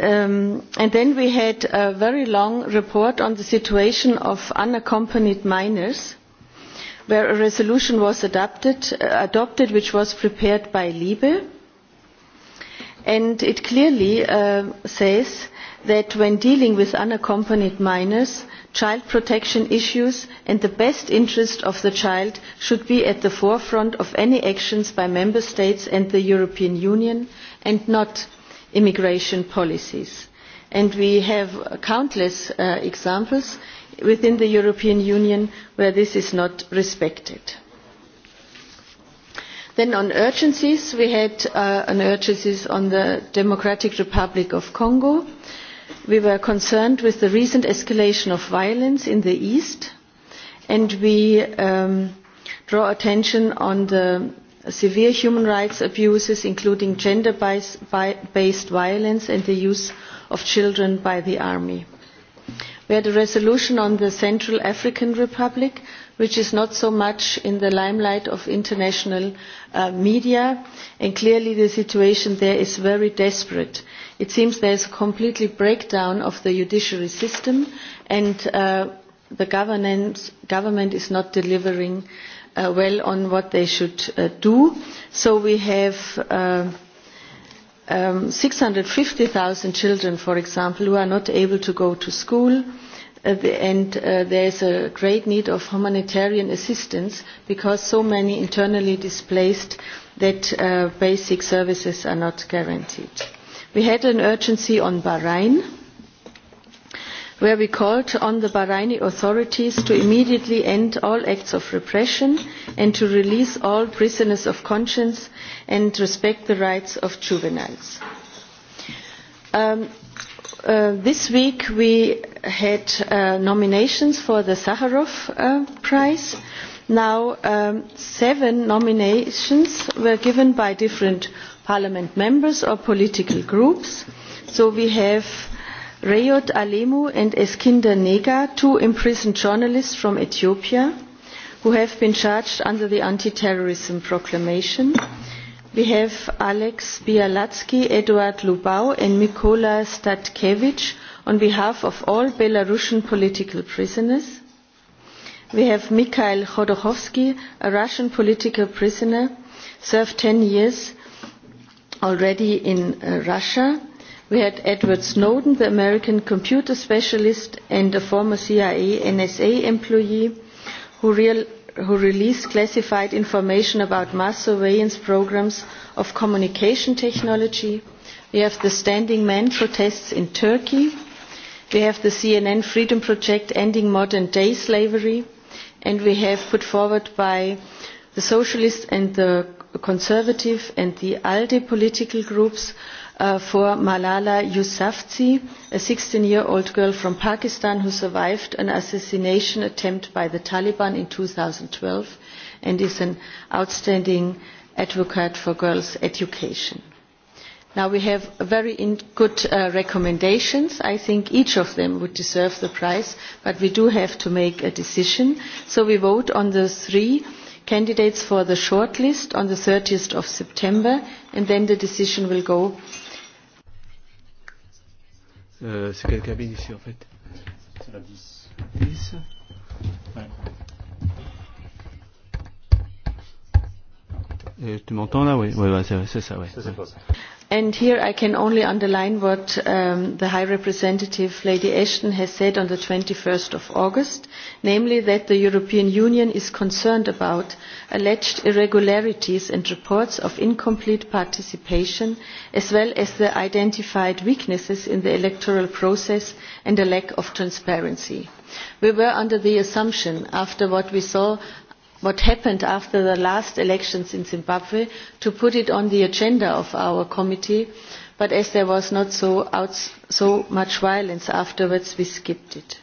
Um, and then we had a very long report on the situation of unaccompanied minors where a resolution was adopted, uh, which was prepared by libe and it clearly uh, says that when dealing with unaccompanied minors child protection issues and the best interest of the child should be at the forefront of any actions by member states and the european union and not immigration policies and we have countless uh, examples within the european union where this is not respected. then on urgencies we had an uh, urgency on the democratic republic of congo. we were concerned with the recent escalation of violence in the east and we um, draw attention on the severe human rights abuses including gender based violence and the use of children by the army. we had a resolution on the central african republic which is not so much in the limelight of international uh, media and clearly the situation there is very desperate. it seems there is a complete breakdown of the judiciary system and uh, the government is not delivering on uh, well on what they should uh, do. So we have uh, um, 650,000 children, for example, who are not able to go to school. Uh, the, and uh, there is a great need of humanitarian assistance because so many internally displaced that uh, basic services are not guaranteed. We had an urgency on Bahrain where we called on the bahraini authorities to immediately end all acts of repression and to release all prisoners of conscience and respect the rights of juveniles. Um, uh, this week we had uh, nominations for the Sakharov uh, Prize. Now, um, seven nominations were given by different parliament members or political groups. So we have Rayot Alemu and Eskinder Nega, two imprisoned journalists from Ethiopia who have been charged under the anti-terrorism proclamation. We have Alex Bialatsky, Eduard Lubau and Mikola Statkevich on behalf of all Belarusian political prisoners. We have Mikhail Khodorkovsky, a Russian political prisoner, served 10 years already in uh, Russia we had edward snowden the american computer specialist and a former cia nsa employee who, released classified information about mass surveillance programmes of communication technology we have the standing man protests in turkey we have the cnn freedom project ending modern day slavery and we have put forward by the socialist and the conservative and the alde political groups Uh, for Malala Yousafzai, a 16-year-old girl from Pakistan who survived an assassination attempt by the Taliban in 2012 and is an outstanding advocate for girls' education. Now we have very good uh, recommendations. I think each of them would deserve the prize, but we do have to make a decision. So we vote on the three candidates for the shortlist on the 30th of September, and then the decision will go Euh, c'est quelqu'un cabine ici en fait. C'est la 10. 10 Ouais. Et euh, tu m'entends là Oui, ouais, bah, c'est ça, ouais. c'est ouais. ça. And here I can only underline what um, the High Representative Lady Ashton has said on twenty 21 August, namely that the European Union is concerned about alleged irregularities and reports of incomplete participation, as well as the identified weaknesses in the electoral process and a lack of transparency. We were under the assumption, after what we saw what happened after the last elections in zimbabwe to put it on the agenda of our committee but as there was not so, much violence afterwards we skipped it.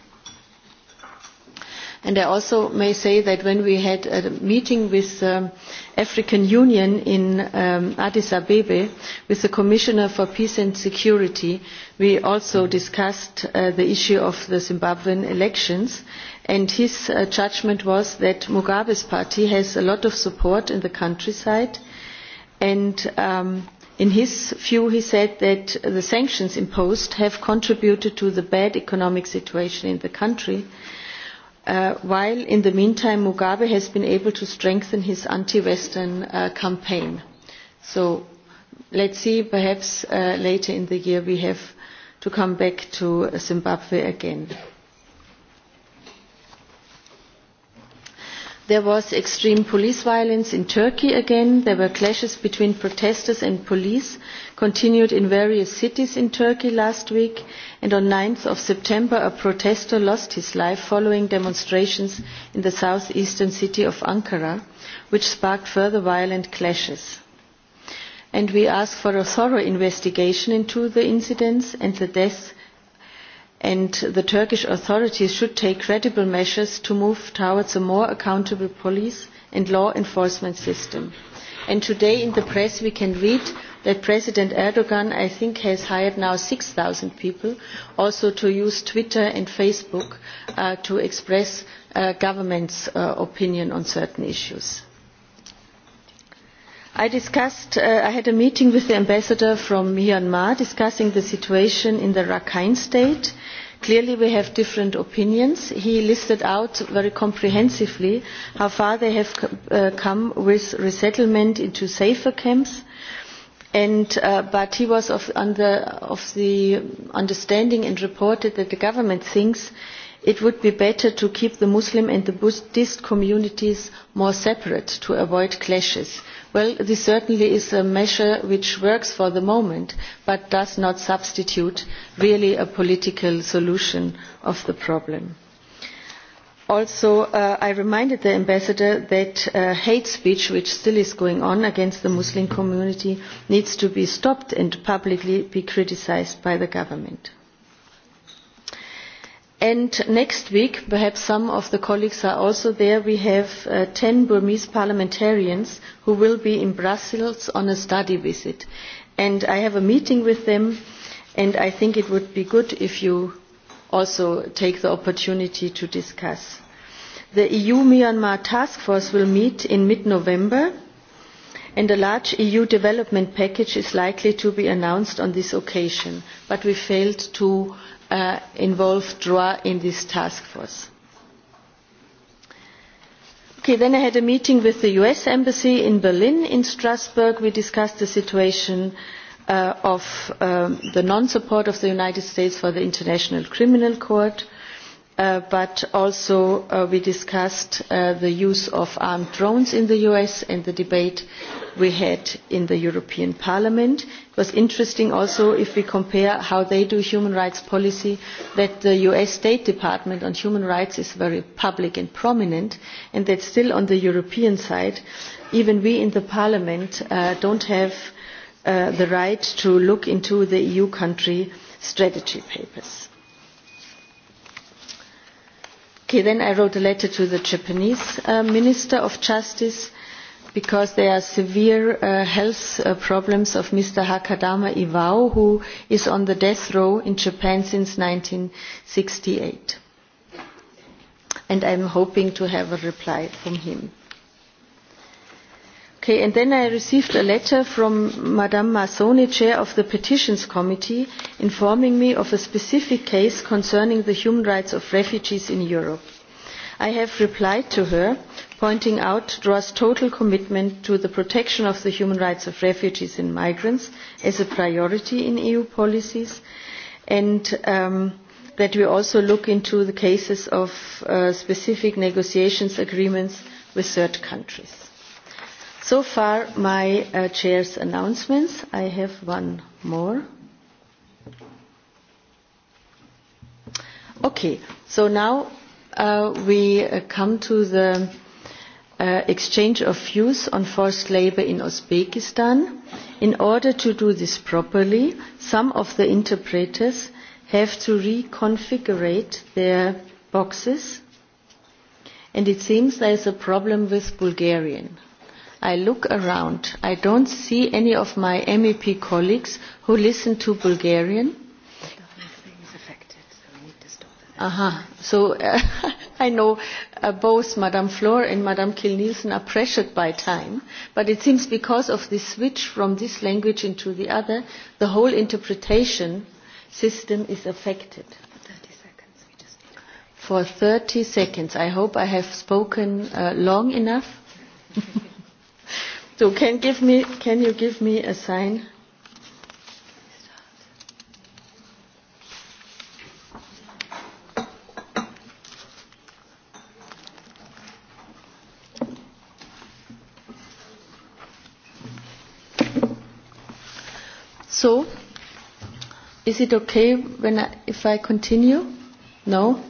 And i also may say that when we had a meeting with the um, african union in um, addis ababa with the commissioner for peace and security we also discussed uh, the issue of the zimbabwean elections and and his uh, judgment was that Mugabe's party has a lot of support in the countryside and um, in his view he said that the sanctions imposed have contributed to the bad economic situation in the country uh, while in the meantime Mugabe has been able to strengthen his anti-western uh, campaign so let's see perhaps uh, later in the year we have to come back to Zimbabwe again there was extreme police violence in turkey again there were clashes between protesters and police continued in various cities in turkey last week and on nine september a protester lost his life following demonstrations in the south eastern city of ankara which sparked further violent clashes. And we ask for a thorough investigation into the incidents and the deaths and the turkish authorities should take credible measures to move towards a more accountable police and law enforcement system. And today in the press we can read that president erdoan i think has hired now 6000 people also to use twitter and facebook uh, to express the uh, government's uh, opinion on certain issues i had a meeting with the ambassador from myanmar discussing the situation in the rakhine state clearly we have different opinions. he listed out very comprehensively how far they have uh, come with resettlement into safer camps and, uh, but he was of, of the understanding and reported that the government thinks that it would be better to keep the muslim and the buddhist communities more separate to avoid clashes. well this certainly is a measure which works for the moment but does not substitute really a political solution to the problem. also uh, i reminded the ambassador that uh, hate speech which is still going on against the muslim community needs to be stopped and publicly be criticised by the government and next week perhaps some of the colleagues are also there we have uh, ten burmese parliamentarians who will be in brussels on a study visit and i have a meeting with them and i think it would be good if you also take the opportunity to discuss the eu myanmar task force will meet in mid november and a large eu development package is likely to be announced on this occasion but we failed to involved uh, involve in this task force. Okay, then I had a meeting with the US Embassy in Berlin. In Strasbourg, we discussed the situation uh, of um, the non-support of the United States for the International Criminal Court. Uh, but also uh, we discussed uh, the use of armed drones in the us and the debate we had in the european parliament. it was interesting also if we compare how they do human rights policy that the us state department on human rights is very public and prominent and that still on the european side even we in the parliament uh, do not have the right to look into the eu country strategy papers. Okay, then I wrote a letter to the Japanese uh, Minister of Justice because there are severe uh, health uh, problems of Mr. Hakadama Iwao, who is on the death row in Japan since 1968. And I'm hoping to have a reply from him. Okay, and then I received a letter from Madame Mazzoni, Chair of the Petitions Committee, informing me of a specific case concerning the human rights of refugees in Europe. I have replied to her, pointing out DROA's total commitment to the protection of the human rights of refugees and migrants as a priority in EU policies, and um, that we also look into the cases of uh, specific negotiations agreements with third countries. So far, my uh, chair's announcements. I have one more. Okay, so now uh, we uh, come to the uh, exchange of views on forced labor in Uzbekistan. In order to do this properly, some of the interpreters have to reconfigure their boxes, and it seems there is a problem with Bulgarian. I look around, I don't see any of my MEP colleagues who listen to Bulgarian. Aha, uh -huh. so uh, I know uh, both Madame Flor and Madame Kilnielsen nielsen are pressured by time, but it seems because of the switch from this language into the other, the whole interpretation system is affected. For 30 seconds. I hope I have spoken uh, long enough. So can give me can you give me a sign? So, is it okay when I, if I continue? No?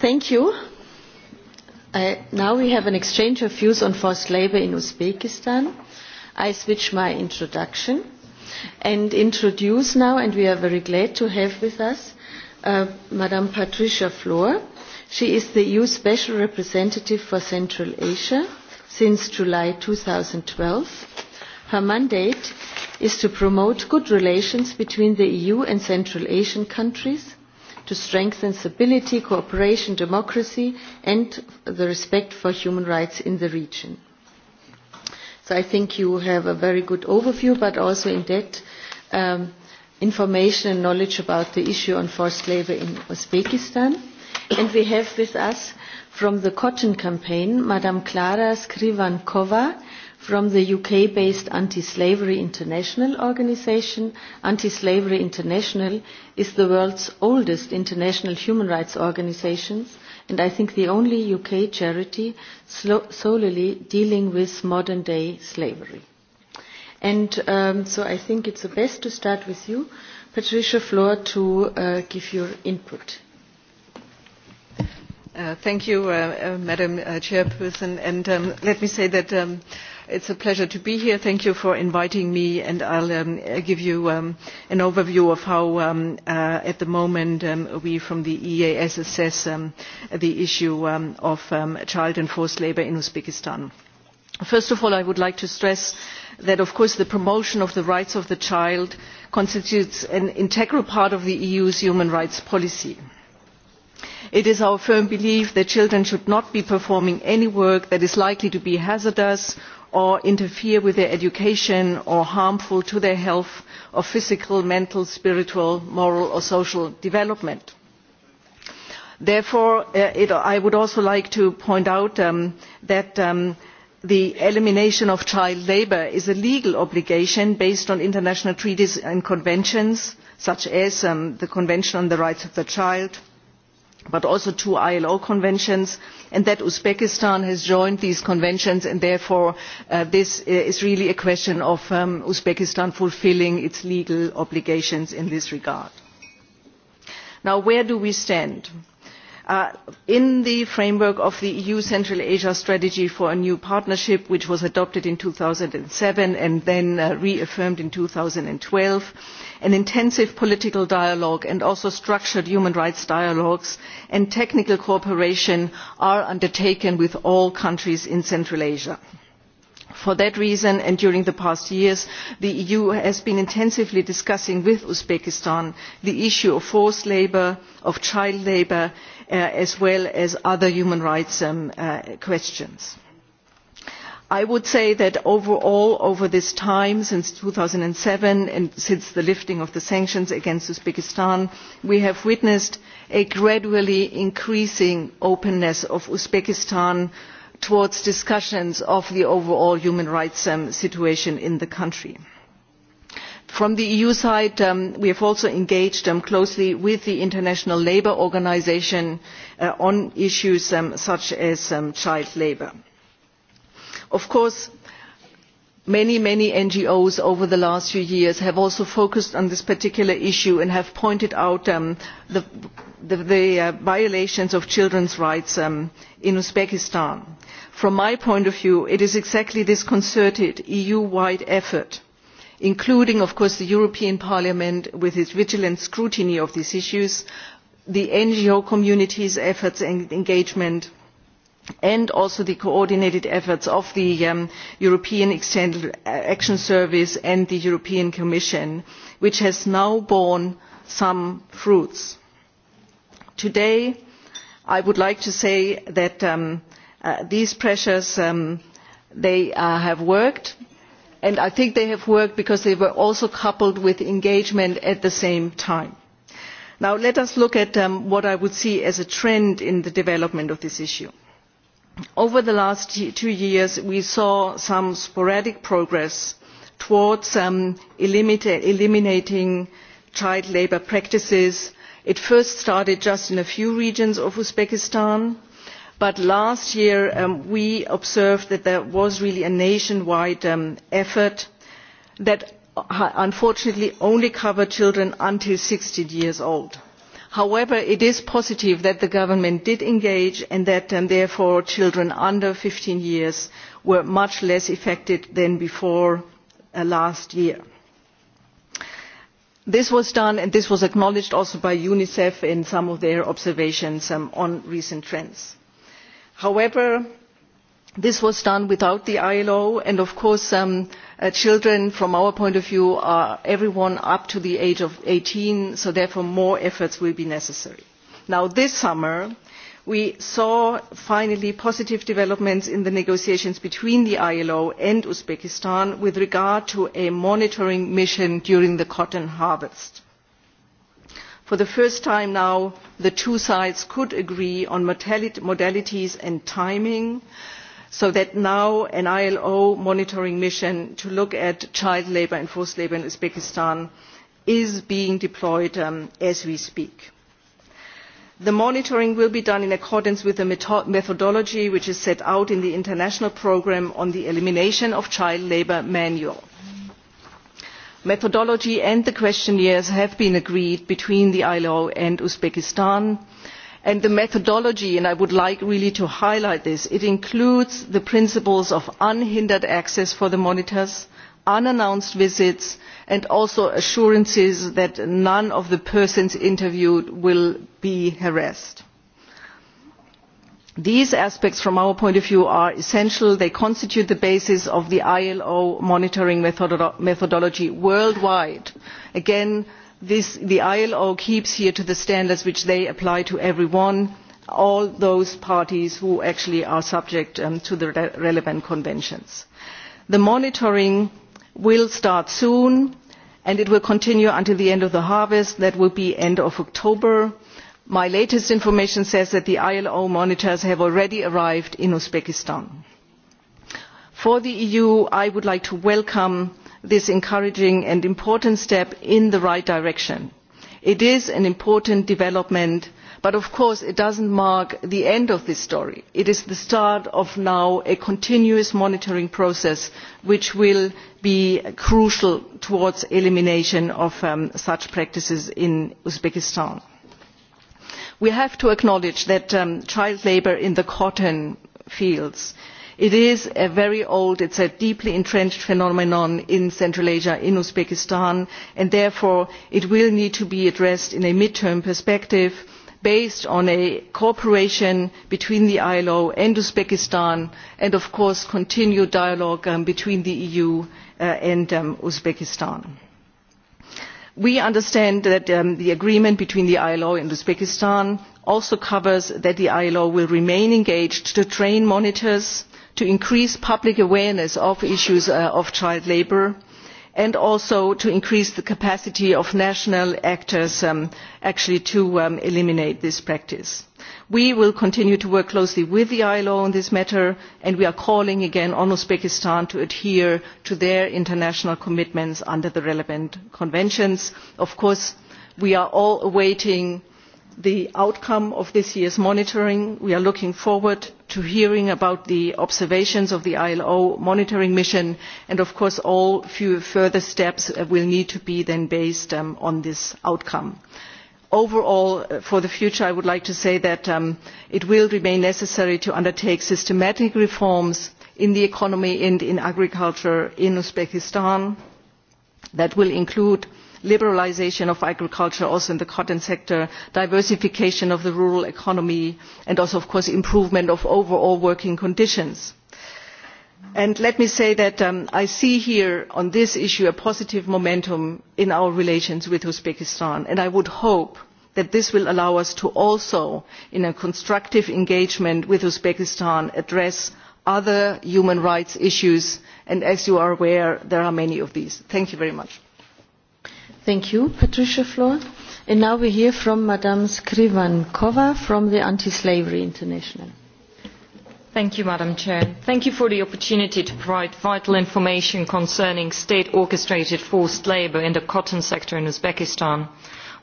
thank you. Uh, now we have an exchange of views on forced labour in Uzbekistan. I switch my introduction and introduce now, and we are very glad to have with us uh, Madame Patricia Floor. She is the EU Special Representative for Central Asia since July 2012. Her mandate is to promote good relations between the EU and Central Asian countries to strengthen stability cooperation democracy and the respect for human rights in the region. so i think you have a very good overview but also in depth um, information and knowledge about the issue on forced labour in uzbekistan and we have with us from the cotton campaign madam clara skrivankova from the UK based Anti Slavery International organization. Anti Slavery International is the world's oldest international human rights organization and I think the only UK charity solely dealing with modern day slavery. And um, so I think it's best to start with you, Patricia Floor, to uh, give your input. Uh, thank you, uh, uh, Madam uh, Chairperson. And um, let me say that um, it is a pleasure to be here. thank you for inviting me and i will um, give you um, an overview of how um, uh, at the moment we from the eeas assess the issue of child and forced labour in uzbekistan first of all i would like to stress that of course the promotion of the rights of the child constitutes an integral part of the eu's human rights policy. it is our firm belief that children should not be performing any work that is likely to be hazardous or interfere with their education or are harmful to their health or physical mental spiritual moral or social development. therefore uh, i would also like to point out um, that um, the elimination of child labour is a legal obligation based on international treaties and conventions such as um, the convention on the rights of the child but also two ilo conventions and that uzbekistan has joined these conventions and therefore uh, this is really a question of um, uzbekistan fulfilling its legal obligations in this regard. now where do we stand? Uh, in the framework of the eu central asia strategy for a new partnership which was adopted in two thousand and seven and then uh, reaffirmed in two thousand and twelve an intensive political dialogue and also structured human rights dialogues and technical cooperation are undertaken with all countries in central asia for that reason and during the past years the eu has been intensively discussing with uzbekistan the issue of forced labour of child labour Uh, as well as other human rights um, uh, questions i would say that overall over this time since two thousand and seven and since the lifting of the sanctions against uzbekistan we have witnessed a gradually increasing openness of uzbekistan towards discussions of the overall human rights um, situation in the country from the eu side um, we have also engaged um, closely with the international labour organisation uh, on issues um, such as child labour. of course many many ngos over the last few years have also focused on this particular issue and have pointed out the, uh, violations of children's rights in uzbekistan. from my point of view it is exactly this concerted eu wide effort including of course the european parliament with its vigilant scrutiny of these issues the ngo community's efforts and engagement and also the coordinated efforts of the um, european external action service and the european commission which has now borne some fruits. today i would like to say that um, uh, these pressures um, they, uh, have worked and i think they have worked because they were also coupled with engagement at the same time. now let us look at um, what i would see as a trend in the development of this issue. over the last two years we saw some sporadic progress towards um, eliminating child labour practices. it first started just in a few regions of uzbekistan but last year um, we observed that there was really a nationwide um, effort that uh, unfortunately only covered children until sixteen years old. however it is positive that the government did engage and that um, therefore children under fifteen years were much less affected than before uh, last year this was done and this was acknowledged also by unicef in some of their observations on recent trends however this was done without the ilo and of course um, uh, children from our point of view are everyone up to the age of eighteen so therefore more efforts will be necessary. Now, this summer we saw finally positive developments in the negotiations between the ilo and uzbekistan with regard to a monitoring mission during the cotton harvest. for the first time now the two sides could agree on modalities and timing so that now an ilo monitoring mission to look at child labour and forced labour in uzbekistan is being deployed um, as we speak. the monitoring will be done in accordance with the methodology which is set out in the international programme on the elimination of child labour manual methodology and the questionnaires have been agreed between the ilo and uzbekistan and the methodology and i would like really to highlight this includes the principles of unhindered access for the monitors unannounced visits and also assurances that none of the persons interviewed will be harassed these aspects from our point of view are essential they constitute the basis of the ilo monitoring methodology worldwide. again the ilo keeps here to the standards which they apply to everyone all those parties who actually are subject um, to the relevant conventions. the monitoring will start soon and it will continue until the end of the harvest that will be the end of october my latest information says that the ilo monitors have already arrived in uzbekistan. for the eu i would like to welcome this encouraging and important step in the right direction. it is an important development but of course it does not mark the end of this story. it is the start of a continuous monitoring process which will be crucial towards the elimination of um, such practices in uzbekistan we have to acknowledge that um, child labour in the cotton fields is a very old and deeply entrenched phenomenon in central asia in uzbekistan and therefore it will need to be addressed in a mid term perspective based on cooperation between the ilo and uzbekistan and of course continued dialogue um, between the eu uh, and um, uzbekistan we understand that um, the agreement between the ilo and uzbekistan also covers that the ilo will remain engaged to train monitors to increase public awareness of issues uh, of child labour and also to increase the capacity of national actors um, actually to um, eliminate this practice we will continue to work closely with the ilo on this matter and we are calling again on uzbekistan to adhere to their international commitments under the relevant conventions. of course we are all awaiting the outcome of this year's monitoring. we are looking forward to hearing about the observations of the ilo monitoring mission and of course all further steps will need to be based um, on this outcome overall uh, for the future i would like to say that um, it will remain necessary to undertake systematic reforms in the economy and in agriculture in uzbekistan that will include liberalisation of agriculture also in the cotton sector diversification of the rural economy and also of course improvement of overall working conditions And let me say that um, i see here on this issue a positive momentum in our relations with uzbekistan and i would hope that this will allow us to also in a constructive engagement with uzbekistan address other human rights issues and as you are aware there are many of these. thank you very much. thank you patricia flohr. and now we hear from ms skrivankova from the anti slavery international. Thank you, Madam Chair. Thank you for the opportunity to provide vital information concerning state-orchestrated forced labour in the cotton sector in Uzbekistan.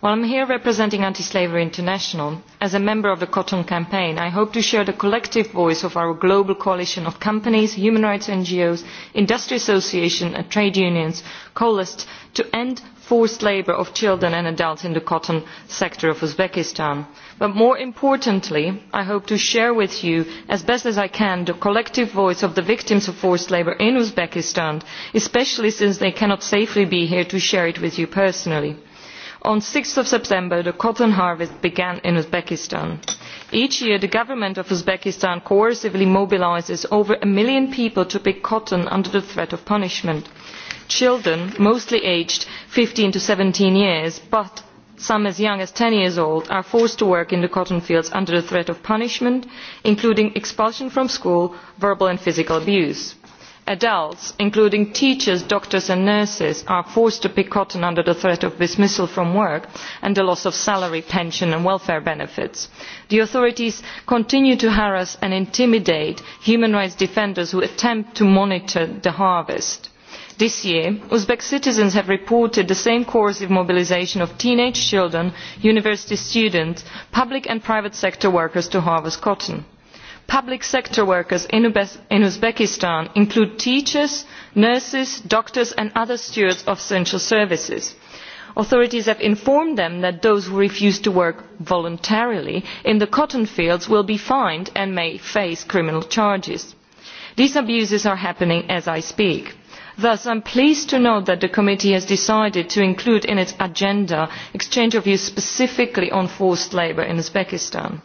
While I'm here representing Anti-Slavery International, as a member of the Cotton Campaign, I hope to share the collective voice of our global coalition of companies, human rights NGOs, industry associations and trade unions coalesced to end forced labour of children and adults in the cotton sector of Uzbekistan but more importantly i hope to share with you as best i can the collective voice of the victims of forced labour in uzbekistan especially since they cannot safely be here to share it with you personally. on six september the cotton harvest began in uzbekistan. each year the government of uzbekistan coercively mobilises over a million people to pick cotton under the threat of punishment children mostly aged fifteen to seventeen years but some as young as ten years old are forced to work in the cotton fields under the threat of punishment including expulsion from school verbal and physical abuse. adults including teachers doctors and nurses are forced to pick cotton under the threat of dismissal from work and the loss of salary pension and welfare benefits. the authorities continue to harass and intimidate human rights defenders who attempt to monitor the harvest this year uzbek citizens have reported the same coercive mobilisation of teenage children university students public and private sector workers to harvest cotton. public sector workers in uzbekistan include teachers nurses doctors and other stewards of essential services. authorities have informed them that those who refuse to work voluntarily in the cotton fields will be fined and may face criminal charges. these abuses are happening as i speak thus i am pleased to note that the committee has decided to include in its agenda exchange of views specifically on forced labour in uzbekistan.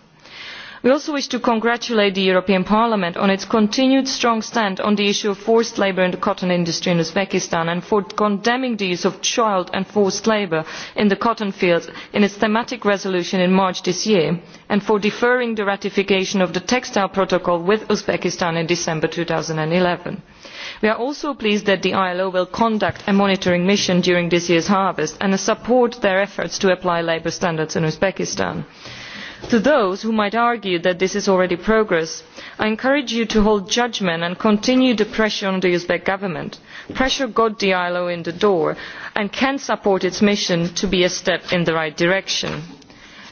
we also wish to congratulate the european parliament on its continued strong stand on the issue of forced labour in the cotton industry in uzbekistan and for condemning the use of child and forced labour in the cotton fields in its thematic resolution in march this year and for deferring the ratification of the textile protocol with uzbekistan in december. two thousand and eleven we are also pleased that the ilo will conduct a monitoring mission during this year's harvest and support their efforts to apply labour standards in uzbekistan. to those who might argue that this is already progress i encourage you to hold judgment and continue the pressure on the uzbek government. pressure got the ilo in the door and can support its mission to be a step in the right direction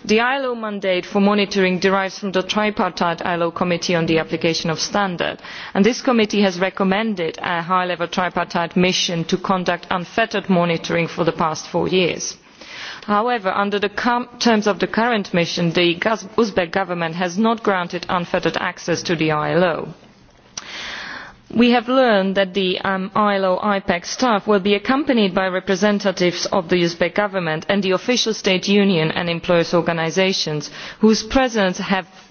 the ilo mandate for monitoring derives from the tripartite ilo committee on the application of standards and this committee has recommended a high level tripartite mission to conduct unfettered monitoring for the past four years however under the terms of the current mission the uzbek government has not granted unfettered access to the ilo we have learned that the um, ilo ipec staff will be accompanied by representatives of the uzbek government and the official state union and employers' organisations whose presence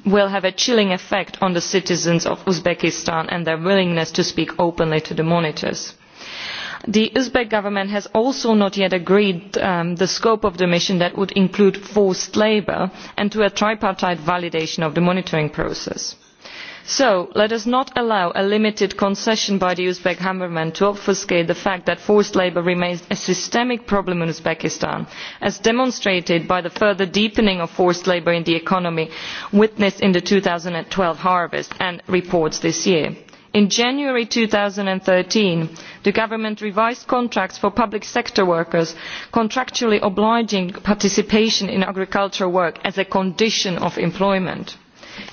will have a chilling effect on the citizens of uzbekistan and their willingness to speak openly to the monitors the uzbek government has also not yet agreed um, the scope of the mission that would include forced labour and to a tripartite validation of the monitoring process so let us not allow a limited concession by the uzbek government to obfuscate the fact that forced labour remains a systemic problem in uzbekistan as demonstrated by the further deepening of forced labour in the economy witnessed in the two thousand and twelve harvest and reports this year in january two thousand and thirteen the government revised contracts for public sector workers contractually obliging participation in agricultural work as a condition of employment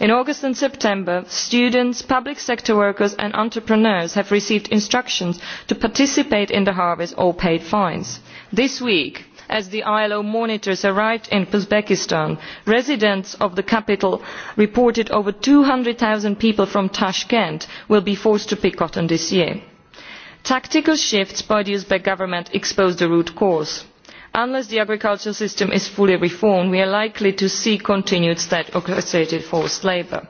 in august and september students public sector workers and entrepreneurs have received instructions to participate in the harvest or pay fines. this week as the ilo monitors arrived in uzbekistan residents of the capital reported over two hundred zero people from tashkent will be forced to pick cotton this year. tactical shifts by the uzbek government expose the root cause unless the agricultural system is fully reformed we are likely to see continued state orchestrated forced labour.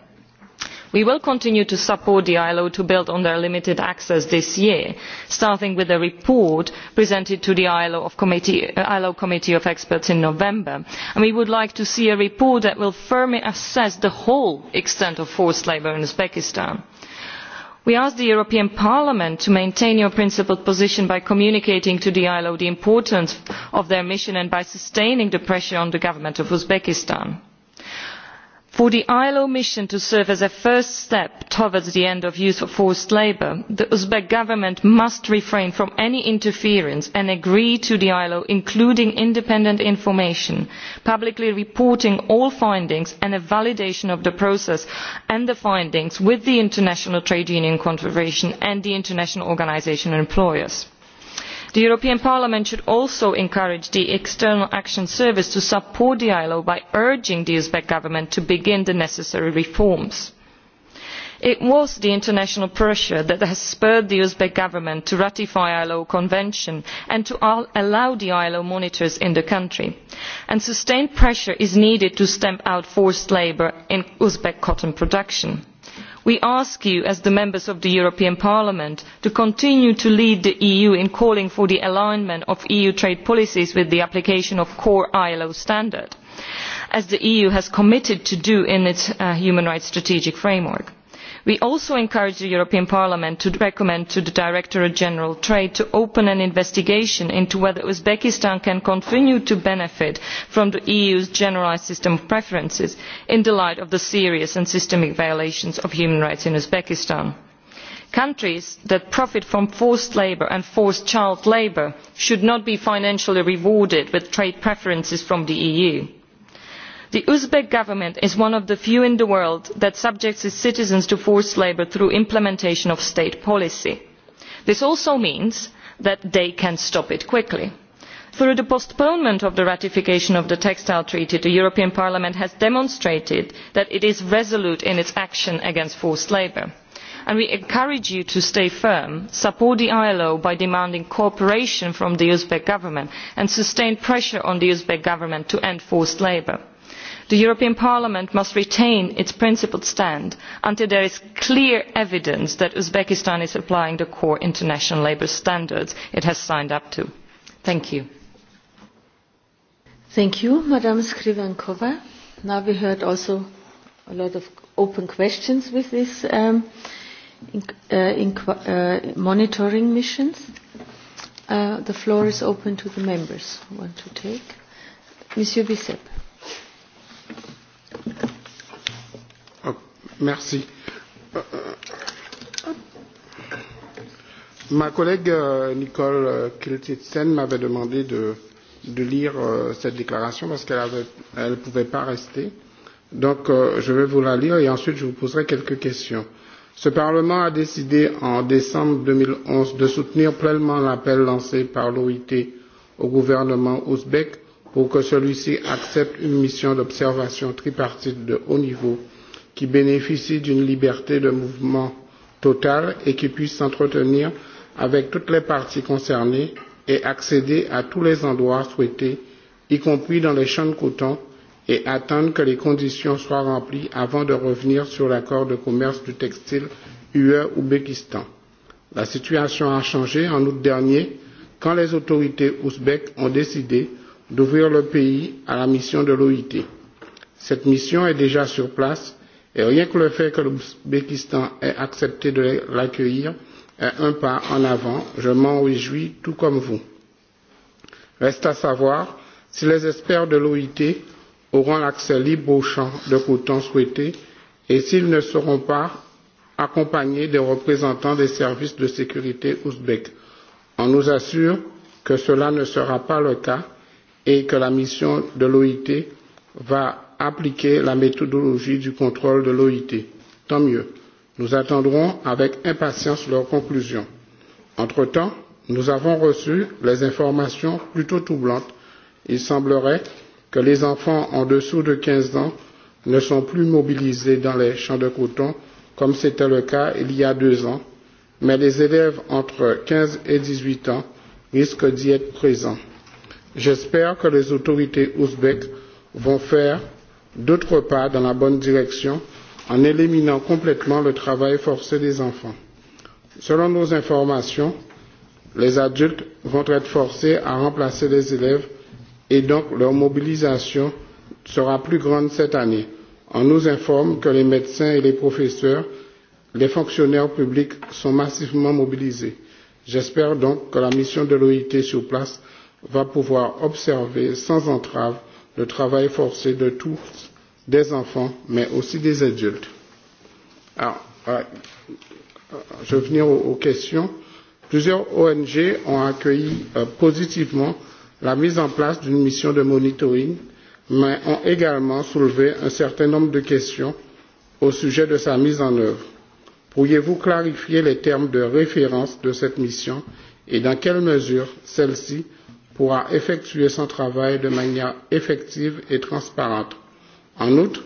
we will continue to support the ilo to build on their limited access this year starting with a report presented to the ilo committee, uh, ilo committee of experts in november and we would like to see a report that will firmly assess the whole extent of forced labour in uzbekistan we ask the european parliament to maintain your principled position by communicating to the ilo the importance of their mission and by sustaining the pressure on the government of uzbekistan for the ilo mission to serve as a first step towards the end of use of forced labour the uzbek government must refrain from any interference and agree to the ilo including independent information publicly reporting all findings and a validation of the process and the findings with the international trade union confederation and the international organisation of employers the european parliament should also encourage the external action service to support the ilo by urging the uzbek government to begin the necessary reforms. it was the international pressure that has spurred the uzbek government to ratify the ilo convention and to allow the ilo monitors in the country and sustained pressure is needed to stamp out forced labour in uzbek cotton production we ask you as the members of the european parliament to continue to lead the eu in calling for the alignment of eu trade policies with the application of core ilo standards as the eu has committed to do in its uh, human rights strategic framework we also encourage the european parliament to recommend to the directorate general of trade to open an investigation into whether uzbekistan can continue to benefit from the eu's generalised system of preferences in the light of the serious and systemic violations of human rights in uzbekistan. countries that profit from forced labour and forced child labour should not be financially rewarded with trade preferences from the eu the uzbek government is one of the few in the world that subjects its citizens to forced labour through the implementation of state policy. this also means that they can stop it quickly. through the postponement of the ratification of the textile treaty the european parliament has demonstrated that it is resolute in its action against forced labour and we encourage you to stay firm support the ilo by demanding cooperation from the uzbek government and sustain pressure on the uzbek government to end forced labour the european parliament must retain its principled stand until there is clear evidence that uzbekistan is applying the core international labour standards it has signed up to. thank you. thank you madam skrivankova. now we heard also a lot of open questions with these um, uh, uh, monitoring missions. Uh, the floor is open to the members who want to take. Monsieur Bissep. Oh, merci. Euh, euh, ma collègue euh, Nicole Kiltitsen m'avait demandé de, de lire cette déclaration parce qu'elle ne elle pouvait pas rester. Donc je vais vous la lire et ensuite je vous poserai quelques questions. Ce Parlement a décidé en décembre 2011 de soutenir pleinement l'appel lancé par l'OIT au gouvernement ouzbek pour que celui-ci accepte une mission d'observation tripartite de haut niveau qui bénéficie d'une liberté de mouvement totale et qui puisse s'entretenir avec toutes les parties concernées et accéder à tous les endroits souhaités, y compris dans les champs de coton, et attendre que les conditions soient remplies avant de revenir sur l'accord de commerce du textile UE-Ouzbékistan. La situation a changé en août dernier quand les autorités ouzbèques ont décidé d'ouvrir le pays à la mission de l'OIT. Cette mission est déjà sur place et rien que le fait que l'Ouzbékistan ait accepté de l'accueillir est un pas en avant. Je m'en réjouis tout comme vous. Reste à savoir si les experts de l'OIT auront l'accès libre au champ de coton souhaité et s'ils ne seront pas accompagnés des représentants des services de sécurité ouzbeks. On nous assure que cela ne sera pas le cas et que la mission de l'OIT va appliquer la méthodologie du contrôle de l'OIT. Tant mieux. Nous attendrons avec impatience leurs conclusions. Entre-temps, nous avons reçu les informations plutôt troublantes. Il semblerait que les enfants en dessous de 15 ans ne sont plus mobilisés dans les champs de coton comme c'était le cas il y a deux ans, mais les élèves entre 15 et 18 ans risquent d'y être présents j'espère que les autorités ouzbèques vont faire d'autres pas dans la bonne direction en éliminant complètement le travail forcé des enfants. Selon nos informations, les adultes vont être forcés à remplacer les élèves et donc leur mobilisation sera plus grande cette année. On nous informe que les médecins et les professeurs, les fonctionnaires publics sont massivement mobilisés. J'espère donc que la mission de l'OIT sur place va pouvoir observer sans entrave le travail forcé de tous, des enfants, mais aussi des adultes. Alors, euh, euh, je vais venir aux, questions. Plusieurs ONG ont accueilli euh, positivement la mise en place d'une mission de monitoring, mais ont également soulevé un certain nombre de questions au sujet de sa mise en œuvre. Pourriez-vous clarifier les termes de référence de cette mission et dans quelle mesure celle-ci pourra effectuer son travail de manière effective et transparente. En outre,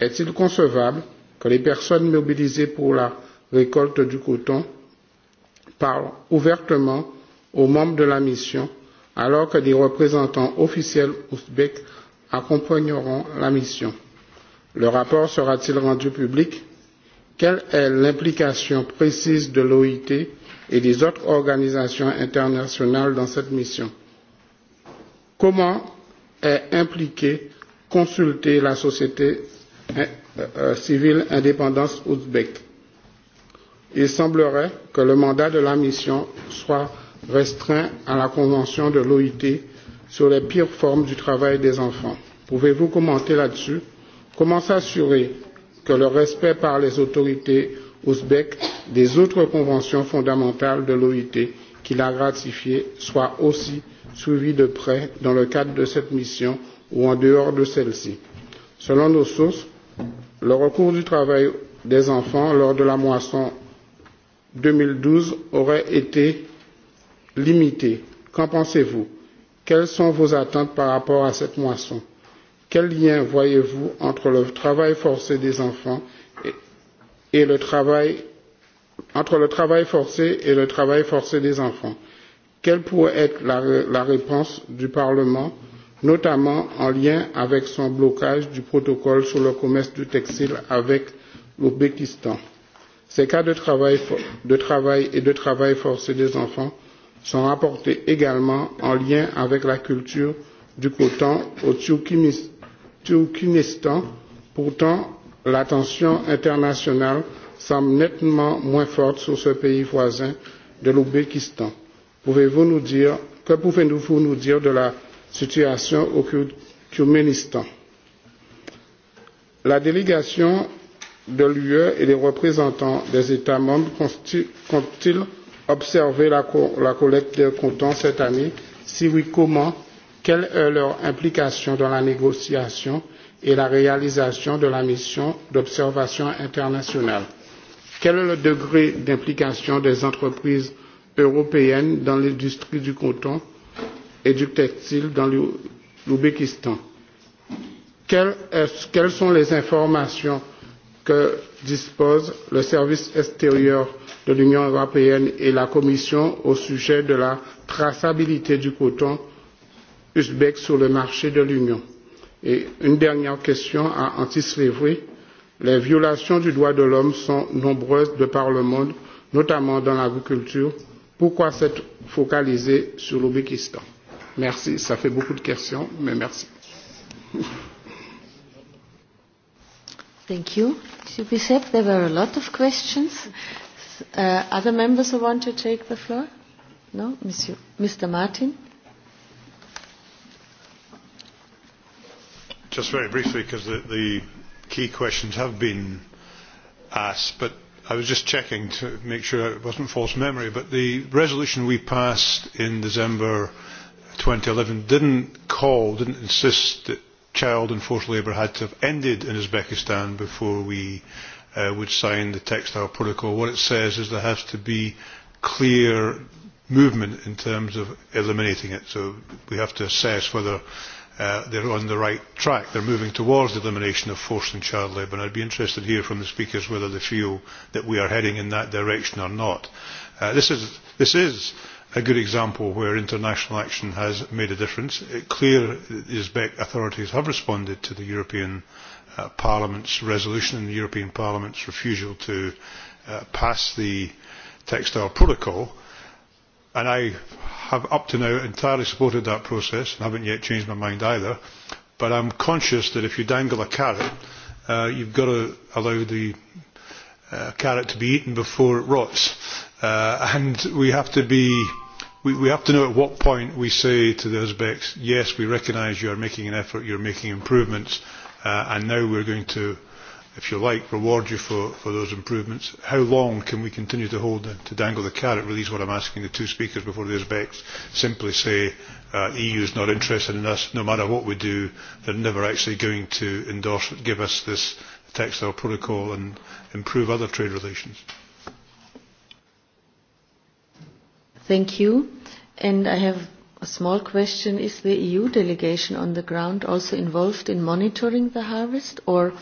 est-il concevable que les personnes mobilisées pour la récolte du coton parlent ouvertement aux membres de la mission alors que des représentants officiels ouzbeks accompagneront la mission. Le rapport sera-t-il rendu public Quelle est l'implication précise de l'OIT et des autres organisations internationales dans cette mission Comment est impliquée, consultée la société euh, euh, civile indépendante ouzbek Il semblerait que le mandat de la mission soit restreint à la Convention de l'OIT sur les pires formes du travail des enfants. Pouvez-vous commenter là-dessus Comment s'assurer que le respect par les autorités ouzbèques des autres conventions fondamentales de l'OIT qu'il a ratifiées soit aussi suivis de près dans le cadre de cette mission ou en dehors de celle-ci. Selon nos sources, le recours du travail des enfants lors de la moisson 2012 aurait été limité. Qu'en pensez-vous Quelles sont vos attentes par rapport à cette moisson Quel lien voyez-vous entre le travail forcé des enfants et, et le travail entre le travail forcé et le travail forcé des enfants quelle pourrait être la, la réponse du Parlement, notamment en lien avec son blocage du protocole sur le commerce du textile avec l'Ouzbékistan. Ces cas de travail, de travail et de travail forcé des enfants sont rapportés également en lien avec la culture du coton au Turkménistan. Pourtant, l'attention internationale semble nettement moins forte sur ce pays voisin de l'Ouzbékistan. Pouvez-vous nous dire, que pouvez-vous nous dire de la situation au Turkménistan La délégation de l'UE et les représentants des États membres comptent-ils observer la, co la collecte des comptants cette année Si oui, comment Quelle est leur implication dans la négociation et la réalisation de la mission d'observation internationale Quel est le degré d'implication des entreprises européenne dans l'industrie du coton et du textile dans l'Ouzbékistan. Quelles, quelles sont les informations que dispose le service extérieur de l'Union européenne et la Commission au sujet de la traçabilité du coton uzbek sur le marché de l'Union Et une dernière question à Antis Lévry. Les violations du droit de l'homme sont nombreuses de par le monde, notamment dans l'agriculture, Pourquoi s'être focalisé sur l'Ouzbékistan Merci, ça fait beaucoup de questions, mais merci. Thank you. Monsieur Bishop, there were a lot of questions. Uh, other members who want to take the floor? No? Monsieur, Mr. Martin? Just very briefly, because the, the key questions have been asked, but I was just checking to make sure it wasn't false memory, but the resolution we passed in December 2011 didn't call, didn't insist that child and forced labour had to have ended in Uzbekistan before we uh, would sign the textile protocol. What it says is there has to be clear movement in terms of eliminating it. So we have to assess whether uh, they're on the right track. They're moving towards the elimination of forced and child labour. And I'd be interested to hear from the speakers whether they feel that we are heading in that direction or not. Uh, this, is, this is a good example where international action has made a difference. It clear that the Uzbek authorities have responded to the European uh, Parliament's resolution and the European Parliament's refusal to uh, pass the textile protocol and I have up to now entirely supported that process and haven't yet changed my mind either. But I'm conscious that if you dangle a carrot, uh, you've got to allow the uh, carrot to be eaten before it rots. Uh, and we have to be we, we have to know at what point we say to the Uzbeks, yes, we recognise you are making an effort, you're making improvements, uh, and now we're going to if you like, reward you for, for those improvements. How long can we continue to hold them, to dangle the carrot? Really, is what I'm asking the two speakers before they respect? Simply say, uh, EU is not interested in us. No matter what we do, they're never actually going to endorse, give us this textile protocol and improve other trade relations. Thank you. And I have a small question. Is the EU delegation on the ground also involved in monitoring the harvest or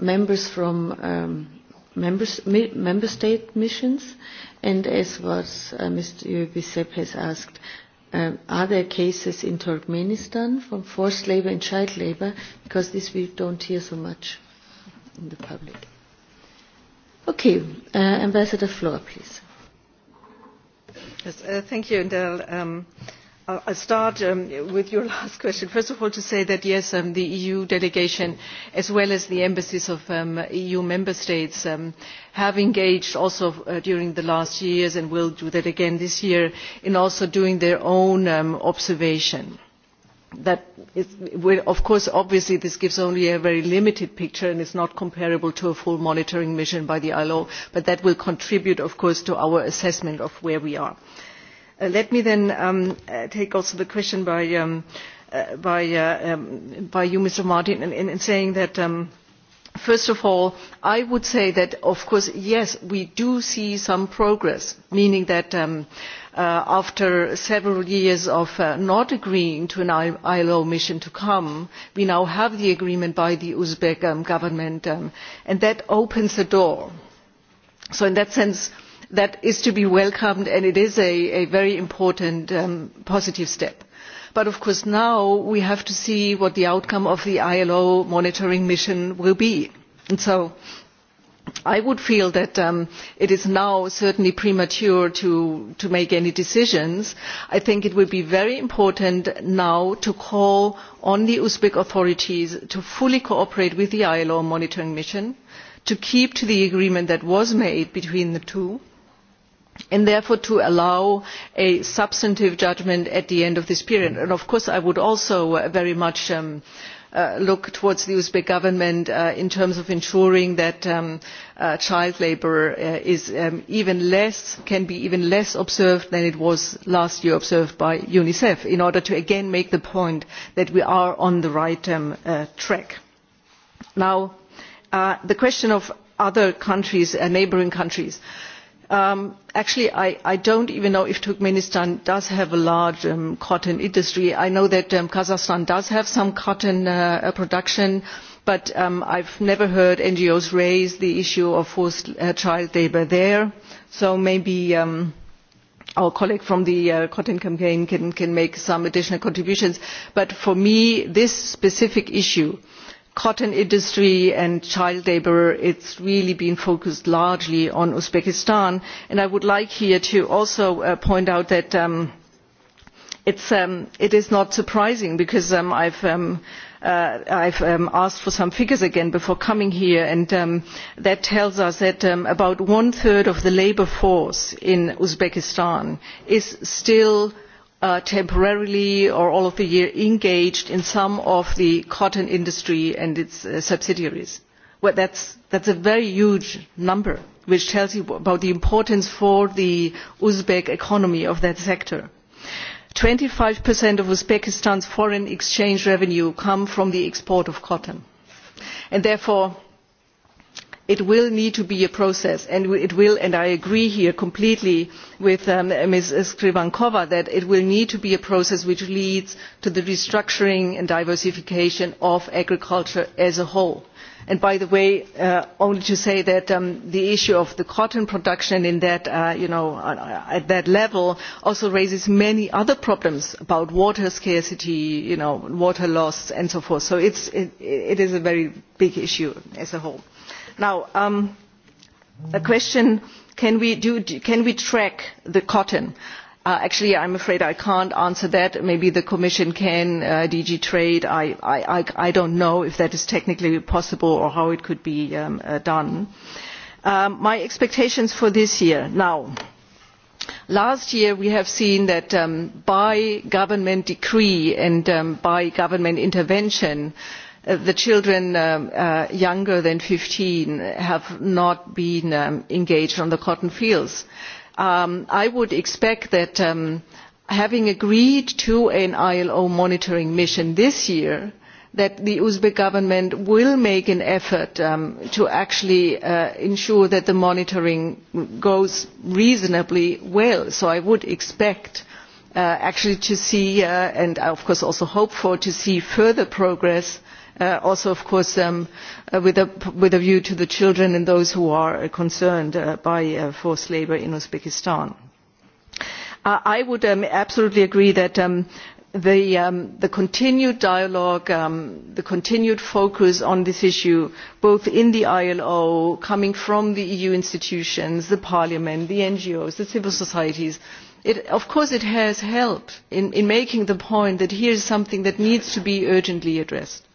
members from um, members, mi member state missions, and as was uh, Mr. Yubisep has asked, um, are there cases in Turkmenistan from forced labor and child labor? Because this we don't hear so much in the public. Okay, uh, Ambassador Flora, please. Yes, uh, thank you, Indel. Um, will uh, start um, with your last question. First of all, to say that yes, um, the EU delegation, as well as the embassies of um, EU member states, have engaged also uh, during the last years and will do that again this year in also doing their own observation that is, of course obviously this gives only a very limited picture and is not comparable to a full monitoring mission by the ilo but that will contribute of course to our assessment of where we are. Uh, let me then um, uh, take also the question by, um, uh, by, uh, um, by you, Mr. Martin, in, in saying that um, first of all i would say that of course yes we do see some progress meaning that um, uh, after several years of uh, not agreeing to an ilo mission to come we now have the agreement by the uzbek um, government um, and that opens the door. so in that sense that is to be welcomed and it is a, very important um, positive step. But of course now we have to see what the outcome of the ILO monitoring mission will be. so I would feel that um, it is now certainly premature to, to make any decisions. I think it would be very important now to call on the Uzbek authorities to fully cooperate with the ILO monitoring mission, to keep to the agreement that was made between the two, and therefore to allow a substantive judgment at the end of this period. of course i would also uh, very much um, uh, look towards the uzbek government uh, in terms of ensuring that um, child labour um, can be even less observed than it was last year observed by unicef in order to again make the point that we are on the right track. now the question of other countries neighbouring countries Um, actually I, do don't even know if turkmenistan does have a large um, cotton industry. i know that um, kazakhstan does have some cotton uh, uh, production but i have never heard ngos raise the issue of forced uh, child labour there so maybe our colleague from the cotton campaign can make some additional contributions but for me this specific issue cotton industry and child labour it has really been focused largely on uzbekistan and i would like here to also uh, point out that um, um, it is not surprising because um, i have uh, asked for some figures again before coming here and that tells us that about one third of the labour force in uzbekistan is still Uh, temporarily or all of the year engaged in some of the cotton industry and its uh, subsidiaries. Well, that's, that's a very huge number, which tells you about the importance for the Uzbek economy of that sector. 25% of Uzbekistan's foreign exchange revenue come from the export of cotton. And therefore, it will need to be a process and it will and i agree here completely with um, ms skrivankov that it will need to be a process which leads to the restructuring and diversification of agriculture as a whole. And by the way uh, only to say that um, the issue of the cotton production uh, uh, at that level also raises many other problems about water scarcity water loss and so forth so it is a very big issue as a whole now um, a question can we, track the cotton? Uh, actually i am afraid i cannot answer that maybe the commission can uh, dg trade i, do not know if that is technically possible or how it could be um, uh, done. Um, my expectations for this year now last year we have seen that by government decree and by government intervention Uh, the children um, uh, younger than 15 have not been um, engaged on the cotton fields. Um, I would expect that having agreed to an ILO monitoring mission this year, that the Uzbek government will make an effort to actually uh, ensure that the monitoring goes reasonably well. So I would expect actually to see, and of course also hope for, to see further progress Uh, also of course um, uh, with, a, view to the children and those who are concerned uh, by forced labour in uzbekistan. i would um, absolutely agree that um, The, continued dialogue the continued focus on this issue both in the ilo coming from the eu institutions the parliament the ngos the civil societies of course has helped in making the point that here is something that needs to be urgently addressed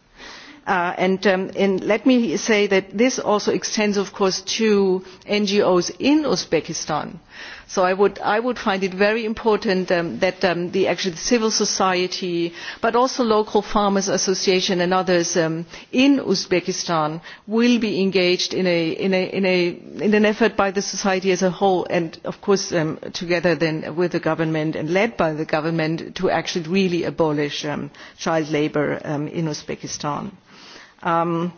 Uh, um, and, let me say that this also extends of course to ngos in uzbekistan so i would, find it very important um, that um, the, actually civil society but also local farmers associations and others in uzbekistan will be engaged in, in an effort by the society as a whole and of course together then with the government and led by the government to actually really abolish child labour in uzbekistan. Um,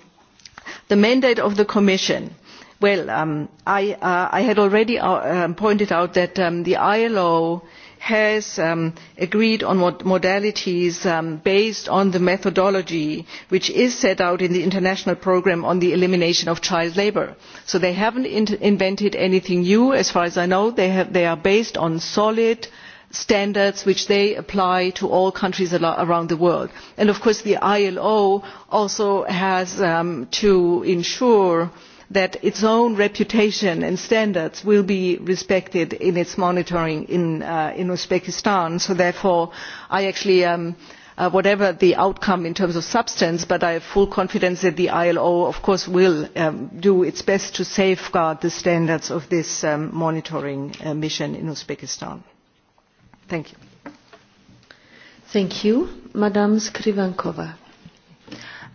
the mandate of the commission well um, I, uh, i had already uh, um, pointed out that um, the ilo has um, agreed on modalities um, based on the methodology which is set out in the international programme on the elimination of child labour so they have not in invented anything new as far as i know they, have, they are based on solid standards which they apply to all countries around the world. of course the ilo also has um, to ensure that its own reputation and standards will be respected in its monitoring in, uh, uzbekistan so therefore i actually um, uh, whatever the outcome in terms of substance i have full confidence that the ilo of course will um, do its best to safeguard the standards of this monitoring uh, mission in uzbekistan. Thank you. Thank you. Madame Skrivankova.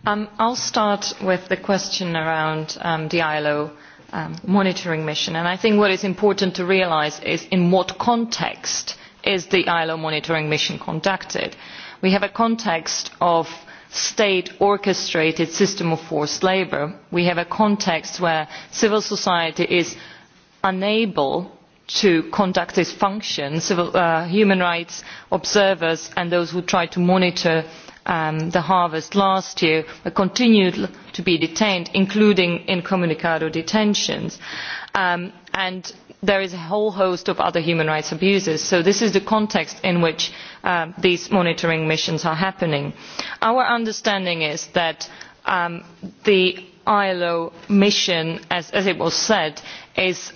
Um, I'll start with the question around um, the ILO um, monitoring mission. And I think what is important to realize is in what context is the ILO monitoring mission conducted. We have a context of state orchestrated system of forced labour. We have a context where civil society is unable to conduct this function civil, uh, human rights observers and those who tried to monitor um, the harvest last year continued to be detained including incommunicado detentions um, and there is a whole host of other human rights abuses so this is the context in which um, these monitoring missions are happening. our understanding is that the ilo mission as, as was said is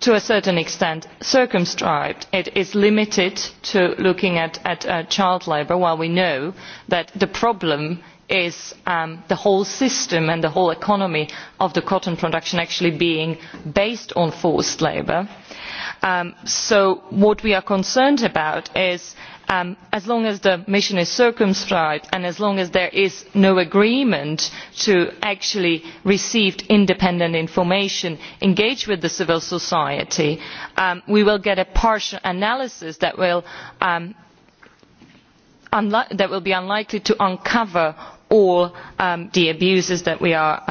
to a certain extent circumscribed it is limited to looking at, uh, child labour while we know that the problem is um, the whole system and the whole economy of the cotton production actually being based on forced labour. Um, so what we are concerned about is Um, as long as the mission is circumscribed and as long as there is no agreement to actually receive independent information engage with civil society um, we will get a partial analysis that will um, be unlikely to uncover all the abuses that we are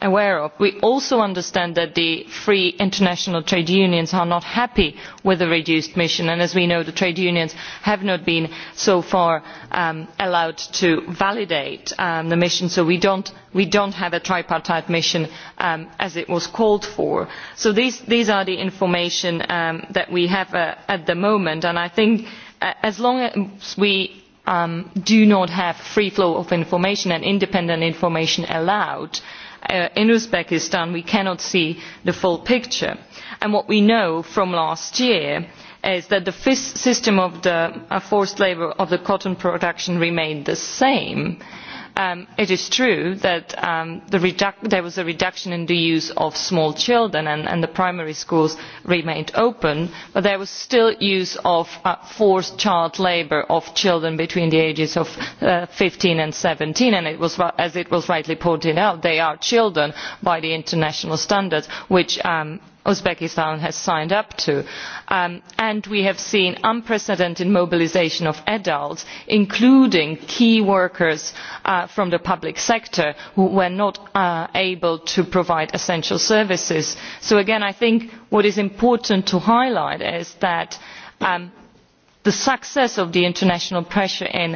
aware of we also understand that the free international trade unions are not happy with the reduced mission and as we know the trade unions have not been so far um, allowed to validate um, the mission so we do not have a tripartite mission um, as it was called for. so these, is the information that we have uh, at the moment and i think uh, as long as we do not have free flow of information and independent information allowed Uh, in uzbekistan we cannot see the full picture and what we know from last year is that the system of uh, forced labour of the cotton production remained the same and Um, it is true that um, there was a reduction in the use of small children and, the primary schools remained open but there was still use of uh, forced child labour of children between the ages of uh, fifteen and seventeen and as was rightly pointed out they are children by international standards which um, uzbekistan has signed up to um, and we have seen unprecedented mobilisation of adults including key workers uh, from the public sector who were not uh, able to provide essential services. so again i think what is important to highlight is that um, the success of the international pressure in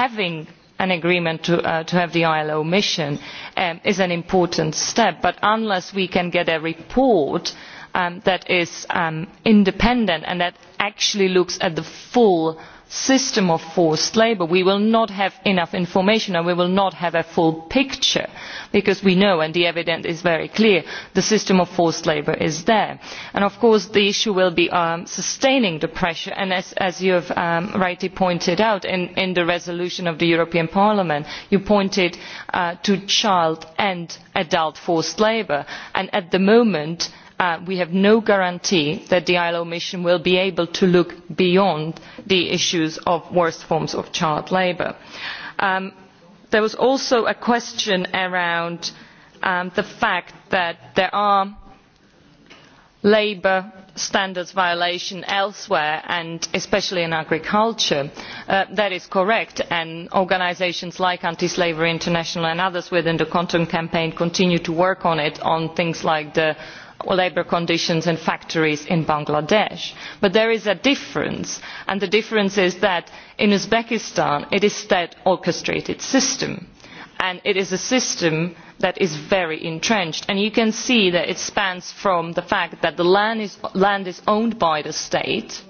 having an agreement to, uh, have the ilo mission um, is an important step but unless we can get a report Um, that is um, independent and that actually looks at the full system of forced labour we will not have enough information and we will not have a full picture because we know and the evidence is very clear that the system of forced labour is there. And of course the issue will be um, sustaining the pressure and as, you have rightly pointed out in, the resolution of the european parliament you pointed uh, to child and adult forced labour and at the moment Uh, we have no guarantee that the ilo mission will be able to look beyond the issues of the worst forms of child labour. Um, there was also a question around um, the fact that there are labour standards violations elsewhere and especially in agriculture. Uh, that is correct and organisations like anti slavery international and others within the cotton campaign continue to work on it on things like the labour conditions in factories in bangladesh but there is a difference and the difference is that in uzbekistan it is a state orchestrated system and it is a system that is very entrenched and you can see that it spans from the fact that the land is, owned by the state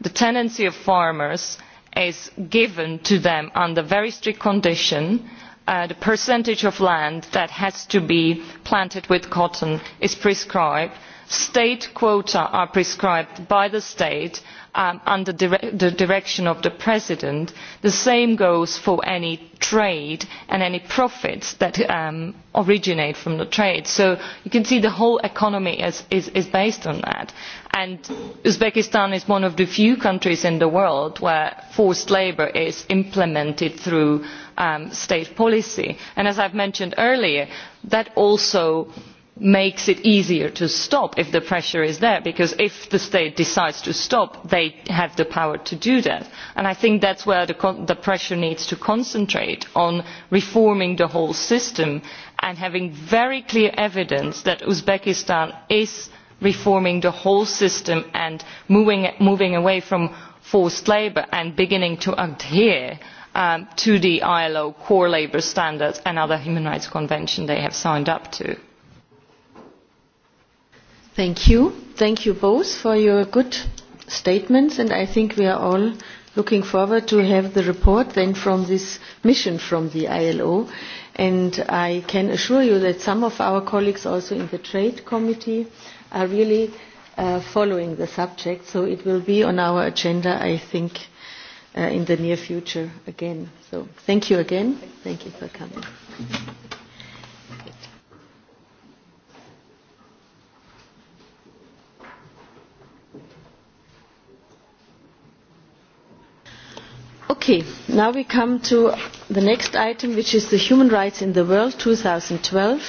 the tenancy of farmers is given to them under very strict conditions Uh, the percentage of land that has to be planted with cotton is prescribed state quotas are prescribed by the state um, under the direction of the president. the same goes for any trade and any profits that um, originate from the trade. so you can see the whole economy is based on that. And uzbekistan is one of the few countries in the world where forced labour is implemented through Um, state policy and as i mentioned earlier that also makes it easier to stop if the pressure is there because if the state decides to stop they have the power to do that and i think that is where the, pressure needs to concentrate on reforming the whole system and having very clear evidence that uzbekistan is reforming the whole system and moving, moving away from forced labour and beginning to adhere to Um, to the ILO core labour standards and other human rights conventions they have signed up to. Thank you. Thank you both for your good statements and I think we are all looking forward to have the report then from this mission from the ILO and I can assure you that some of our colleagues also in the trade committee are really uh, following the subject so it will be on our agenda I think uh, in the near future again. So thank you again. Thank you for coming. Okay, now we come to the next item, which is the Human Rights in the World 2012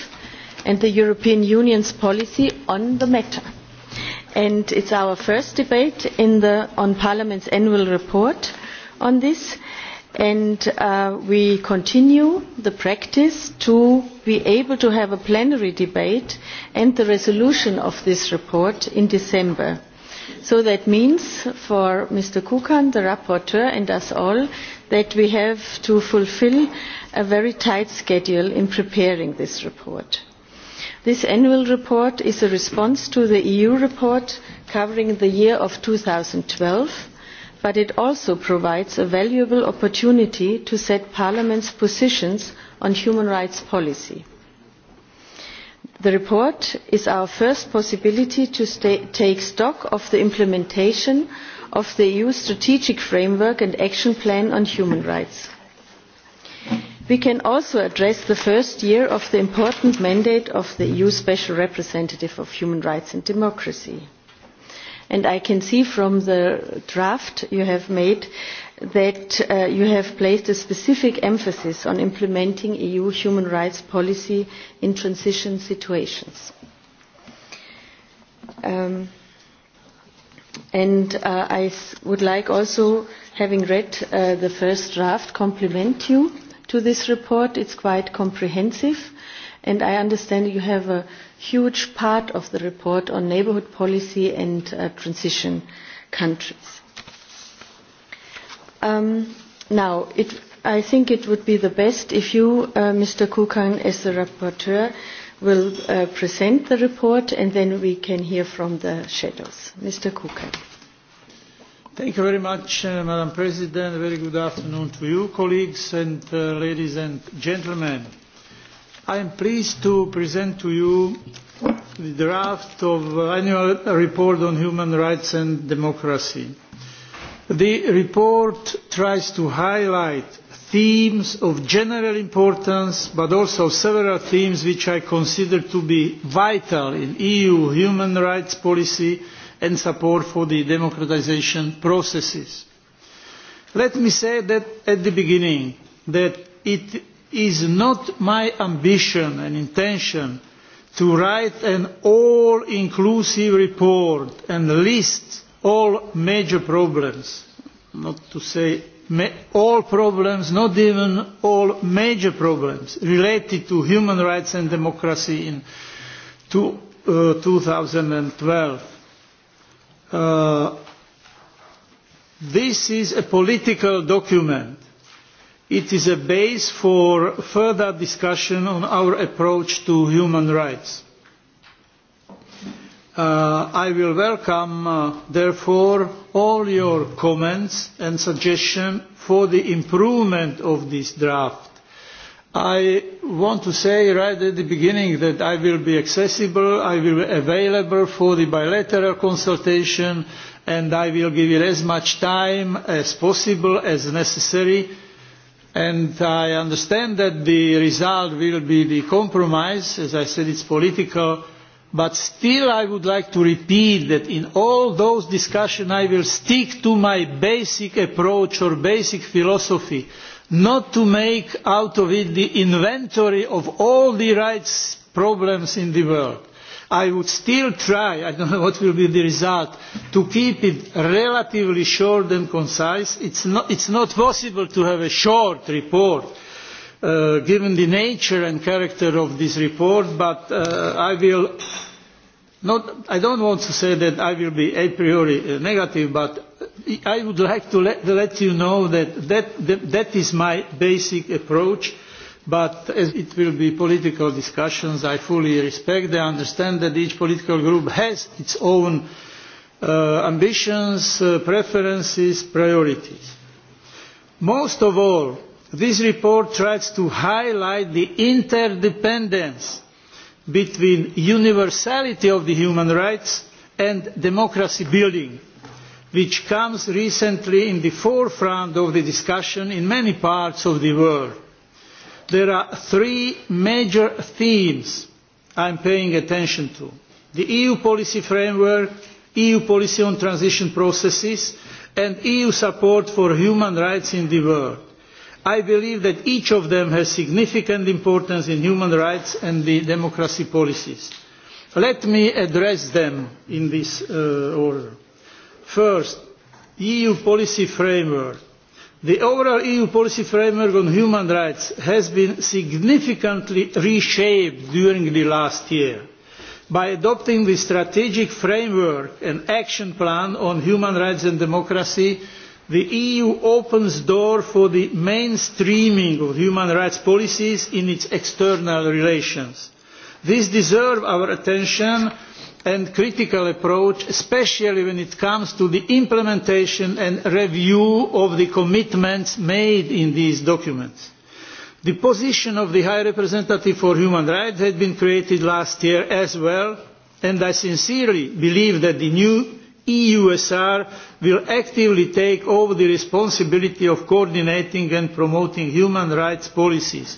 and the European Union's policy on the matter and it's our first debate in the, on Parliament's annual report on this and uh, we continue the practice to be able to have a plenary debate and the resolution of this report in december. so that means for mr kukan the rapporteur and us all that we have to fulfil a very tight schedule in preparing this report. this annual report is a response to the eu report covering the year of two thousand and twelve but it also provides a valuable opportunity to set parliament's positions on human rights policy. the report is our first possibility to stay, take stock of the implementation of the eu strategic framework and action plan on human rights. we can also address the first year of the important mandate of the eu special representative for human rights and democracy and I can see from the draft you have made that uh, you have placed a specific emphasis on implementing EU human rights policy in transition situations. Um, and uh, I would like also, having read uh, the first draft, compliment you to this report. It's quite comprehensive and I understand you have a huge part of the report on neighbourhood policy and uh, transition countries. Um, now, it, I think it would be the best if you, uh, Mr. Kukan, as the rapporteur, will uh, present the report and then we can hear from the shadows. Mr. Kukan. Thank you very much, uh, Madam President. Very good afternoon to you, colleagues and uh, ladies and gentlemen. I am pleased to present to you the draft of uh, annual report on human rights and democracy. The report tries to highlight themes of general importance, but also several themes which I consider to be vital in EU human rights policy and support for the democratisation processes. Let me say that at the beginning that it is not my ambition and intention to write an all inclusive report and list all major problems, not to say all problems, not even all major problems related to human rights and democracy in two, uh, 2012. Uh, this is a political document It is a base for further discussion on our approach to human rights. Uh, I will welcome, uh, therefore, all your comments and suggestions for the improvement of this draft. I want to say right at the beginning that I will be accessible, I will be available for the bilateral consultation, and I will give it as much time as possible as necessary and I understand that the result will be the compromise. As I said, it's political. But still, I would like to repeat that in all those discussions, I will stick to my basic approach or basic philosophy, not to make out of it the inventory of all the rights problems in the world I would still try, I don't know what will be the result, to keep it relatively short and concise. It's not, not possible to have a short report. Uh, given the nature and character of this report, but uh, I will not, I don't want to say that I will be a priori uh, negative, but I would like to let, you know that that is my basic approach but as it will be political discussions, I fully respect and understand that each political group has its own uh, ambitions, uh, preferences and priorities. Most of all, this report tries to highlight the interdependence between universality of the human rights and democracy building which comes recently to the forefront of the discussion in many parts of the world there are three major themes i am paying attention to the eu policy framework eu policy on transition processes and eu support for human rights in the world. i believe that each of them has significant importance in human rights and the democracy policies. let me address them in this uh, order. first eu policy framework The overall EU policy framework on human rights has been significantly reshaped during the last year. By adopting the strategic framework and action plan on human rights and democracy, the EU opens door for the mainstreaming of human rights policies in its external relations. This deserves our attention and critical approach especially when it comes to the implementation and review of the commitments made in these documents. the position of the high representative for human rights had been created last year as well and i sincerely believe that the new eusr will actively take over the responsibility of coordinating and promoting human rights policies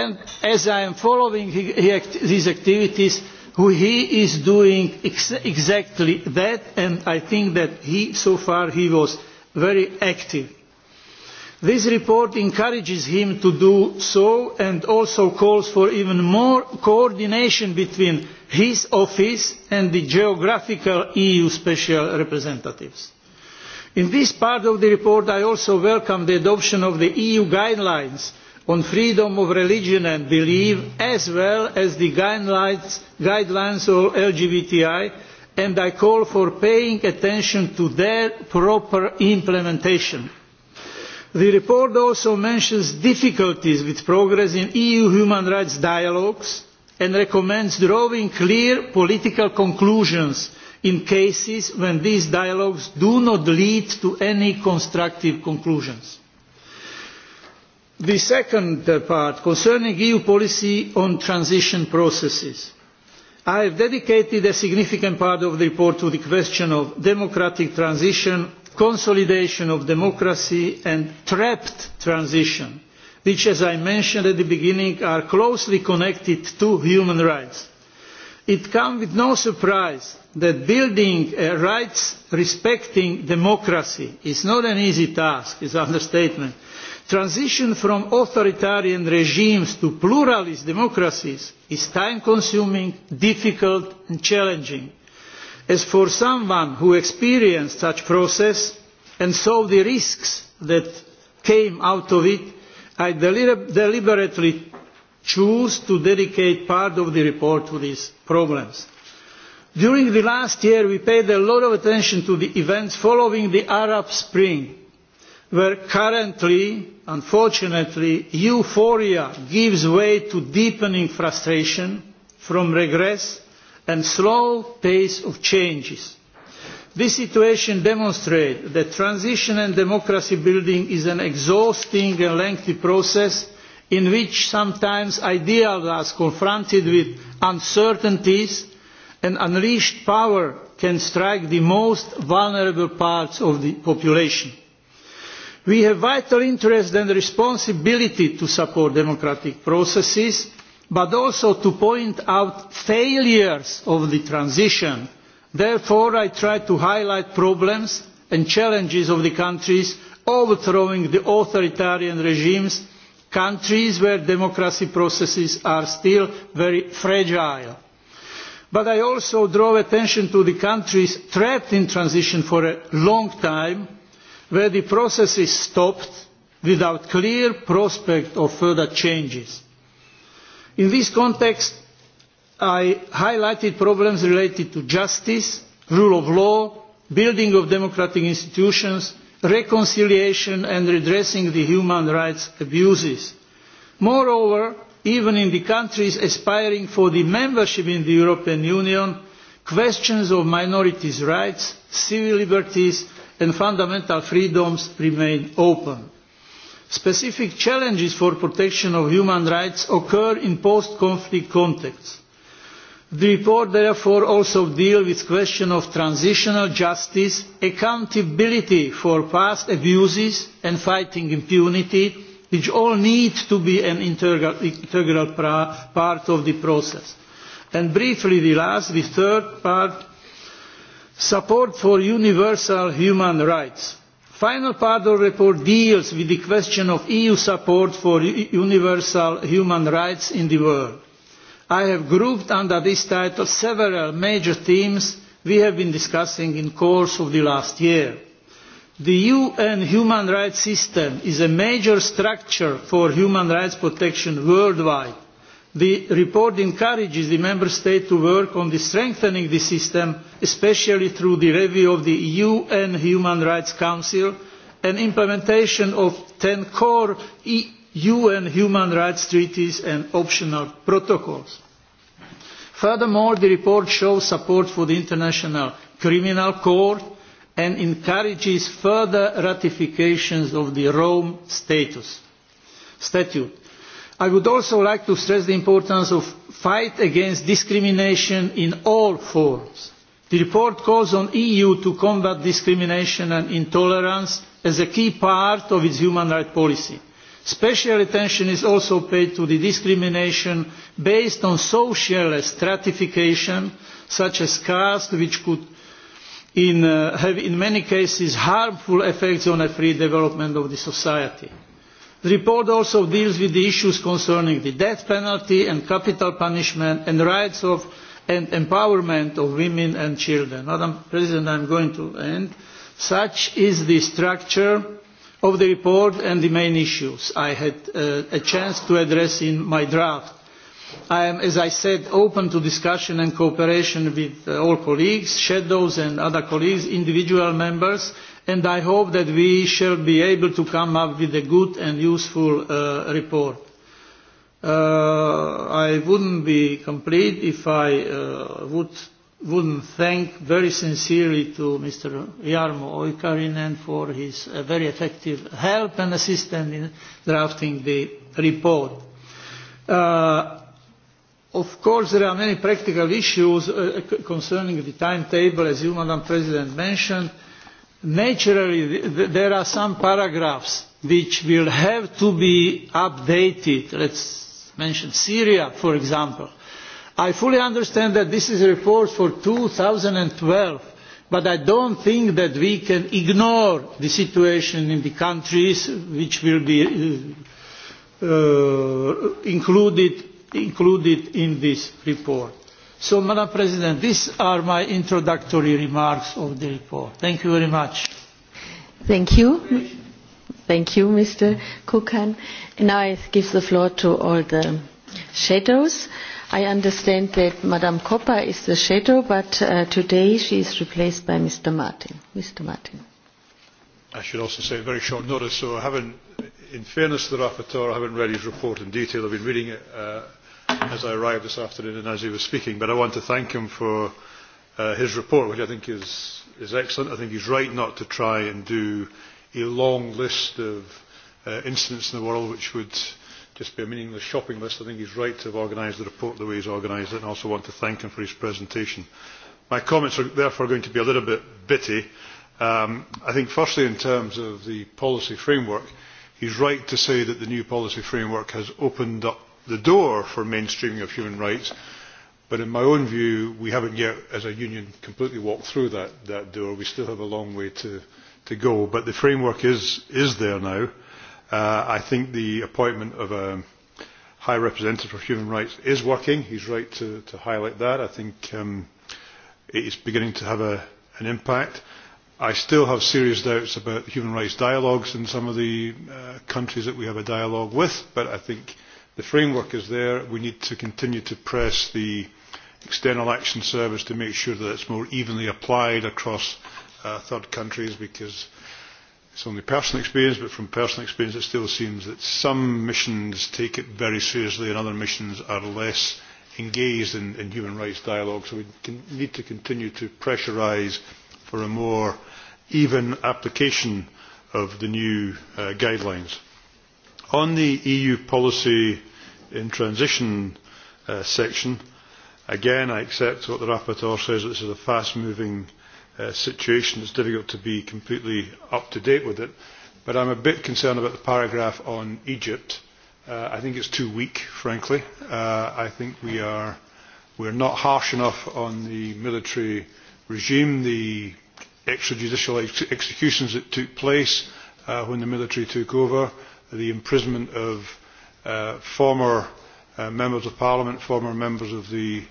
and as i am following his activities he is doing ex exactly that and I think that he so far he was very active. This report encourages him to do so and also calls for even more coordination between his office and the geographical EU special representatives. In this part of the report I also welcome the adoption of the EU guidelines on freedom of religion and belief as well as the guidelines, guidelines of LGBTI and I call for paying attention to their proper implementation. The report also mentions difficulties with progress in EU human rights dialogues and recommends drawing clear political conclusions in cases when these dialogues do not lead to any constructive conclusions The second uh, part, concerning EU policy on transition processes. I have dedicated a significant part of the report to the question of democratic transition, consolidation of democracy and trapped transition, which as I mentioned at the beginning are closely connected to human rights. It comes with no surprise that building a uh, rights respecting democracy is not an easy task, is an understatement transition from authoritarian regimes to pluralist democracies is time consuming difficult and challenging. as for someone who experienced such a process and saw the risks that came out of it i deliberately chose to dedicate part of the report to these problems. during the last year we paid a lot of attention to the events following the arab spring where currently, unfortunately, euphoria gives way to deepening frustration from regress and slow pace of changes. This situation demonstrates that transition and democracy building is an exhausting and lengthy process in which sometimes ideals are confronted with uncertainties and unleashed power can strike the most vulnerable parts of the population we have a vital interest and responsibility to support democratic processes but also to point out failures of the transition. therefore i try to highlight problems and challenges of the countries overthrowing the authoritarian regimes countries where democracy processes are still very fragile. but i also draw attention to the countries trapped in transition for a long time where the process is stopped without clear prospect of further changes. In this context, I highlighted problems related to justice, rule of law, building of democratic institutions, reconciliation and redressing the human rights abuses. Moreover, even in the countries aspiring for the membership in the European Union, questions of minorities' rights, civil liberties, and fundamental freedoms remain open. Specific challenges for protection of human rights occur in post-conflict contexts. The report therefore also deals with the question of transitional justice, accountability for past abuses and fighting impunity, which all need to be an integral, integral part of the process. And briefly the last, the third part support for universal human rights. Final part of the report deals with the question of EU support for universal human rights in the world. I have grouped under this title several major themes we have been discussing in the course of the last year. The UN human rights system is a major structure for human rights protection worldwide the report encourages the member states to work on strengthening the system especially through the review of the un human rights council and implementation of ten core e- un human rights treaties and optional protocols. furthermore the report shows support for the international criminal court and encourages further ratifications of the rome statute I would also like to stress the importance of fight against discrimination in all forms. The report calls on EU to combat discrimination and intolerance as a key part of its human rights policy. Special attention is also paid to the discrimination based on social stratification, such as caste, which could in, uh, have in many cases harmful effects on the free development of the society The report also deals with the issues concerning the death penalty and capital punishment and the rights of and empowerment of women and children. Madam President, I am going to end. Such is the structure of the report and the main issues I had uh, a chance to address in my draft. I am, as I said, open to discussion and cooperation with uh, all colleagues, shadows and other colleagues, individual members and I hope that we shall be able to come up with a good and useful uh, report. Uh, I wouldn't be complete if I uh, would, wouldn't thank very sincerely to Mr. Jarmo Oikarinen for his uh, very effective help and assistance in drafting the report. Uh, Of course, there are many practical issues uh, concerning the timetable, as you, Madam President, mentioned naturally th there are some paragraphs which will have to be updated. Let's mention Syria, for example. I fully understand that this is a report for 2012, but I don't think that we can ignore the situation in the countries which will be uh, included, included in this report Madam President, these are my introductory remarks of the report. Thank you very much. Thank you. Thank you, Mr. Kukan. Now I give the floor to all the shadows. I understand that Madam Koppa is the shadow, but uh, today she is replaced by Mr. Martin. Mr. Martin. I should also say very short notice, so I haven't, in fairness to the rapporteur, I haven't read his report in detail. I've been reading it uh, as I arrived this afternoon and as he was speaking, but I want to thank him for uh, his report, which I think is, is excellent. I think he's right not to try and do a long list of uh, incidents in the world which would just be a meaningless shopping list. I think he's right to have organised the report the way he's organised it, and I also want to thank him for his presentation. My comments are therefore going to be a little bit bitty. Um, I think firstly in terms of the policy framework, he's right to say that the new policy framework has opened up the door for mainstreaming of human rights. But in my own view, we haven't yet, as a union, completely walked through that, that door. We still have a long way to, to go. But the framework is, is there now. Uh, I think the appointment of a High Representative for Human Rights is working. He's right to, to highlight that. I think um, it is beginning to have a, an impact. I still have serious doubts about human rights dialogues in some of the uh, countries that we have a dialogue with, but I think the framework is there. We need to continue to press the External Action Service to make sure that it's more evenly applied across uh, third countries because it's only personal experience, but from personal experience it still seems that some missions take it very seriously and other missions are less engaged in, in human rights dialogue. So we can, need to continue to pressurise for a more even application of the new uh, guidelines on the eu policy in transition uh, section again i accept what the rapporteur says this is a fast moving uh, situation it is difficult to be completely up to date with it but i am a bit concerned about the paragraph on egypt uh, i think it is too weak frankly uh, i think we are we not harsh enough on the military regime the extrajudicial ex executions that took place uh, when the military took over the imprisonment of uh, former uh, members of parliament, former members of the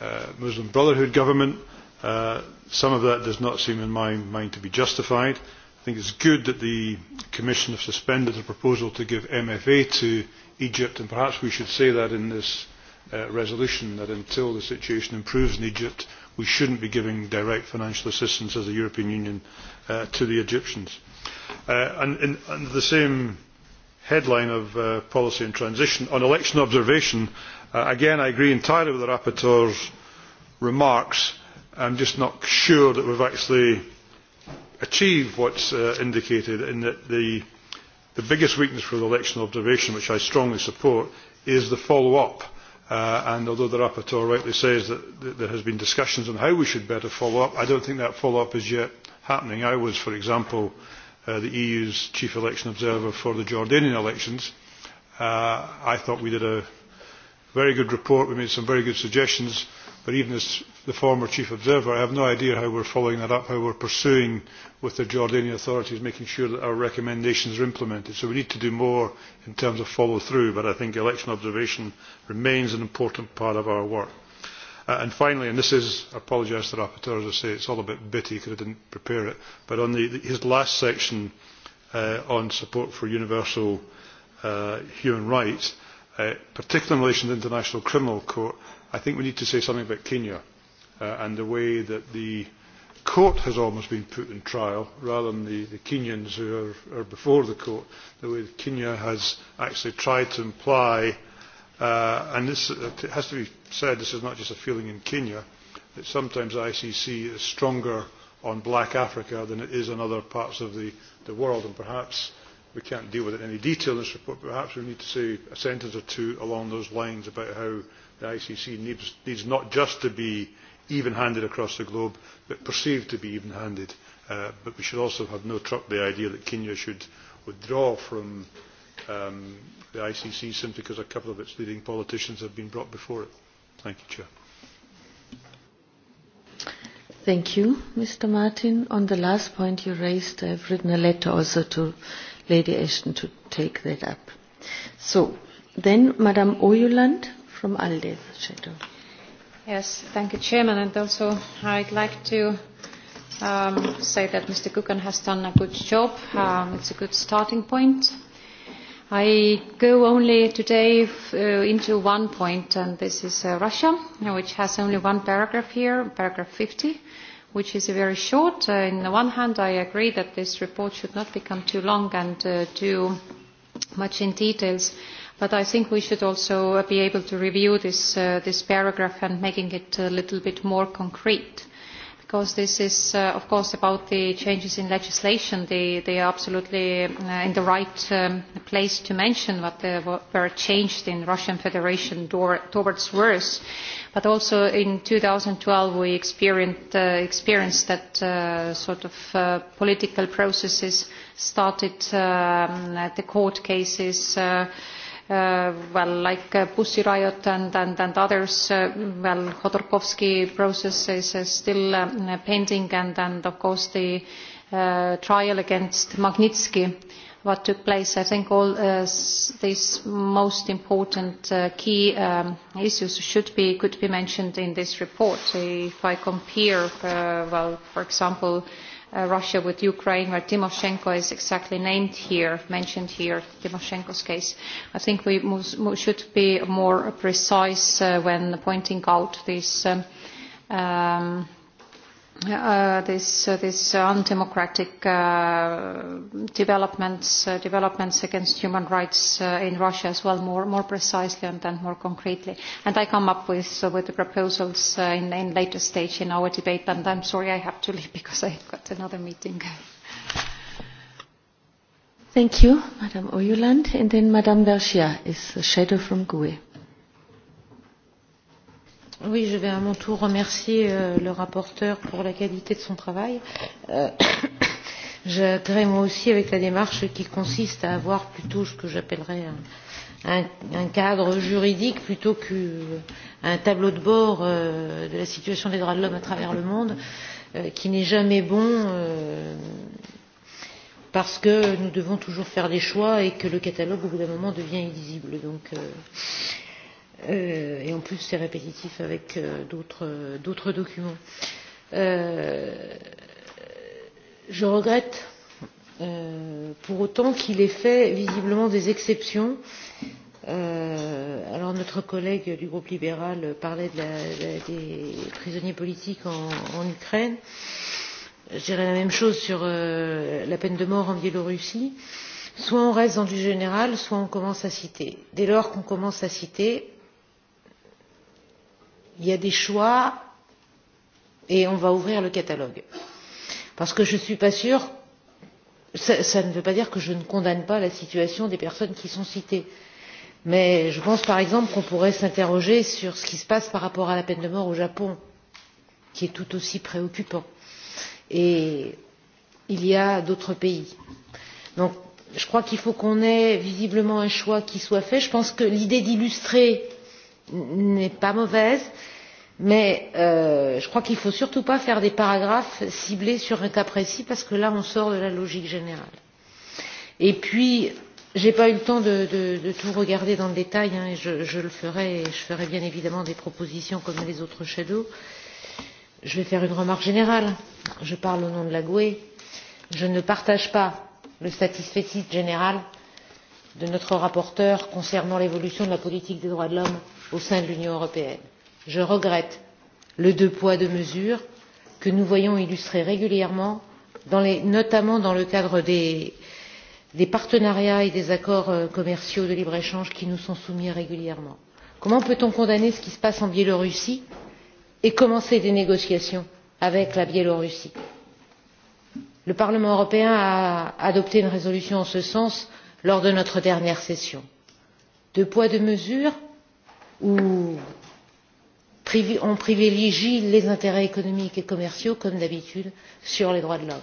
uh, Muslim Brotherhood government. Uh, some of that does not seem in my mind to be justified. I think it's good that the Commission have suspended the proposal to give MFA to Egypt, and perhaps we should say that in this uh, resolution, that until the situation improves in Egypt, we shouldn't be giving direct financial assistance as the European Union uh, to the Egyptians. Uh, and, and the same headline of uh, policy and transition. on election observation uh, again i agree entirely with the rapporteur's remarks. i am just not sure that we have actually achieved what is uh, indicated in that the, the biggest weakness for the election observation which i strongly support is the follow up. Uh, and although the rapporteur rightly says that, that there has been discussions on how we should better follow up i do not think that follow up is yet happening. i was for example uh, Uh, the EU's chief election observer for the Jordanian elections. Uh, I thought we did a very good report. We made some very good suggestions. But even as the former chief observer, I have no idea how we're following that up, how we're pursuing with the Jordanian authorities, making sure that our recommendations are implemented. So we need to do more in terms of follow through. But I think election observation remains an important part of our work. Uh, and finally, and this is, I apologise to the rapporteur, as I say, it's all a bit bitty because I didn't prepare it, but on the, the, his last section uh, on support for universal uh, human rights, uh, particularly in relation to the International Criminal Court, I think we need to say something about Kenya uh, and the way that the court has almost been put in trial rather than the, the Kenyans who are, are before the court, the way that Kenya has actually tried to imply Uh, and this it has to be said, this is not just a feeling in Kenya, that sometimes ICC is stronger on black Africa than it is on other parts of the, the world. And perhaps we can't deal with it in any detail in this report, but perhaps we need to say a sentence or two along those lines about how the ICC needs, needs not just to be even-handed across the globe, but perceived to be even-handed. Uh, but we should also have no truck the idea that Kenya should withdraw from um, the ICC simply because a couple of its leading politicians have been brought before it. Thank you, Chair. Thank you, Mr. Martin. On the last point you raised, I've written a letter also to Lady Ashton to take that up. So, then Madame Oyuland from ALDE. Shadow. Yes, thank you, Chairman. And also I'd like to um, say that Mr. Kukan has done a good job. Um, it's a good starting point I go only today uh, into one point, and this is uh, Russia, which has only one paragraph here, paragraph 50, which is very short. on uh, the one hand, I agree that this report should not become too long and too much in details, but I think we should also be able to review this, this paragraph and making it a little bit more concrete because this is, uh, of course, about the changes in legislation. They, they are absolutely uh, in the right um, place to mention what they were changed in Russian Federation door, towards worse. But also in 2012 we experienced, uh, experienced that uh, sort of uh, political processes started um, the court cases. Uh, Uh, well, like uh, Pussy Riot and, and, others, uh, well, Khodorkovsky process is uh, still uh, pending and, and of course the trial against Magnitsky what took place. I think all these most important key um, issues should be, could be mentioned in this report. If I compare, well, for example, Uh, Russia with Ukraine, where Tymoshenko is exactly named here, mentioned here, Tymoshenko's case. I think we should be more precise uh, when pointing out these um, um, Uh, this, uh, this undemocratic uh, developments, uh, developments against human rights uh, in Russia as well, more, more precisely and, then more concretely. And I come up with, uh, with the proposals uh, in, in later stage in our debate, and I'm sorry I have to leave because I've got another meeting. Thank you, Madam Oyuland. And then Madam Vergia is a shadow from GUE. Oui, je vais à mon tour remercier euh, le rapporteur pour la qualité de son travail. Euh, J'adhère moi aussi avec la démarche qui consiste à avoir plutôt ce que j'appellerais un, un, un cadre juridique plutôt qu'un tableau de bord euh, de la situation des droits de l'homme à travers le monde euh, qui n'est jamais bon. Euh, parce que nous devons toujours faire des choix et que le catalogue au bout d'un moment devient illisible. Donc, euh, Euh, et en plus c'est répétitif avec euh, euh, d'autres documents. je regrette pour autant qu'il ait fait visiblement des exceptions. alors notre collègue du groupe libéral parlait de la, des prisonniers politiques en, en Ukraine. Je dirais la même chose sur la peine de mort en Biélorussie. Soit on reste dans du général, soit on commence à citer. Dès lors qu'on commence à citer, il y a des choix et on va ouvrir le catalogue. Parce que je ne suis pas sûre, ça, ça ne veut pas dire que je ne condamne pas la situation des personnes qui sont citées. Mais je pense par exemple qu'on pourrait s'interroger sur ce qui se passe par rapport à la peine de mort au Japon, qui est tout aussi préoccupant. Et il y a d'autres pays. Donc je crois qu'il faut qu'on ait visiblement un choix qui soit fait. Je pense que l'idée d'illustrer n'est pas mauvaise mais euh, je crois qu'il ne faut surtout pas faire des paragraphes ciblés sur un cas précis parce que là on sort de la logique générale. et puis je n'ai pas eu le temps de, de, de tout regarder dans le détail hein, et je, je le ferai et je ferai bien évidemment des propositions comme les autres shadows. je vais faire une remarque générale je parle au nom de la gue je ne partage pas le satisfecit général de notre rapporteur concernant l'évolution de la politique des droits de l'homme au sein de l'union européenne. je regrette le deux poids deux mesures que nous voyons illustré régulièrement notamment dans le cadre des partenariats et des accords euh, commerciaux de libre échange qui nous sont soumis régulièrement. comment peut on condamner ce qui se passe en biélorussie et commencer des négociations avec la biélorussie? le parlement européen a adopté une résolution en ce sens lors de notre dernière session. deux poids deux mesures où on privilégie les intérêts économiques et commerciaux comme d'habitude sur les droits de l'homme.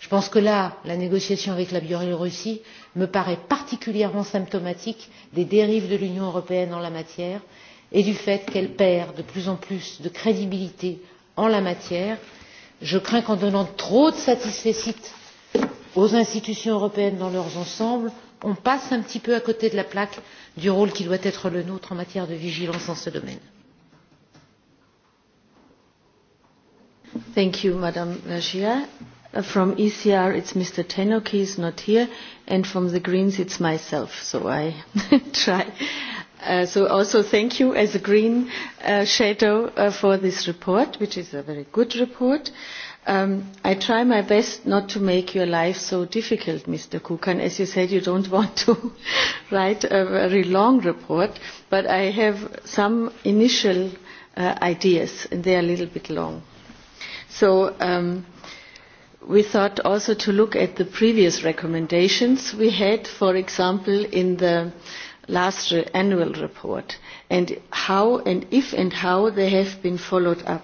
je pense que là la négociation avec la biélorussie me paraît particulièrement symptomatique des dérives de l'union européenne en la matière et du fait qu'elle perd de plus en plus de crédibilité en la matière. je crains qu'en donnant trop de satisfecit aux institutions européennes dans leur ensemble on passe un petit peu à côté de la plaque du rôle qui doit être le nôtre en matière de vigilance dans ce domaine. Thank you, Madam Najia. Uh, from ECR, it's Mr. Tenok, he's not here, and from the Greens, it's myself, so I try. Uh, so also thank you as a Green uh, shadow uh, for this report, which is a very good report. Uh, Um, I try my best not to make your life so difficult, Mr. Kukan. As you said, you don't want to write a very long report, but I have some initial uh, ideas, and they are a little bit long. So um, we thought also to look at the previous recommendations we had, for example, in the last annual report, and how and if and how they have been followed up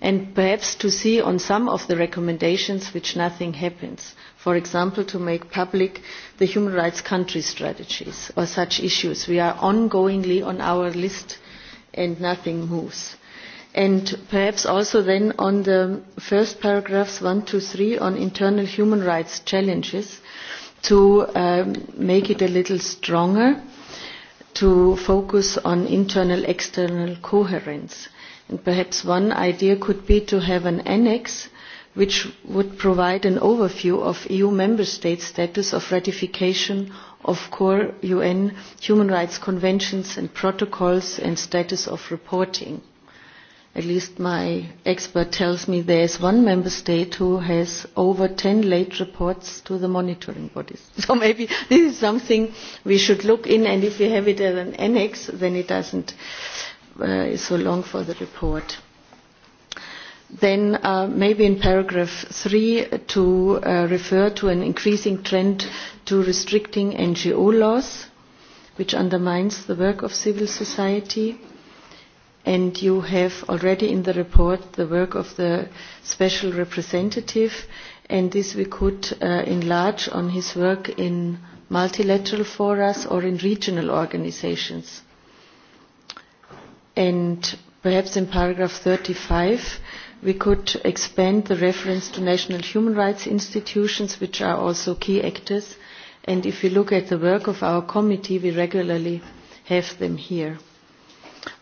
and perhaps to see on some of the recommendations which nothing happens. For example, to make public the human rights country strategies or such issues. We are ongoingly on our list and nothing moves. And perhaps also then on the first paragraphs one to three on internal human rights challenges to um, make it a little stronger, to focus on internal external coherence And perhaps one idea could be to have an annex which would provide an overview of EU member state status of ratification of core UN human rights conventions and protocols and status of reporting. At least my expert tells me there is one member state who has over 10 late reports to the monitoring bodies. So maybe this is something we should look in and if we have it as an annex then it doesn't uh, uh, so long for the report. Then uh, maybe in paragraph three to uh, refer to an increasing trend to restricting NGO laws, which undermines the work of civil society. And you have already in the report the work of the special representative, and this we could uh, enlarge on his work in multilateral fora or in regional organizations and perhaps in paragraph 35 we could expand the reference to national human rights institutions which are also key actors and if we look at the work of our committee we regularly have them here.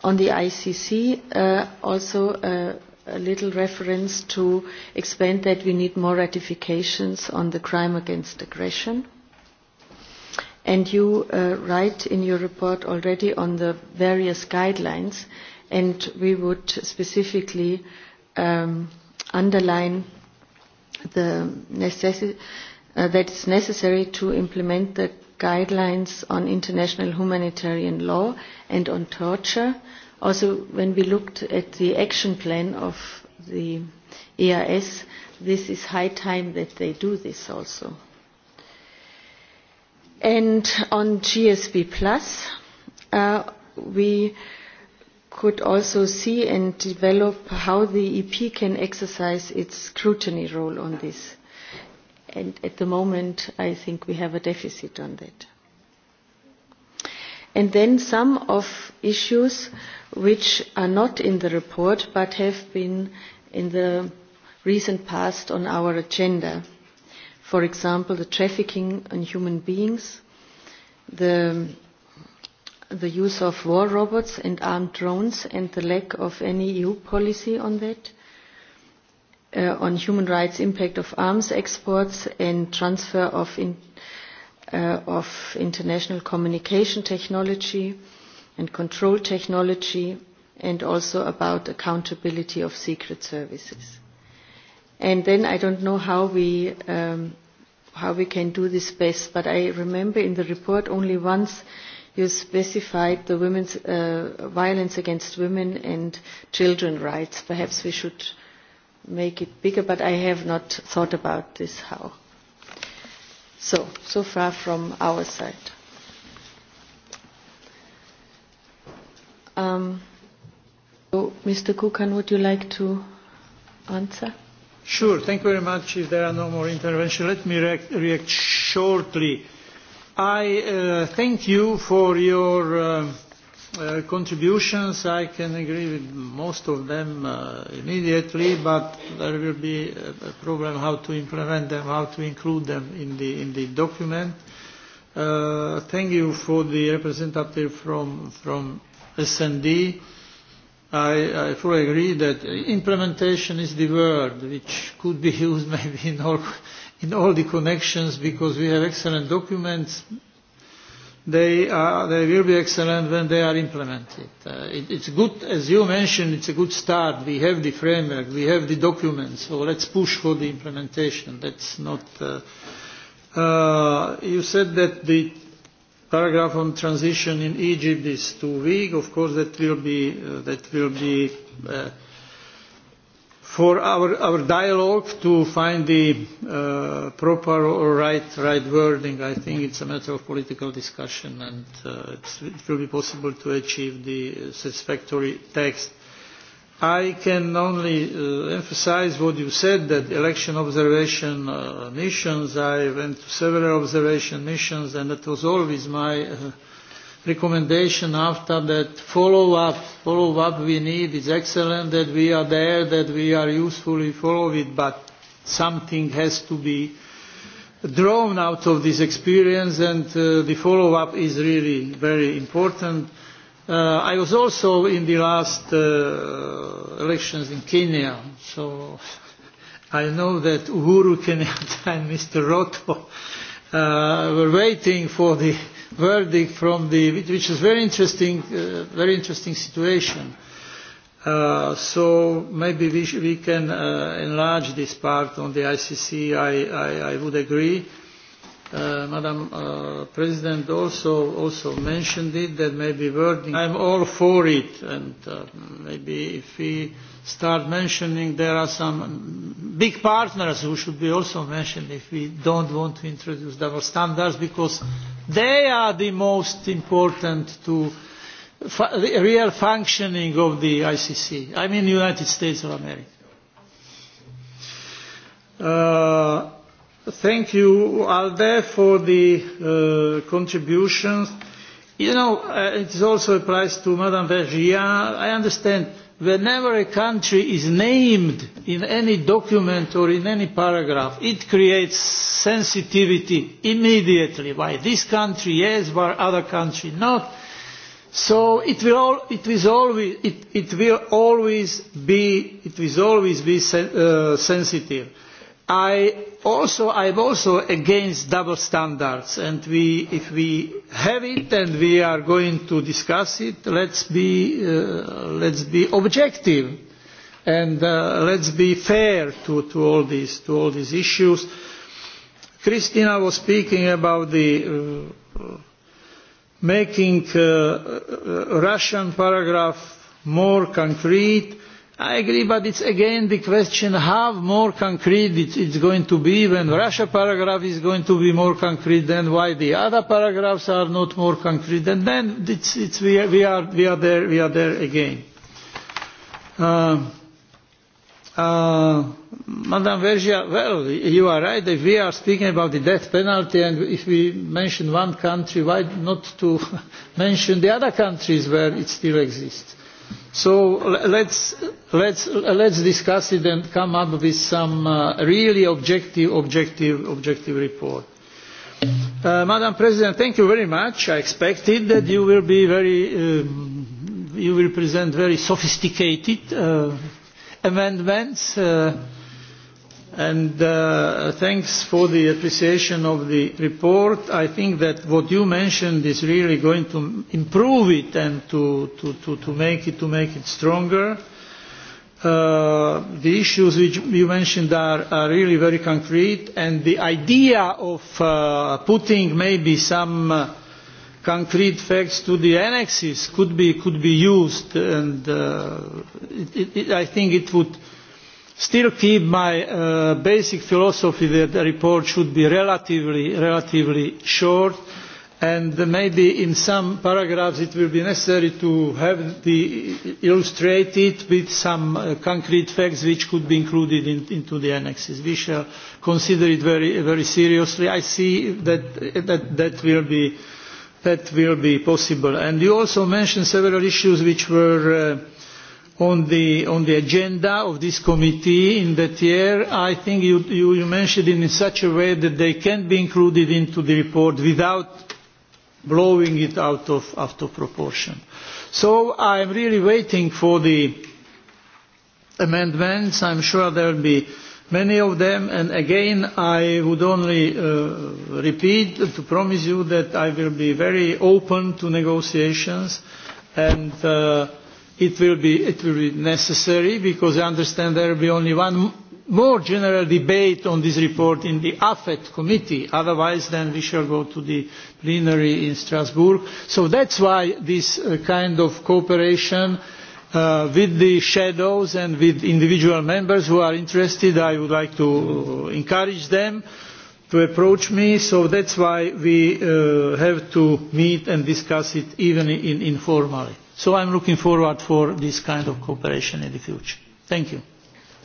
On the ICC uh, also uh, a little reference to expand that we need more ratifications on the crime against aggression and you uh, write in your report already on the various guidelines, and we would specifically um, underline the necessity uh, that it's necessary to implement the guidelines on international humanitarian law and on torture. Also, when we looked at the action plan of the EIS, this is high time that they do this also. And on GSP Plus, uh, we could also see and develop how the EP can exercise its scrutiny role on this. And at the moment, I think we have a deficit on that. And then some of issues which are not in the report but have been in the recent past on our agenda for example, the trafficking in human beings, the, the use of war robots and armed drones, and the lack of any EU policy on that, uh, on human rights impact of arms exports and transfer of, in, uh, of international communication technology and control technology, and also about accountability of secret services. And then I don't know how we, um, how we can do this best, but I remember in the report only once you specified the women's uh, violence against women and children rights. Perhaps we should make it bigger, but I have not thought about this how. So, so far from our side. Um, so Mr. Kukan, would you like to answer? Sure, thank you very much. If there are no more interventions, let me react, react shortly. I uh, thank you for your uh, uh, contributions. I can agree with most of them uh, immediately, but there will be a, problem how to implement them, how to include them in the, in the document. Uh, thank you for the representative from, from S&D. Uh, I, I fully agree that implementation is the word which could be used maybe in all, in all the connections because we have excellent documents. They, are, they will be excellent when they are implemented. Uh, it, it's good, as you mentioned, it's a good start. We have the framework, we have the documents, so let's push for the implementation. That's not. Uh, uh, you said that the paragraph on transition in Egypt is too weak. Of course, that will be uh, that will be uh, for our our dialogue to find the uh, proper or right right wording. I think it's a matter of political discussion, and uh, it's, it will be possible to achieve the satisfactory text. I can only uh, emphasize what you said that election observation uh, missions, I went to several observation missions, and that was always my uh, recommendation after that follow up. Follow up we need is excellent that we are there, that we are usefully follow it, but something has to be drawn out of this experience, and uh, the follow up is really very important Uh, I was also in the last uh, elections in Kenya, so I know that Uhuru Kenyatta and Mr. Roto uh, were waiting for the verdict from the, which is very interesting, uh, very interesting situation. Uh, so maybe we, sh- we can uh, enlarge this part on the ICC. I, I, I would agree. Uh, Uh, Madam uh, President also also mentioned it that maybe wording I'm all for it and uh, maybe if we start mentioning there are some big partners who should be also mentioned if we don't want to introduce double standards because they are the most important to fu real functioning of the ICC. I mean United States of America. Uh, Thank you, Alde, for the uh, contributions. You know, uh, it's also a prize to Madame Vergiat. I understand whenever a country is named in any document or in any paragraph, it creates sensitivity immediately. Why this country yes, why other country not. So it will, all, it is always, it, it will always be, it will always be sen, uh, sensitive I also, I'm also against double standards, and if we have it and we are going to discuss it, let's be, uh, let's be objective and uh, let's be fair to, to, all these, to all these issues. Christina was speaking about the uh, making uh, Russian paragraph more concrete I agree, but it's again the question how more concrete it, it's going to be when Russia paragraph is going to be more concrete than why the other paragraphs are not more concrete. And then it's, it's, we, are, we, are, we, are there, we are there again. Um, uh, uh, Madam Vergia, well, you are right. If we are speaking about the death penalty and if we mention one country, why not to mention the other countries where it still exists? So let's, let's, let's discuss it and come up with some uh, really objective, objective, objective report. Uh, Madam President, thank you very much. I expected that you will be very, um, you will present very sophisticated uh, amendments. Uh, and uh, thanks for the appreciation of the report. I think that what you mentioned is really going to improve it and to, to, to, to make it to make it stronger. Uh, the issues which you mentioned are, are really very concrete, and the idea of uh, putting maybe some uh, concrete facts to the annexes could be could be used, and uh, it, it, I think it would still keep my uh, basic philosophy that the report should be relatively, relatively short and maybe in some paragraphs it will be necessary to have the illustrate it with some uh, concrete facts which could be included in, into the annexes. We shall consider it very, very seriously. I see that that, that will be that will be possible. And you also mentioned several issues which were uh, on the on the agenda of this committee in that year i think you, you, you mentioned it in such a way that they can be included into the report without blowing it out of out of proportion so i am really waiting for the amendments i'm sure there will be many of them and again i would only uh, repeat to promise you that i will be very open to negotiations and uh, it will be it will be necessary because I understand there will be only one more general debate on this report in the AFET committee. Otherwise, then we shall go to the plenary in Strasbourg. So that's why this uh, kind of cooperation uh, with the shadows and with individual members who are interested, I would like to encourage them to approach me. So that's why we uh, have to meet and discuss it even in, informally. So am looking forward to this kind of cooperation in the future. Thank you.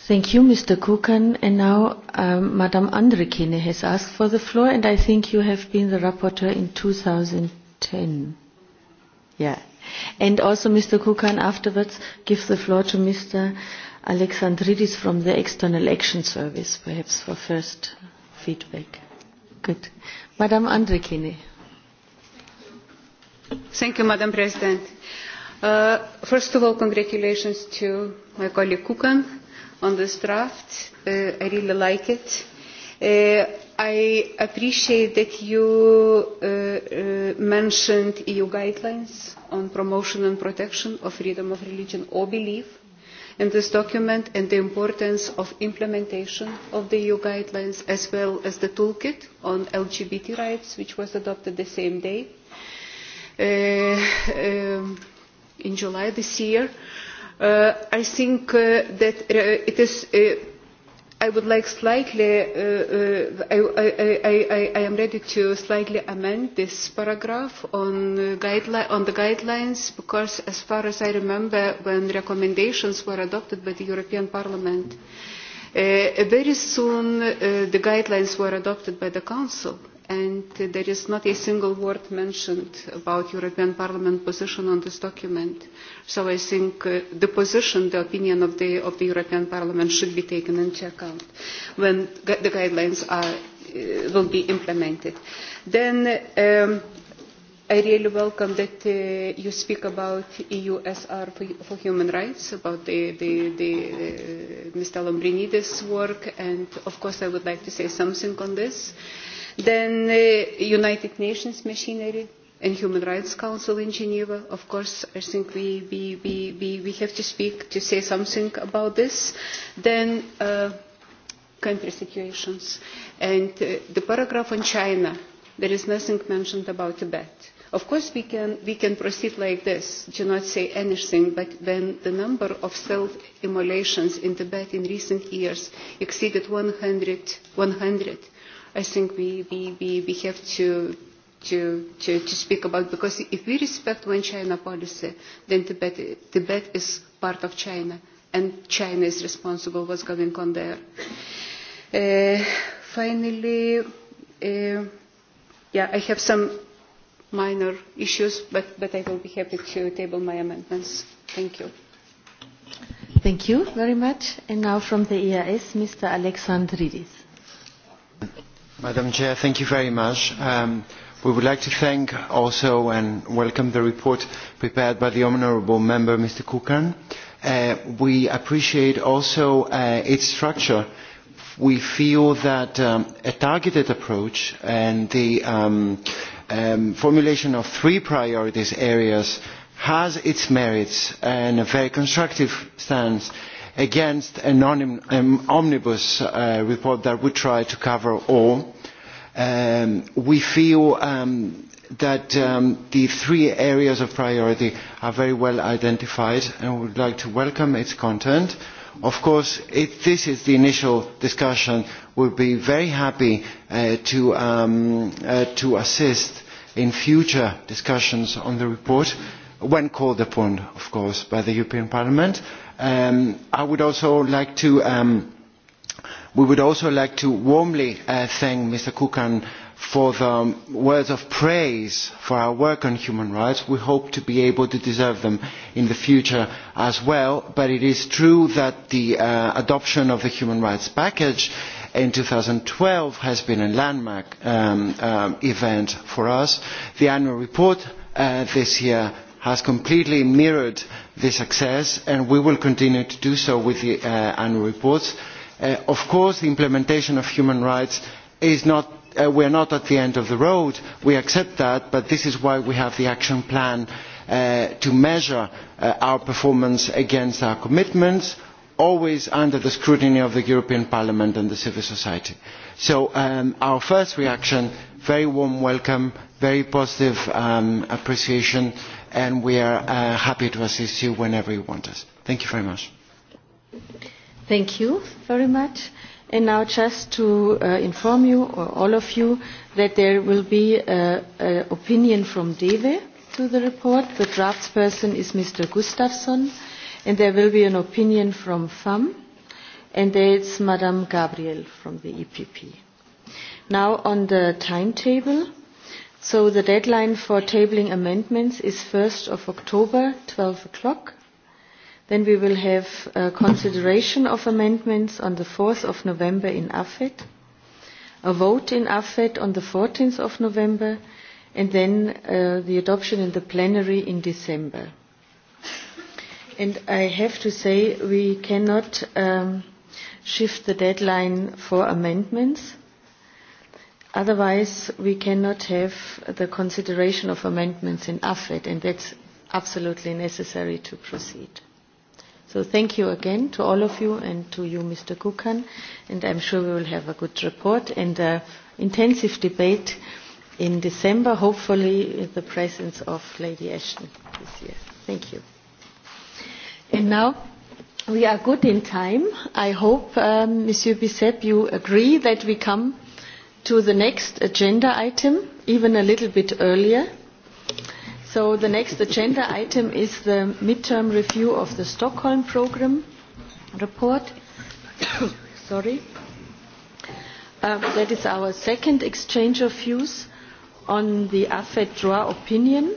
Thank you, Mr. Kukan. And now um, Andrekine has asked for the floor, and I think you have been the rapporteur in 2010. Yeah. And also, Mr. Kukan, afterwards, give the floor to Mr. Alexandridis from the External Action Service, perhaps for first feedback. Good. Andrekine. Thank you, Madam President Uh, first of all, congratulations to my colleague Kukan on this draft. Uh, I really like it. Uh, I appreciate that you uh, uh, mentioned EU guidelines on promotion and protection of freedom of religion or belief in this document and the importance of implementation of the EU guidelines as well as the toolkit on LGBT rights which was adopted the same day. Uh, um, in July this year. Uh, I think uh, that uh, it is. Uh, I would like slightly. Uh, uh, I, I, I, I am ready to slightly amend this paragraph on, uh, on the guidelines because, as far as I remember, when recommendations were adopted by the European Parliament, uh, very soon uh, the guidelines were adopted by the Council and there is not a single word mentioned about European Parliament position on this document. So I think uh, the position, the opinion of the, of the European Parliament should be taken into account when gu the guidelines are, uh, will be implemented. Then um, I really welcome that uh, you speak about EUSR for, for human rights, about the, the, the uh, Mr. Lombrinidis' work, and of course I would like to say something on this. Uh, Then the uh, United Nations machinery and Human Rights Council in Geneva. Of course, I think we, we, we, we, have to speak to say something about this. Then uh, country situations. And uh, the paragraph on China, there is nothing mentioned about Tibet. Of course, we can, we can proceed like this, to not say anything, but when the number of self-immolations in Tibet in recent years exceeded 100, 100 I think we, we, we, we have to, to, to, to speak about because if we respect one China policy, then Tibet, Tibet is part of China and China is responsible what's going on there. Uh, finally, uh, yeah, I have some minor issues, but, but I will be happy to table my amendments. Thank you. Thank you very much. And now from the EIS, Mr. Alexandridis. Madam Chair, thank you very much. Um, we would like to thank also and welcome the report prepared by the Honourable Member, Mr Kukan. Uh, we appreciate also uh, its structure. We feel that um, a targeted approach and the um, um, formulation of three priorities areas has its merits and a very constructive stance against an um, omnibus uh, report that would try to cover all. Um, we feel um, that um, the three areas of priority are very well identified and would like to welcome its content. Of course, if this is the initial discussion, we will be very happy uh, to, um, uh, to, assist in future discussions on the report when called upon, of course, by the European Parliament Um, um, we would also like to warmly uh, thank Mr. Kukan for the words of praise for our work on human rights. We hope to be able to deserve them in the future as well. But it is true that the uh, adoption of the human rights package in 2012 has been a landmark um, uh, event for us. The annual report this year has completely mirrored the success and we will continue to do so with the uh, annual reports. Uh, of course the implementation of human rights is not Uh, we are not at the end of the road we accept that but this is why we have the action plan uh, to measure our performance against our commitments always under the scrutiny of the european parliament and civil society. so um, our first reaction very warm welcome very positive um, appreciation and and we are uh, happy to assist you whenever you want us. Thank you very much. Thank you very much. And now just to uh, inform you, or all of you, that there will be an opinion from DEWE to the report. The draftsperson is Mr. Gustafsson, and there will be an opinion from FAM, and it's Madame Gabriel from the EPP. Now on the timetable So the deadline for tabling amendments is 1st of October, 12 o'clock. Then we will have a consideration of amendments on the 4th of November in AFET, a vote in AFET on the 14th of November, and then uh, the adoption in the plenary in December. And I have to say we cannot um, shift the deadline for amendments Otherwise, we cannot have the consideration of amendments in AFED, and that's absolutely necessary to proceed. So thank you again to all of you and to you, Mr. Kukan, and I'm sure we will have a good report and an intensive debate in December, hopefully in the presence of Lady Ashton this year. Thank you. And now we are good in time. I hope, um, Monsieur Bissep, you agree that we come to the next agenda item, even a little bit earlier. So the next agenda item is the midterm review of the Stockholm Programme report. Sorry. Uh, that is our second exchange of views on the AFED draw opinion.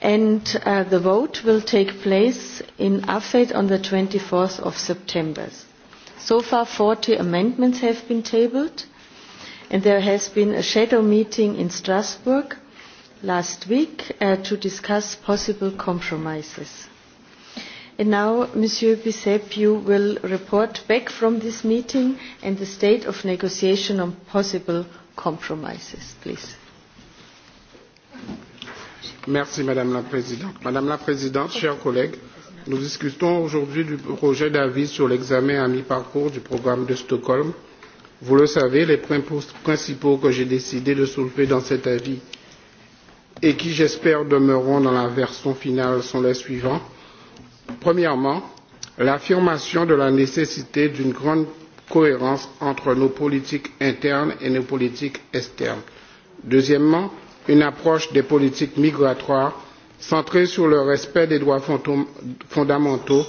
And uh, the vote will take place in AFED on the 24th of September. So far, 40 amendments have been tabled, and there has been a shadow meeting in Strasbourg last week uh, to discuss possible compromises. And now, Monsieur Bissep, you will report back from this meeting and the state of negotiation on possible compromises, please. Merci, Madame la Présidente. Madame la Présidente, chers collègues, Nous discutons aujourd'hui du projet d'avis sur l'examen à mi-parcours du programme de Stockholm. Vous le savez, les principaux que j'ai décidé de soulever dans cet avis et qui, j'espère, demeureront dans la version finale sont les suivants. Premièrement, l'affirmation de la nécessité d'une grande cohérence entre nos politiques internes et nos politiques externes. Deuxièmement, une approche des politiques migratoires centrée sur le respect des droits fondamentaux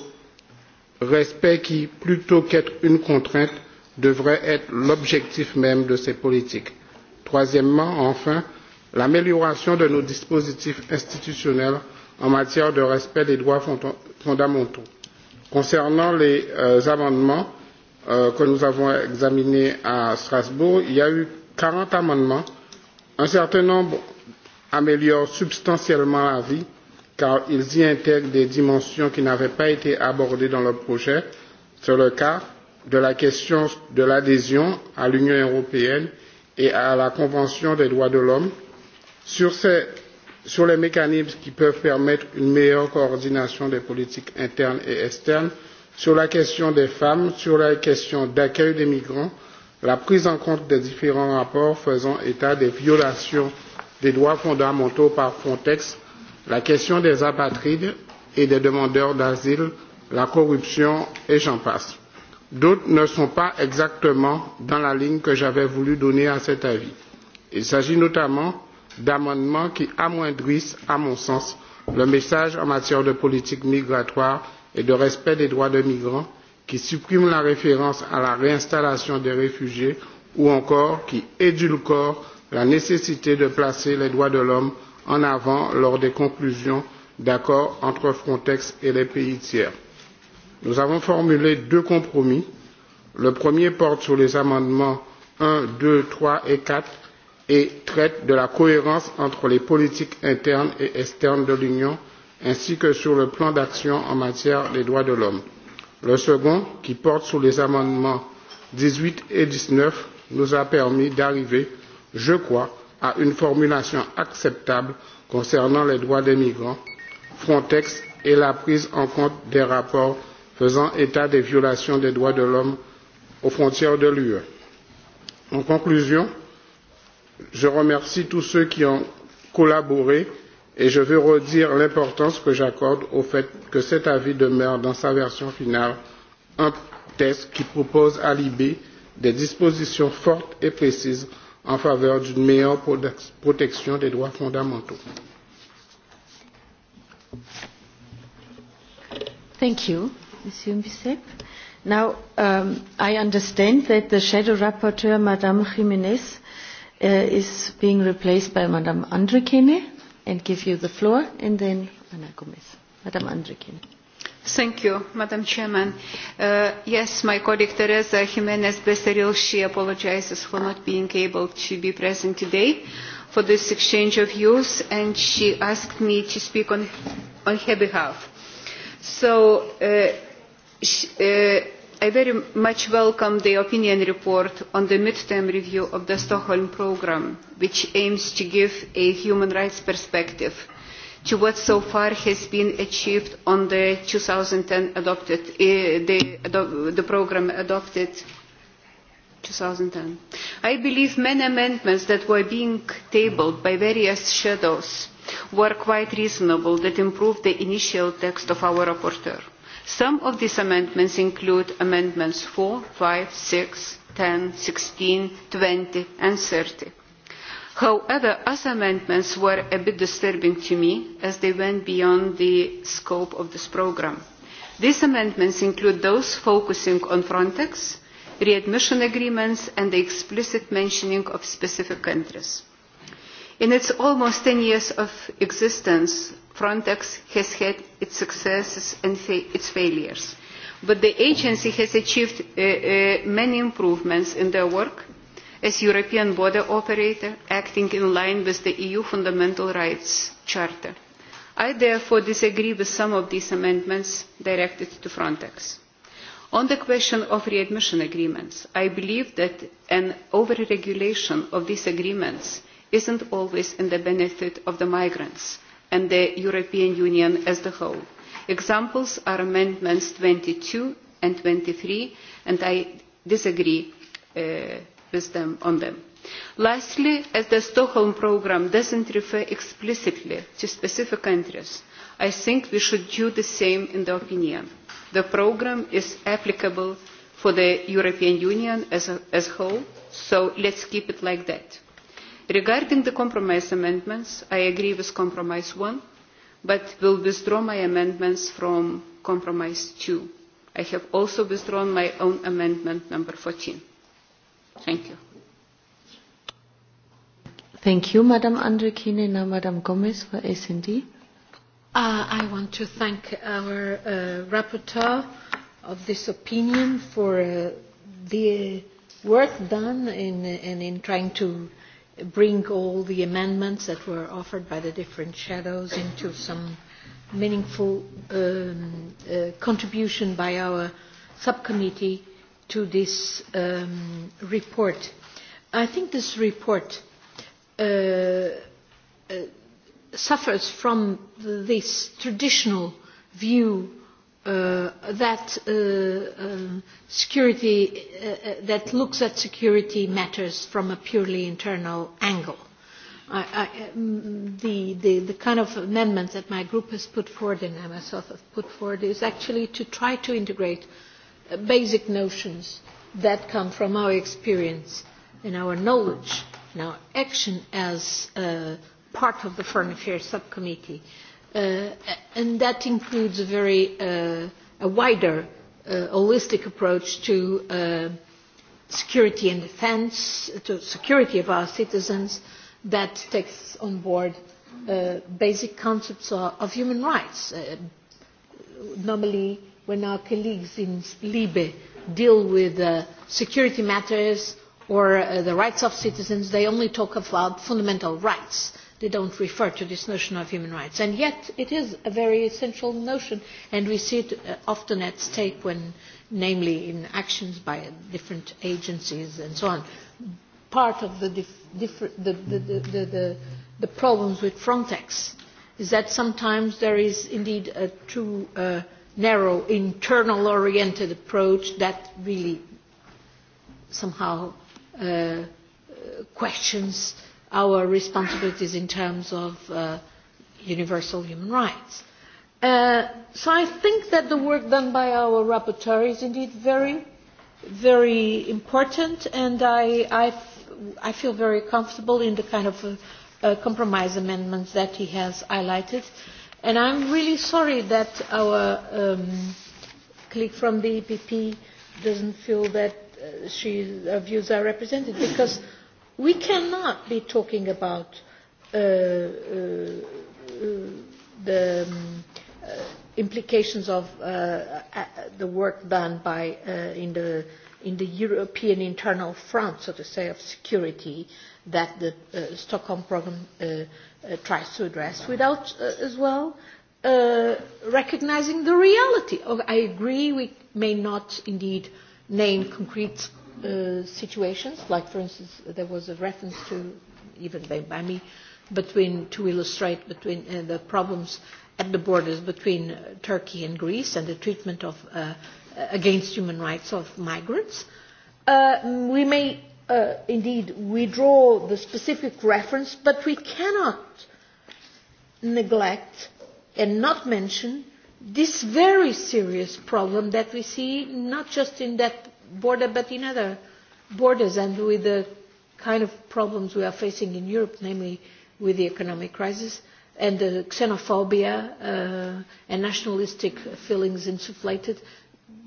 respect qui plutôt qu'être une contrainte devrait être l'objectif même de ces politiques. troisièmement enfin l'amélioration de nos dispositifs institutionnels en matière de respect des droits fondamentaux. concernant les euh, amendements euh, que nous avons examinés à strasbourg il y a eu quarante amendements. un certain nombre améliore substantiellement la vie car ils y intègrent des dimensions qui n'avaient pas été abordées dans le projet. C'est le cas de la question de l'adhésion à l'Union européenne et à la Convention des droits de l'homme sur, sur les mécanismes qui peuvent permettre une meilleure coordination des politiques internes et externes, sur la question des femmes, sur la question d'accueil des migrants, la prise en compte des différents rapports faisant état des violations des droits fondamentaux par Frontex, la question des apatrides et des demandeurs d'asile, la corruption et j'en passe. D'autres ne sont pas exactement dans la ligne que j'avais voulu donner à cet avis. Il s'agit notamment d'amendements qui amoindrissent, à mon sens, le message en matière de politique migratoire et de respect des droits des migrants, qui suppriment la référence à la réinstallation des réfugiés ou encore qui édulcorent la nécessité de placer les droits de l'homme en avant lors des conclusions d'accords entre Frontex et les pays tiers. Nous avons formulé deux compromis. Le premier porte sur les amendements 1, 2, 3 et 4 et traite de la cohérence entre les politiques internes et externes de l'Union ainsi que sur le plan d'action en matière des droits de l'homme. Le second, qui porte sur les amendements 18 et 19, nous a permis d'arriver je crois, à une formulation acceptable concernant les droits des migrants, Frontex et la prise en compte des rapports faisant état des violations des droits de l'homme aux frontières de l'UE. En conclusion, je remercie tous ceux qui ont collaboré et je veux redire l'importance que j'accorde au fait que cet avis demeure dans sa version finale un texte qui propose à l'IB des dispositions fortes et précises en faveur d'une meilleure protection des droits fondamentaux. Thank you, Monsieur Mbisep. Now, um, I understand that the shadow rapporteur, Madame Jiménez, uh, is being replaced by Madame Andrikine, and give you the floor, and then Ana Gomez. Madame Andrikine. You, madam president uh, yes my colleague teresa jimnez becerril apologises for not being able to be present today for this exchange of views and she asked me to speak on, on her behalf. so uh, she, uh, i very much welcome the opinion report on the mid term review of the stockholm programme which aims to give a human rights perspective to what so far has been achieved on the 2010 adopted, uh, the, the program adopted 2010. I believe many amendments that were being tabled by various shadows were quite reasonable that improved the initial text of our rapporteur. Some of these amendments include amendments 4, 5, 6, 10, 16, 20 and 30 However, other amendments were a bit disturbing to me as they went beyond the scope of this programme. These amendments include those focusing on Frontex, readmission agreements and the explicit mentioning of specific countries. In its almost 10 years of existence, Frontex has had its successes and fa its failures. But the agency has achieved uh, uh, many improvements in their work as European border operator acting in line with the EU Fundamental Rights Charter. I therefore disagree with some of these amendments directed to Frontex. On the question of readmission agreements, I believe that an over-regulation of these agreements isn't always in the benefit of the migrants and the European Union as a whole. Examples are amendments 22 and 23, and I disagree uh, with them on them. Lastly, as the Stockholm programme does not refer explicitly to specific countries, I think we should do the same in the opinion. The programme is applicable for the European Union as a as whole, so let's keep it like that. Regarding the compromise amendments, I agree with compromise 1, but will withdraw my amendments from compromise 2. I have also withdrawn my own amendment number 14. Thank you. Thank you, Madam Andrikine. Now, Madam Gomez for S&D. Uh, I want to thank our uh, rapporteur of this opinion for uh, the work done in, in, in trying to bring all the amendments that were offered by the different shadows into some meaningful um, uh, contribution by our subcommittee to this um, report. I think this report uh, uh, suffers from this traditional view uh, that uh, um, security uh, uh, that looks at security matters from a purely internal angle. I, I, um, the, the, the kind of amendment that my group has put forward and I myself have put forward is actually to try to integrate uh, basic notions that come from our experience and our knowledge and our action as uh, part of the Foreign Affairs Subcommittee. Uh, and that includes a very uh, a wider, uh, holistic approach to uh, security and defence, to security of our citizens that takes on board uh, basic concepts of, of human rights. Uh, normally, when our colleagues in Libe deal with uh, security matters or uh, the rights of citizens, they only talk about fundamental rights. They don't refer to this notion of human rights. And yet it is a very essential notion, and we see it uh, often at stake when, namely in actions by different agencies and so on. Part of the, dif different, the, the, the, the, the, the problems with Frontex is that sometimes there is indeed a true uh, narrow, internal oriented approach that really somehow uh, questions our responsibilities in terms of uh, universal human rights. Uh, so I think that the work done by our rapporteur is indeed very, very important, and I, I, f- I feel very comfortable in the kind of uh, uh, compromise amendments that he has highlighted. Uh, And I'm really sorry that our um, colleague from the EPP doesn't feel that uh, she, her views are represented because we cannot be talking about uh, uh, uh, the um, uh, implications of uh, uh, the work done by uh, in the in the European internal front, so to say, of security that the uh, Stockholm programme uh, uh, tries to address without uh, as well uh, recognizing the reality. Oh, I agree we may not indeed name concrete uh, situations, like for instance there was a reference to, even by, by me, between, to illustrate between uh, the problems at the borders between uh, Turkey and Greece and the treatment of, uh, against human rights of migrants. Uh, we may uh, indeed withdraw the specific reference, but we cannot neglect and not mention this very serious problem that we see not just in that border but in other borders and with the kind of problems we are facing in Europe, namely with the economic crisis and the xenophobia uh, and nationalistic feelings insufflated.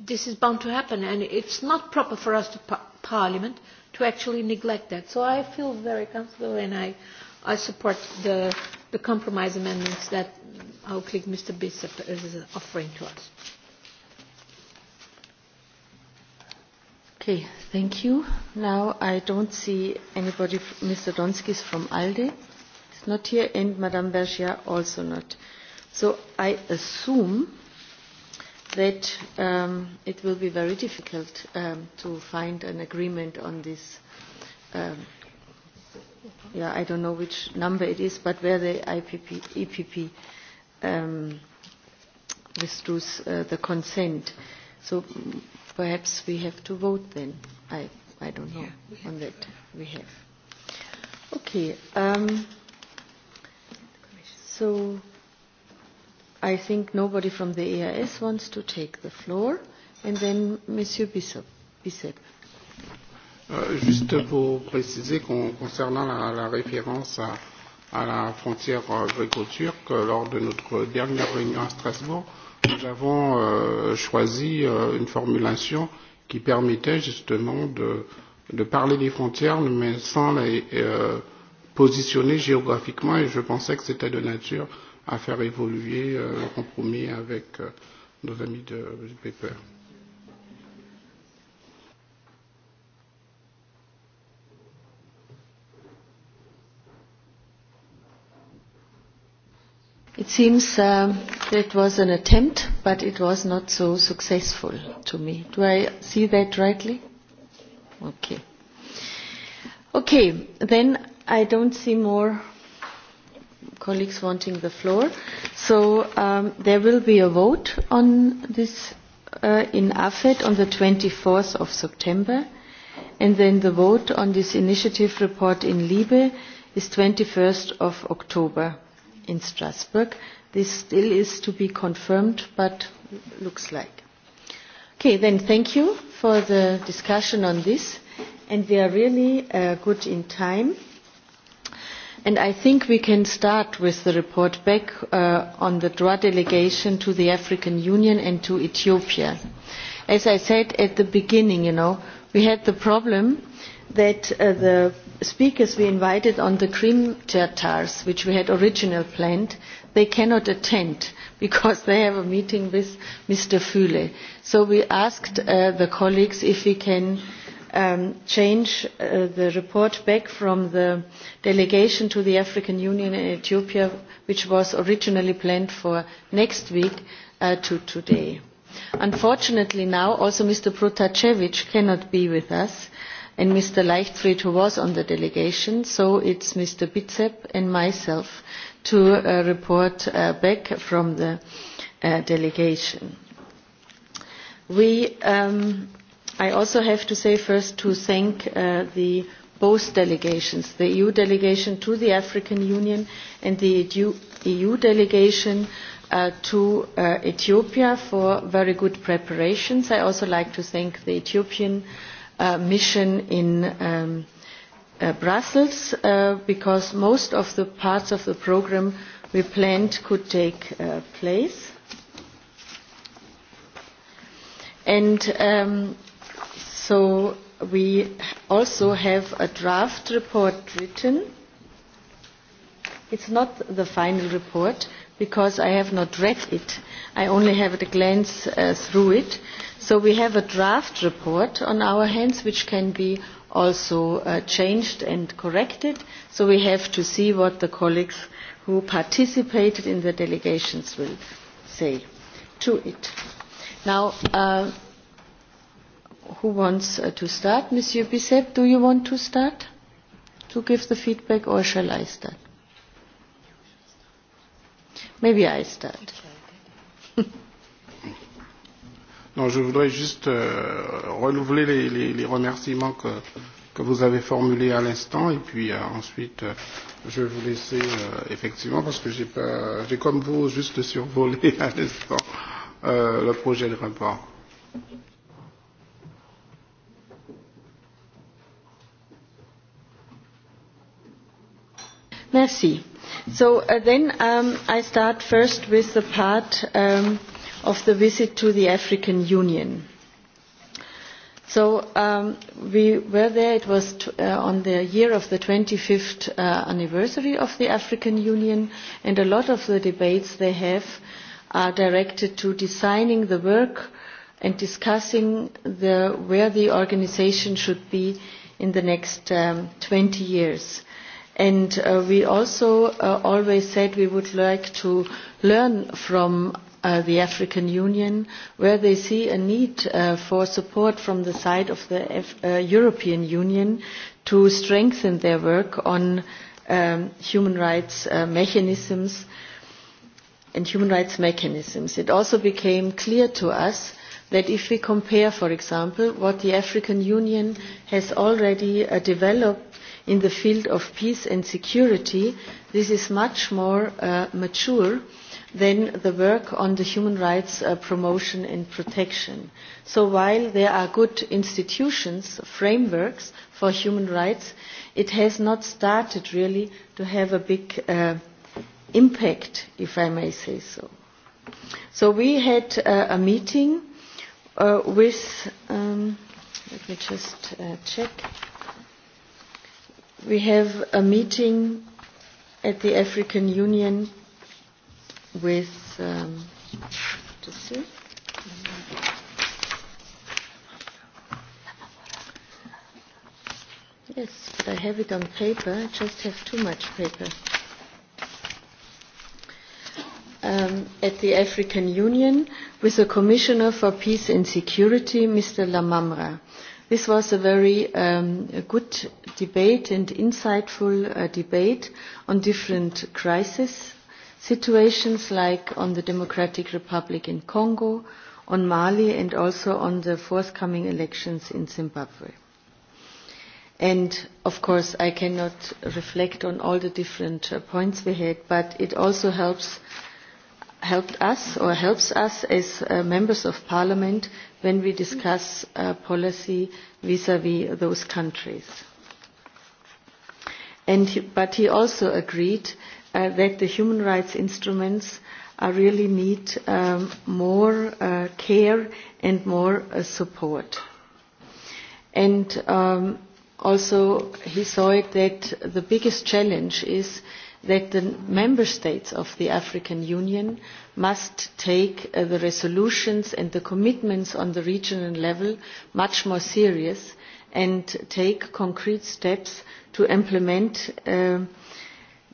This is bound to happen and it's not proper for us to par Parliament to actually neglect that. So I feel very comfortable and I, I support the, the compromise amendments that our colleague Mr. Bishop is offering to us. Okay, thank you. Now I don't see anybody, Mr. is from ALDE is not here and Madame Bergia also not. So I assume that um, it will be very difficult um, to find an agreement on this. Um, yeah, I don't know which number it is, but where the IPP, EPP um, withdraws uh, the consent. So perhaps we have to vote then. I, I don't know yeah, on that. We have. Okay. Um, so I think nobody from the EIS wants to take the floor. And then Monsieur Bissop. Bissop. Euh, juste pour préciser qu'on, concernant la, la référence à, à la frontière euh, gréco-turque, lors de notre dernière réunion à Strasbourg, nous avons euh, choisi euh, une formulation qui permettait justement de, de parler des frontières, mais sans les euh, positionner géographiquement, et je pensais que c'était de nature euh, à faire évoluer euh, le compromis avec euh, nos amis de, du PPR. E it seems um, uh, it was an attempt, but it was not so successful to me. Do I see that rightly? Okay. Okay, then I don't see more colleagues wanting the floor. So um, there will be a vote on this uh, in AFED on the 24th of September. And then the vote on this initiative report in Libe is 21st of October in Strasbourg. This still is to be confirmed, but looks like. Okay, then thank you for the discussion on this. And we are really uh, good in time. And I think we can start with the report back uh, on the droit delegation to the African Union and to Ethiopia. As I said at the beginning, we had the problem that uh, the speakers we invited on the Krim Tatars, which we had originally planned, they cannot attend because they have a meeting with Mr. Füle. So we asked uh, the colleagues if we can Um, change uh, the report back from the delegation to the African Union in Ethiopia, which was originally planned for next week, uh, to today. Unfortunately now also Mr. Protasevich cannot be with us and Mr. Leichtfried who was on the delegation, so it's Mr. Bitzep and myself to uh, report back from the delegation. We um, I also have to say first to thank uh, the both delegations, the EU delegation to the African Union and the EU e delegation uh, to uh, Ethiopia for very good preparations. I also like to thank the Ethiopian uh, mission in um, uh, Brussels uh, because most of the parts of the program we planned could take uh, place. And um, So we also have a draft report written. It's not the final report because I have not read it. I only have a glance uh, through it. So we have a draft report on our hands which can be also uh, changed and corrected. So we have to see what the colleagues who participated in the delegations will say to it. Now, uh, who wants uh, to start? Monsieur Bisset, do you want to start to give the feedback or shall I start? Maybe I start. non, je voudrais juste euh, renouveler les, les, les remerciements que, que vous avez formulés à l'instant et puis euh, ensuite euh, je vais vous laisser euh, effectivement parce que j'ai pas j'ai comme vous juste survolé à l'instant euh, le projet de rapport. Merci. So uh, then um, I start first with the part um, of the visit to the African Union. So um, we were there, it was t- uh, on the year of the 25th uh, anniversary of the African Union, and a lot of the debates they have are directed to designing the work and discussing the, where the organization should be in the next um, 20 years And uh, we also uh, always said we would like to learn from uh, the African Union where they see a need uh, for support from the side of the F uh, European Union to strengthen their work on um, human rights uh, mechanisms and human rights mechanisms. It also became clear to us that if we compare, for example, what the African Union has already uh, developed in the field of peace and security, this is much more uh, mature than the work on the human rights uh, promotion and protection. So while there are good institutions, frameworks for human rights, it has not started really to have a big uh, impact, if I may say so. So we had uh, a meeting uh, with, um, let me just uh, check we have a meeting at the African Union with um, to see. Yes, but I have it on paper. I just have too much paper. Um, at the African Union with the Commissioner for Peace and Security, Mr. Lamamra This was a very um, a good debate and insightful uh, debate on different crisis situations like on the Democratic Republic in Congo, on Mali, and also on the forthcoming elections in Zimbabwe. And of course, I cannot reflect on all the different uh, points we had, but it also helps helped us or helps us as uh, members of parliament when we discuss uh, policy vis-à-vis -vis those countries. And he, but he also agreed uh, that the human rights instruments are really need um, more uh, care and more uh, support. And um, also he saw it that the biggest challenge is uh, that the member states of the African Union must take uh, the resolutions and the commitments on the regional level much more seriously and take concrete steps to implement um,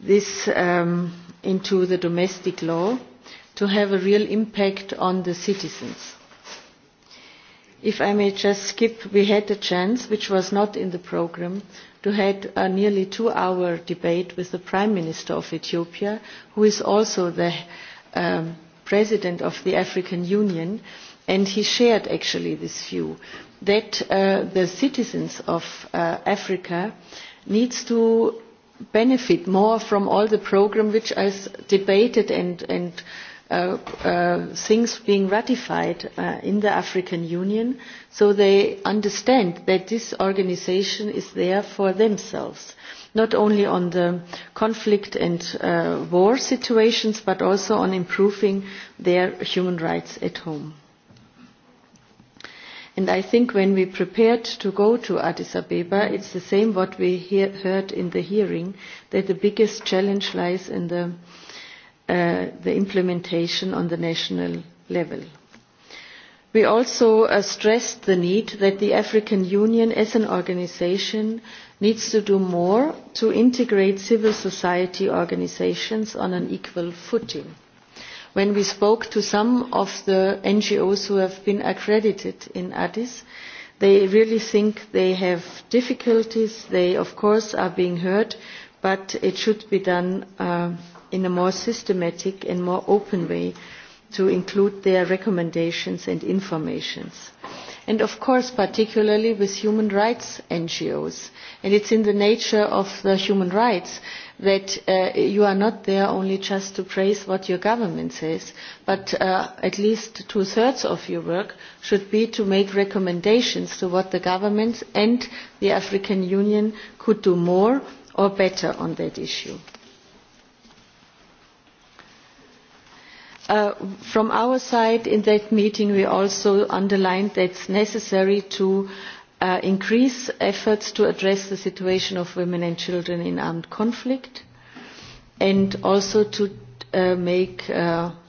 this um, into the domestic law to have a real impact on the citizens If I may just skip, we had a chance, which was not in the programme, to have a nearly two-hour debate with the Prime Minister of Ethiopia, who is also the um, President of the African Union, and he shared actually this view that uh, the citizens of uh, Africa needs to benefit more from all the program which is debated and, and Uh, uh, things being ratified uh, in the African Union, so they understand that this organization is there for themselves not only on the conflict and uh, war situations, but also on improving their human rights at home. And I think when we prepared to go to Addis Abeba, it's the same what we hear, heard in the hearing, that the biggest challenge lies in the Uh, the implementation on the national level. We also uh, stressed the need that the African Union as an organisation needs to do more to integrate civil society organisations on an equal footing. When we spoke to some of the NGOs who have been accredited in Addis, they really think they have difficulties. They, of course, are being heard, but it should be done uh, in a more systematic and more open way to include their recommendations and information and of course particularly with human rights ngos and it is in the nature of the human rights that uh, you are not there only just to praise what your government says but uh, at least two thirds of your work should be to make recommendations to what the governments and the african union could do more or better on that issue Uh, from our side in that meeting we also underlined that it is necessary to uh, increase efforts to address the situation of women and children in armed conflict and also to uh, make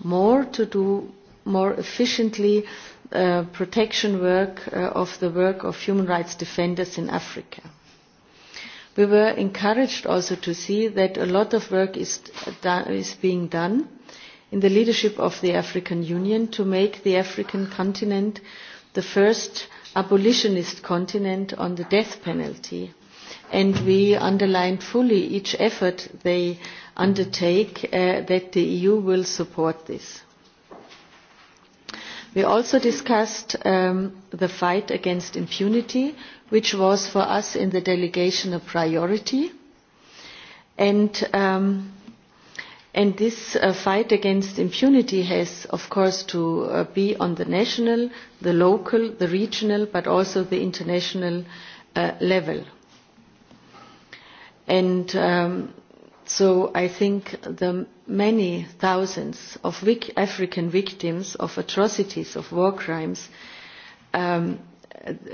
more to do more efficiently protection work of the work of human rights defenders in africa. we were encouraged also to see that a lot of work is, is being done in the leadership of the African Union to make the African continent the first abolitionist continent on the death penalty. And we underlined fully each effort they undertake uh, that the EU will support this. We also discussed um, the fight against impunity, which was for us in the delegation a priority. And um, And this uh, fight against impunity has, of course, to uh, be on the national, the local, the regional, but also the international uh, level. And um, so I think the many thousands of African victims of atrocities, of war crimes, um,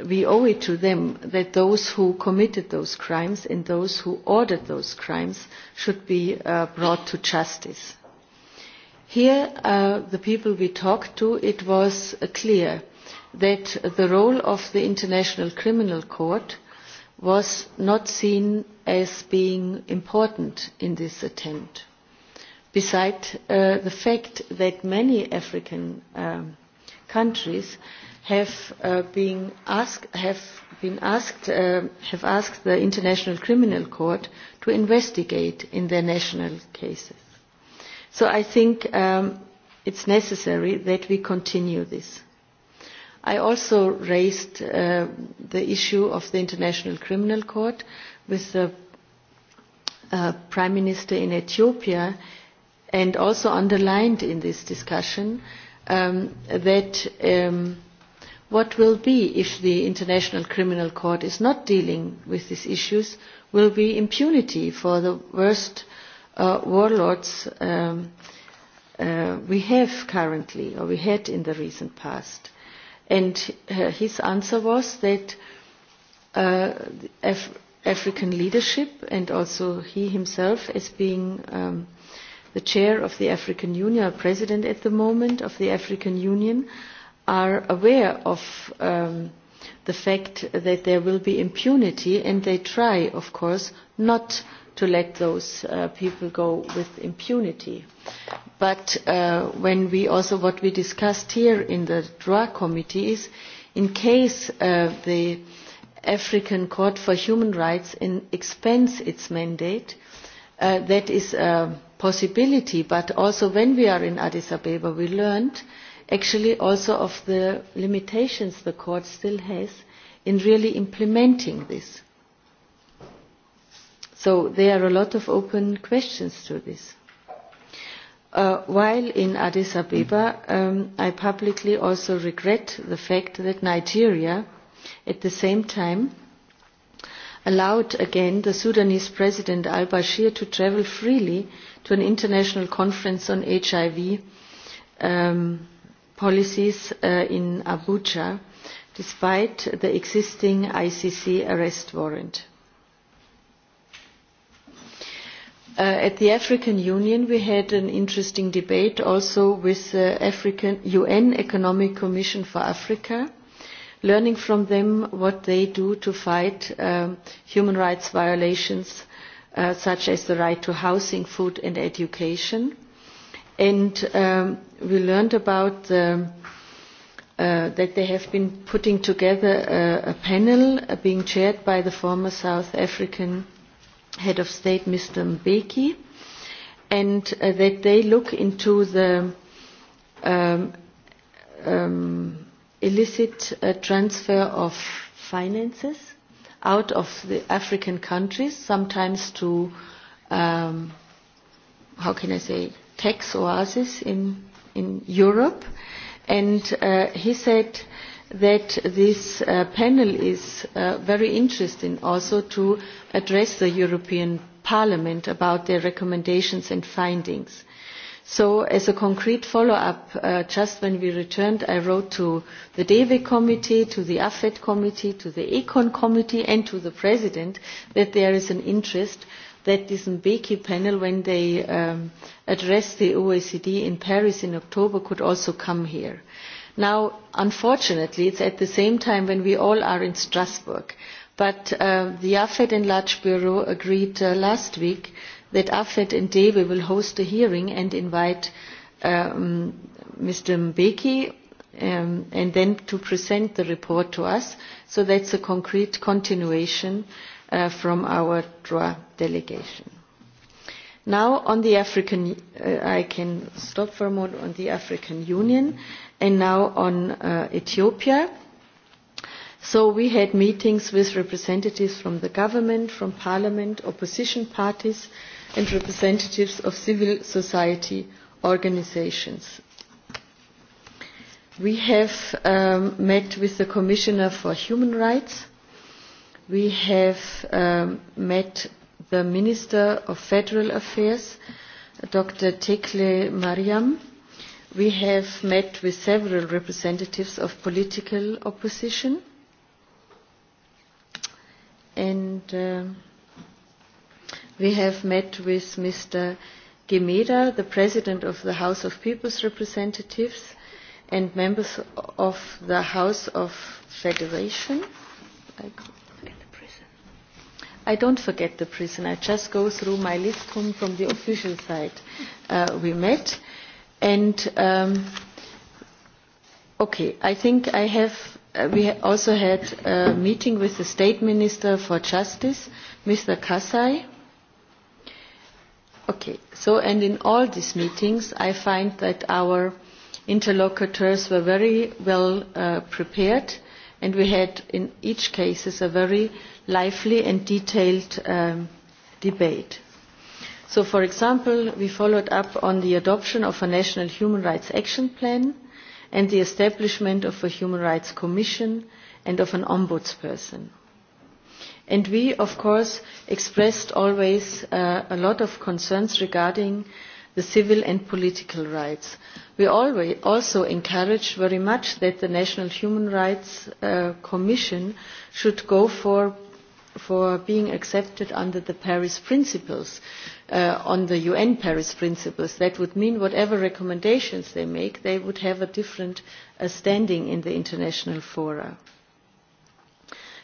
we owe it to them that those who committed those crimes and those who ordered those crimes should be uh, brought to justice. Here, uh, the people we talked to, it was uh, clear that the role of the International Criminal Court was not seen as being important in this attempt. Besides uh, the fact that many African um, countries have uh, been asked have been asked uh, have asked the International Criminal Court to investigate in their national cases. So I think um, it's necessary that we continue this. I also raised uh, the issue of the International Criminal Court with the uh, Prime Minister in Ethiopia and also underlined in this discussion um, that um, what will be if the International Criminal Court is not dealing with these issues will be impunity for the worst uh, warlords um, uh, we have currently or we had in the recent past. And uh, his answer was that uh, Af African leadership and also he himself as being um, the chair of the African Union, or president at the moment of the African Union, are aware of um, the fact that there will be impunity and they try, of course, not to let those uh, people go with impunity. But uh, when we also, what we discussed here in the DRA committee is in case uh, the African Court for Human Rights in, expands its mandate, uh, that is a possibility. But also when we are in Addis Ababa, we learned uh, actually also of the limitations the court still has in really implementing this. So there are a lot of open questions to this. Uh, while in Addis Abeba, um, I publicly also regret the fact that Nigeria, at the same time, allowed again the Sudanese President al-Bashir to travel freely to an international conference on HIV um, policies uh, in Abuja despite the existing ICC arrest warrant. Uh, at the African Union, we had an interesting debate also with the uh, African UN Economic Commission for Africa, learning from them what they do to fight um, human rights violations uh, such as the right to housing, food and education And um, we learned about the, uh, that they have been putting together a, a panel uh, being chaired by the former South African head of state, Mr. Mbeki, and uh, that they look into the um, um, illicit uh, transfer of finances out of the African countries, sometimes to, um, how can I say, tax oasis in, in Europe. And uh, he said that this uh, panel is uh, very interesting also to address the European Parliament about their recommendations and findings. So as a concrete follow-up, uh, just when we returned, I wrote to the DEWE committee, to the Afet committee, to the ECON committee and to the President that there is an interest that this Mbeki panel, when they um, addressed the OECD in Paris in October, could also come here. Now, unfortunately, it's at the same time when we all are in Strasbourg. But uh, the AFED Enlarged Bureau agreed uh, last week that AFED and DEWE will host a hearing and invite um, Mr. Mbeki um, and then to present the report to us. So that's a concrete continuation uh, Uh, from our droi delegation. Now on the African, uh, I can stop for a moment on the African Union and now on uh, Ethiopia. So we had meetings with representatives from the government, from parliament, opposition parties and representatives of civil society organisations. We have um, met with the Commissioner for Human Rights we have um, met the Minister of Federal Affairs, Dr. Tekle Mariam. We have met with several representatives of political opposition. And uh, we have met with Mr. Gemeda, the President of the House of People's Representatives, and members of the House of Federation. I I don't forget the prison. I just go through my list from the official side uh, we met. And um, okay, I think I have. Uh, we also had a meeting with the State Minister for Justice, Mr. Kasai. Okay, so and in all these meetings, I find that our interlocutors were very well uh, prepared, and we had in each case a very lively and detailed um, debate. So, for example, we followed up on the adoption of a national human rights action plan and the establishment of a human rights commission and of an ombudsperson. And we, of course, expressed always uh, a lot of concerns regarding the civil and political rights. We always also encouraged very much that the National Human Rights uh, Commission should go for for being accepted under the Paris principles, uh, on the UN Paris principles. That would mean whatever recommendations they make, they would have a different uh, standing in the international fora.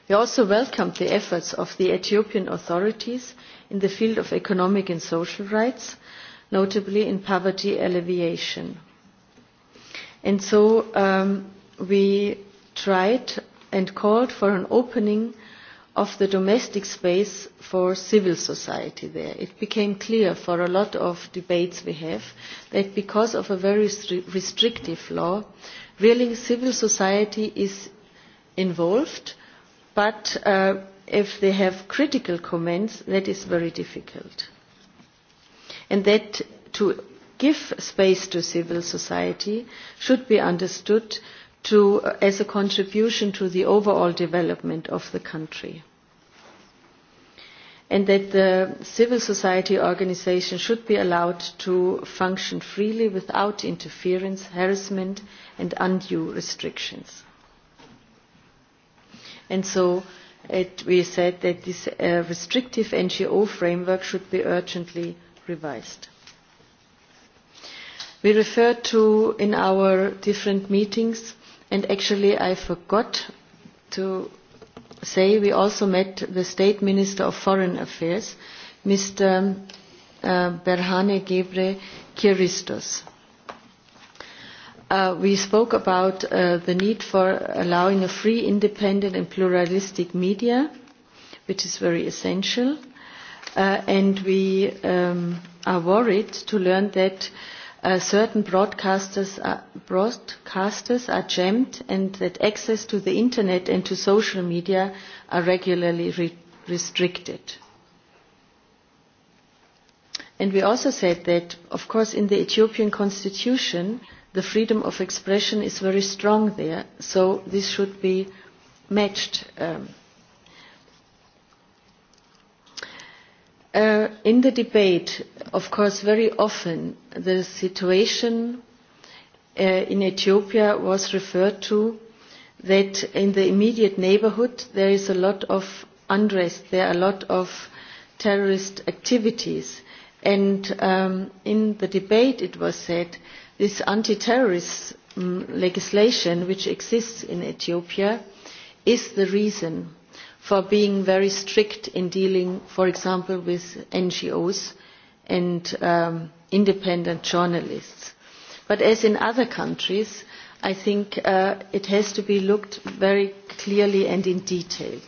We also welcomed the efforts of the Ethiopian authorities in the field of economic and social rights, notably in poverty alleviation. And so um, we tried and called for an opening of the domestic space for civil society there. It became clear for a lot of debates we have that because of a very restrictive law, really civil society is involved, but uh, if they have critical comments, that is very difficult. And that to give space to civil society should be understood Uh, as a contribution to the overall development of the country. And that the civil society organization should be allowed to function freely without interference, harassment, and undue restrictions. And so it, we said that this uh, restrictive NGO framework should be urgently revised. We referred to in our different meetings And actually, I forgot to say we also met the State Minister of Foreign Affairs, Mr. Uh, Berhane Gebre Kiristos. Uh, we spoke about uh, the need for allowing a free, independent and pluralistic media, which is very essential. Uh, and we um, are worried to learn that uh, uh, certain broadcasters are, uh, broadcasters are jammed and that access to the internet and to social media are regularly re restricted. And we also said that, of course, in the Ethiopian constitution, the freedom of expression is very strong there, so this should be matched. Um, Uh, in the debate, of course, very often the situation uh, in Ethiopia was referred to that in the immediate neighbourhood there is a lot of unrest, there are a lot of terrorist activities. And um, in the debate it was said this anti-terrorist um, legislation which exists in Ethiopia is the reason for being very strict in dealing, for example, with NGOs and um, independent journalists. But as in other countries, I think uh, it has to be looked very clearly and in detail,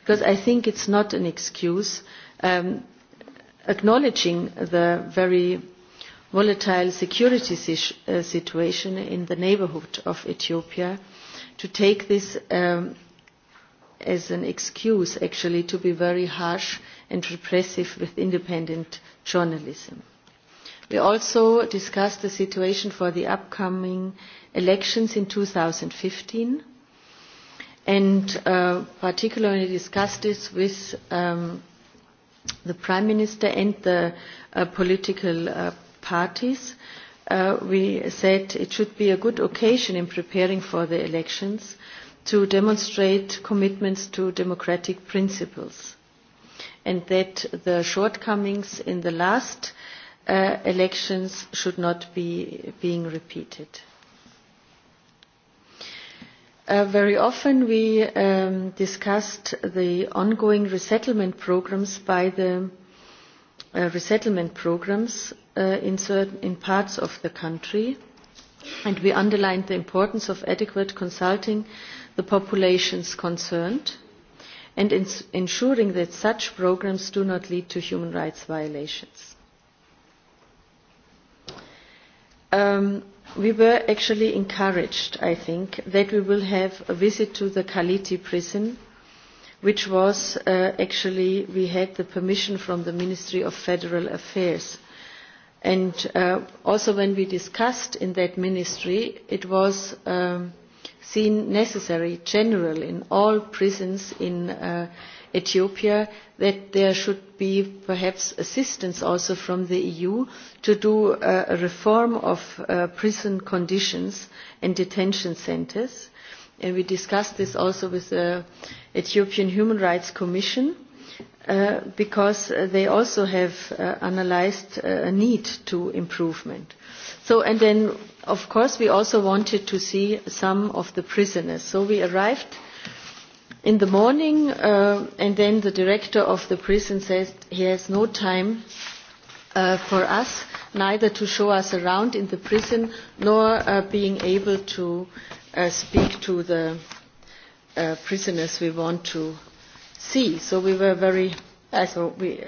because I think it's not an excuse. Um, acknowledging the very volatile security uh, situation in the neighbourhood of Ethiopia, to take this um, as an excuse actually to be very harsh and repressive with independent journalism. We also discussed the situation for the upcoming elections in 2015 and uh, particularly discussed this with um, the Prime Minister and the uh, political uh, parties. Uh, we said it should be a good occasion in preparing for the elections to demonstrate commitments to democratic principles and that the shortcomings in the last uh, elections should not be being repeated. Uh, very often we um, discussed the ongoing resettlement programs by the uh, resettlement programs uh, in certain in parts of the country and we underlined the importance of adequate consulting the populations concerned and ins ensuring that such programs do not lead to human rights violations. Um, we were actually encouraged, I think, that we will have a visit to the Kaliti prison, which was uh, actually, we had the permission from the Ministry of Federal Affairs And uh, also when we discussed in that ministry, it was um, seen necessary, general, in all prisons in uh, Ethiopia, that there should be perhaps assistance also from the EU to do uh, a reform of uh, prison conditions and detention centres. And we discussed this also with the Ethiopian Human Rights Commission Uh, because they also have uh, analysed uh, a need to improvement. So, and then, of course, we also wanted to see some of the prisoners. So we arrived in the morning, uh, and then the director of the prison says he has no time uh, for us, neither to show us around in the prison, nor uh, being able to uh, speak to the uh, prisoners we want to see. So we were very Uh, so we,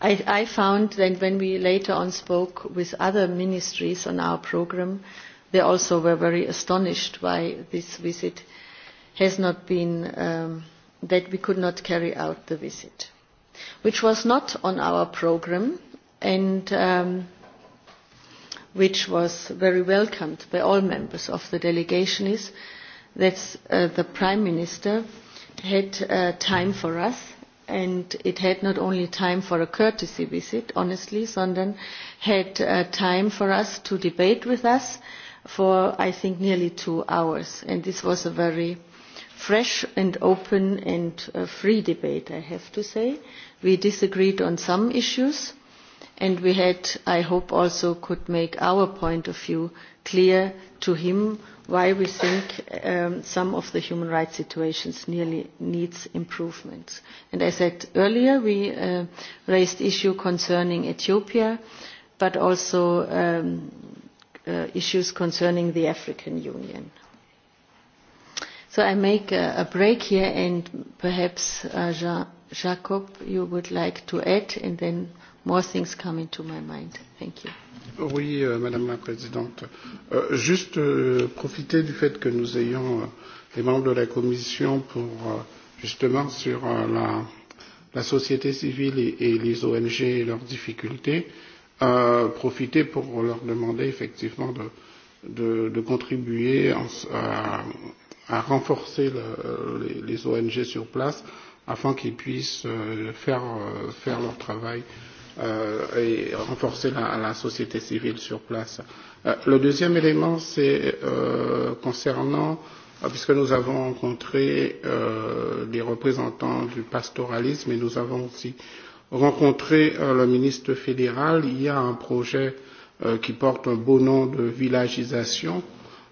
I, I found that when we later on spoke with other ministries on our program, they also were very astonished why this visit has not been, um, that we could not carry out the visit, which was not on our program and um, which was very welcomed by all members of the delegation is that uh, the Prime Minister had uh, time for us and it had not only time for a courtesy visit, honestly, Sondern had uh, time for us to debate with us for, I think, nearly two hours. And this was a very fresh and open and uh, free debate, I have to say. We disagreed on some issues and we had, I hope, also could make our point of view clear to him why we think um, some of the human rights situations nearly needs improvements. And as I said earlier, we uh, raised issue concerning Ethiopia, but also um, uh, issues concerning the African Union. So I make a, a break here, and perhaps uh, Jean, Jacob, you would like to add, and then more things come into my mind. Thank you. Oui, euh, Madame la Présidente. Euh, juste euh, profiter du fait que nous ayons euh, les membres de la Commission pour euh, justement sur euh, la, la société civile et, et les ONG et leurs difficultés, euh, profiter pour leur demander effectivement de, de, de contribuer en, à, à renforcer le, les, les ONG sur place afin qu'ils puissent euh, faire, euh, faire leur travail euh, euh, et renforcer la, la société civile sur place. Euh, le deuxième élément, c'est euh, concernant, euh, puisque nous avons rencontré euh, les représentants du pastoralisme et nous avons aussi rencontré euh, le ministre fédéral, il y a un projet euh, qui porte un beau nom de villagisation,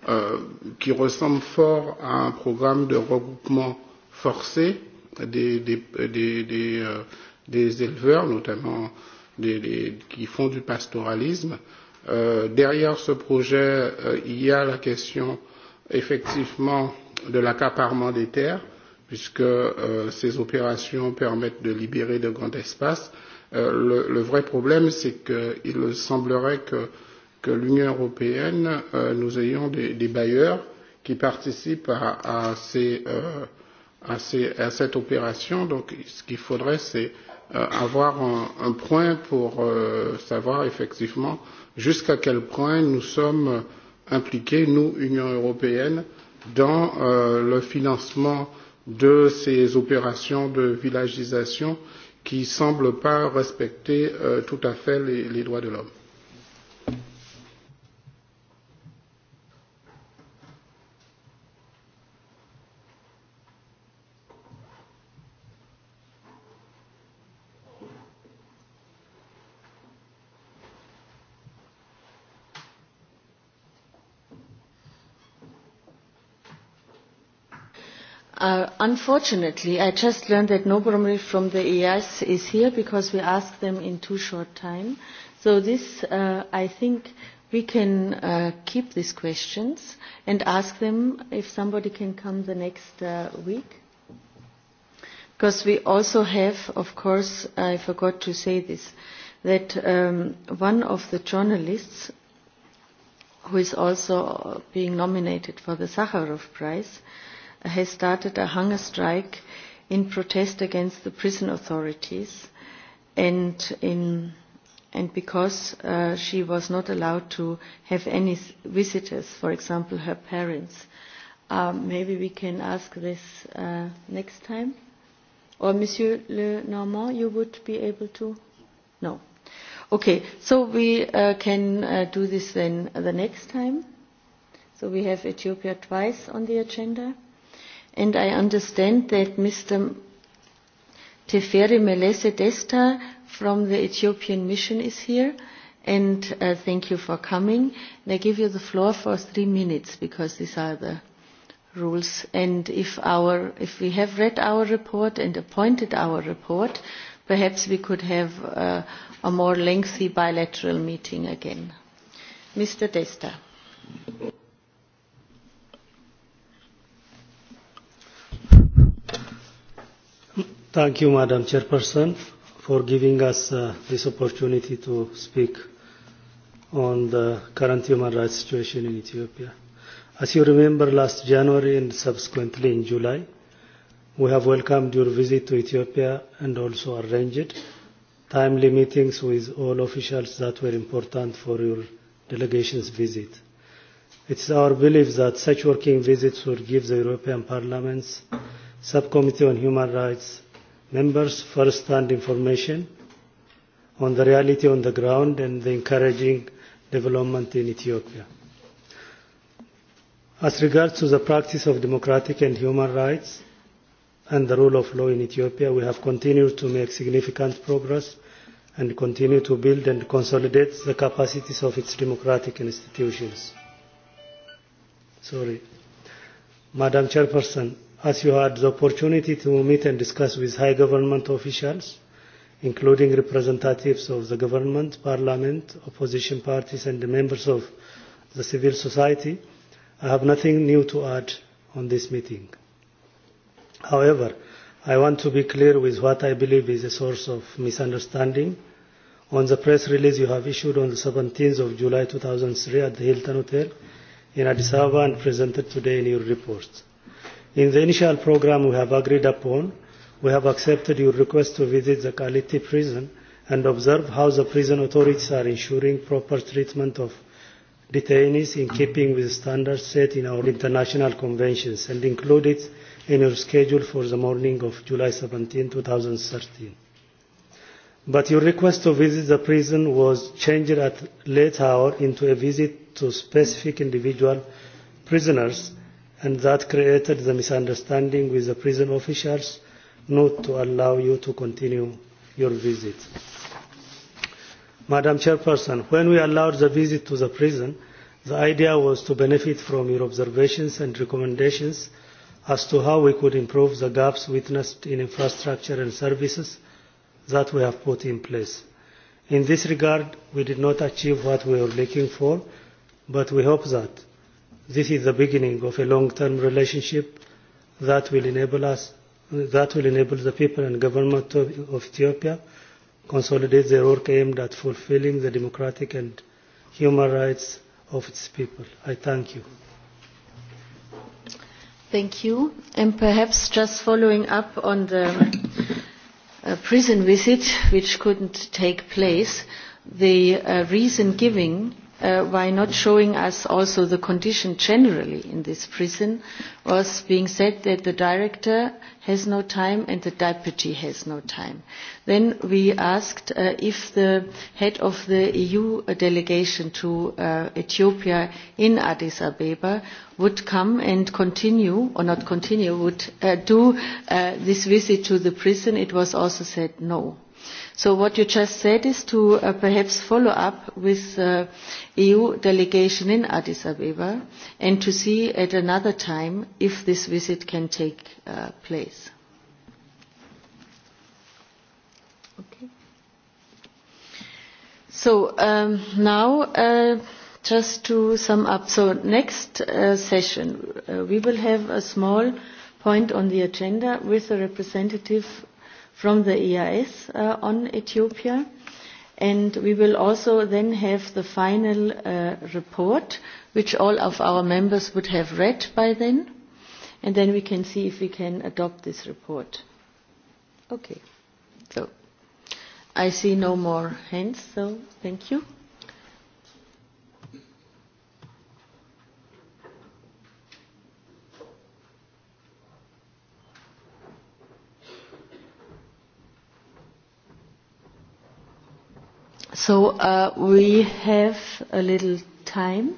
euh, qui ressemble fort à un programme de regroupement forcé des, des, des, des, euh, des éleveurs, notamment euh, des, des, qui font du pastoralisme. Euh, derrière ce projet, euh, il y a la question effectivement de l'accaparement des terres, puisque euh, ces opérations permettent de libérer de grands espaces. Euh, le, le vrai problème, c'est qu'il semblerait que, que l'Union européenne, euh, nous ayons des, des bailleurs qui participent à, à, ces, euh, à, ces, à cette opération. Donc, ce qu'il faudrait, c'est euh, avoir un, un point pour euh, savoir effectivement jusqu'à quel point nous sommes impliqués, nous, Union européenne, dans euh, le financement de ces opérations de villagisation qui ne semblent pas respecter euh, tout à fait les, les droits de l'homme. Uh, unfortunately, I just learned that Nobomri from the EAS is here because we asked them in too short time. So this, uh, I think, we can uh, keep these questions and ask them if somebody can come the next uh, week. Because we also have, of course, I forgot to say this, that um, one of the journalists who is also being nominated for the Sakharov Prize, uh, has started a hunger strike in protest against the prison authorities and in and because uh, she was not allowed to have any visitors, for example, her parents. Um, maybe we can ask this uh, next time. Or Monsieur Le Normand, you would be able to? No. Okay, so we uh, can uh, do this then the next time. So we have Ethiopia twice on the agenda and I understand that Mr. Teferi Melese Desta from the Ethiopian Mission is here. And uh, thank you for coming. And I give you the floor for three minutes because these are the rules. And if, our, if we have read our report and appointed our report, perhaps we could have uh, a more lengthy bilateral meeting again. Mr. Desta. Thank you, Madam Chairperson, for giving us uh, this opportunity to speak on the current human rights situation in Ethiopia. As you remember, last January and subsequently in July, we have welcomed your visit to Ethiopia and also arranged timely meetings with all officials that were important for your delegation's visit. It is our belief that such working visits would give the European Parliament's Subcommittee on Human Rights members first-hand information on the reality on the ground and the encouraging development in Ethiopia. As regards to the practice of democratic and human rights and the rule of law in Ethiopia, we have continued to make significant progress and continue to build and consolidate the capacities of its democratic institutions. Sorry. Madam Chairperson, as you had the opportunity to meet and discuss with high government officials, including representatives of the government, parliament, opposition parties and the members of the civil society, I have nothing new to add on this meeting. However, I want to be clear with what I believe is a source of misunderstanding. On the press release you have issued on the 17th of July 2003 at the Hilton Hotel in Addis Ababa and presented today in your reports. In the initial program we have agreed upon, we have accepted your request to visit the Kaliti prison and observe how the prison authorities are ensuring proper treatment of detainees in keeping with standards set in our international conventions and included in your schedule for the morning of July 17, 2013. But your request to visit the prison was changed at late hour into a visit to specific individual prisoners and that created the misunderstanding with the prison officials not to allow you to continue your visit. Madam Chairperson, when we allowed the visit to the prison, the idea was to benefit from your observations and recommendations as to how we could improve the gaps witnessed in infrastructure and services that we have put in place. In this regard, we did not achieve what we were looking for, but we hope that This is the beginning of a long-term relationship that will enable us, that will enable the people and government of, of Ethiopia consolidate their work aimed at fulfilling the democratic and human rights of its people. I thank you. Thank you. And perhaps just following up on the uh, prison visit, which couldn't take place, the uh, reason giving uh, not showing us also the condition generally in this prison was being said that the director has no time and the deputy has no time. Then we asked uh, if the head of the EU uh, delegation to uh, Ethiopia in Addis Ababa would come and continue, or not continue, would uh, do uh, this visit to the prison. It was also said no. So what you just said is to uh, perhaps follow up with the uh, EU delegation in Addis Ababa and to see at another time if this visit can take uh, place. Okay. So um, now uh, just to sum up. So next uh, session uh, we will have a small point on the agenda with a representative from the EIS uh, on Ethiopia. And we will also then have the final uh, report, which all of our members would have read by then. And then we can see if we can adopt this report. Okay. So I see no more hands, so thank you. So uh, we have a little time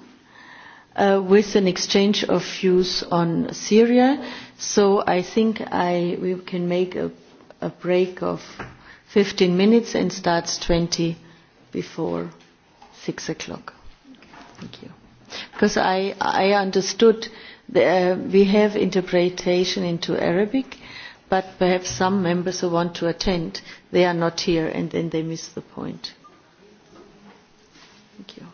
uh, with an exchange of views on Syria. So I think I, we can make a, a break of 15 minutes and start 20 before 6 o'clock. Thank you. Because I, I understood the, uh, we have interpretation into Arabic, but perhaps some members who want to attend, they are not here and then they miss the point. Thank you.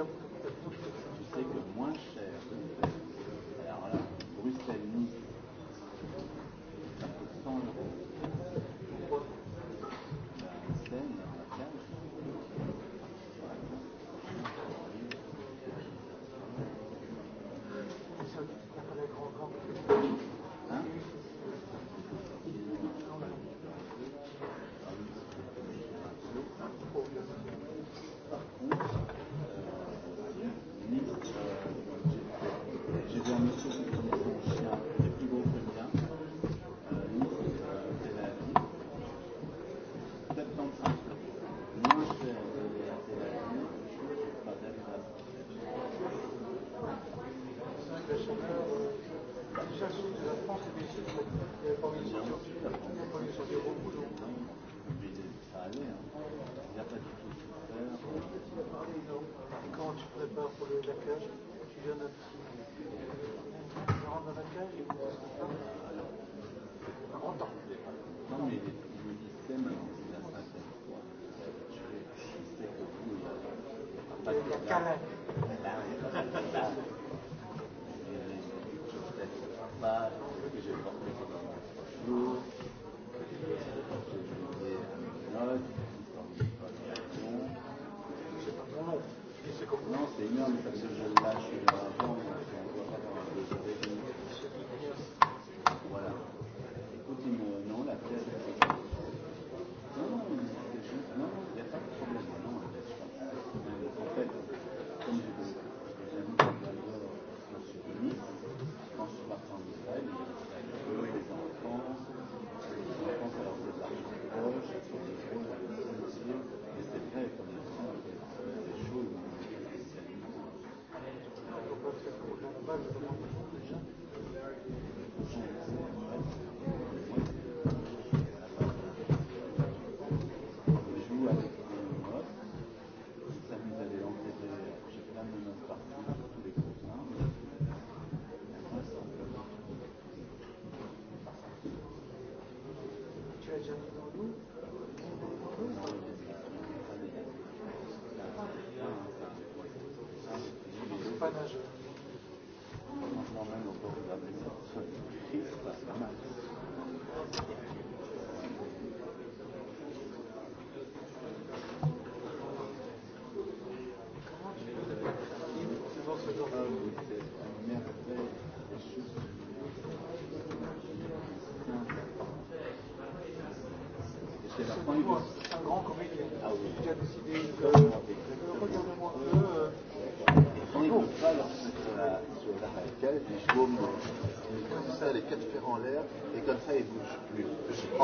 yapılıyor. Dubois, c'est un grand comédien. Il a décidé que. Regarde-moi, que. Ils ne peuvent pas leur mettre la, sur la se ils chôment comme ça, les quatre fers en l'air, et comme ça, ils ne bougent plus.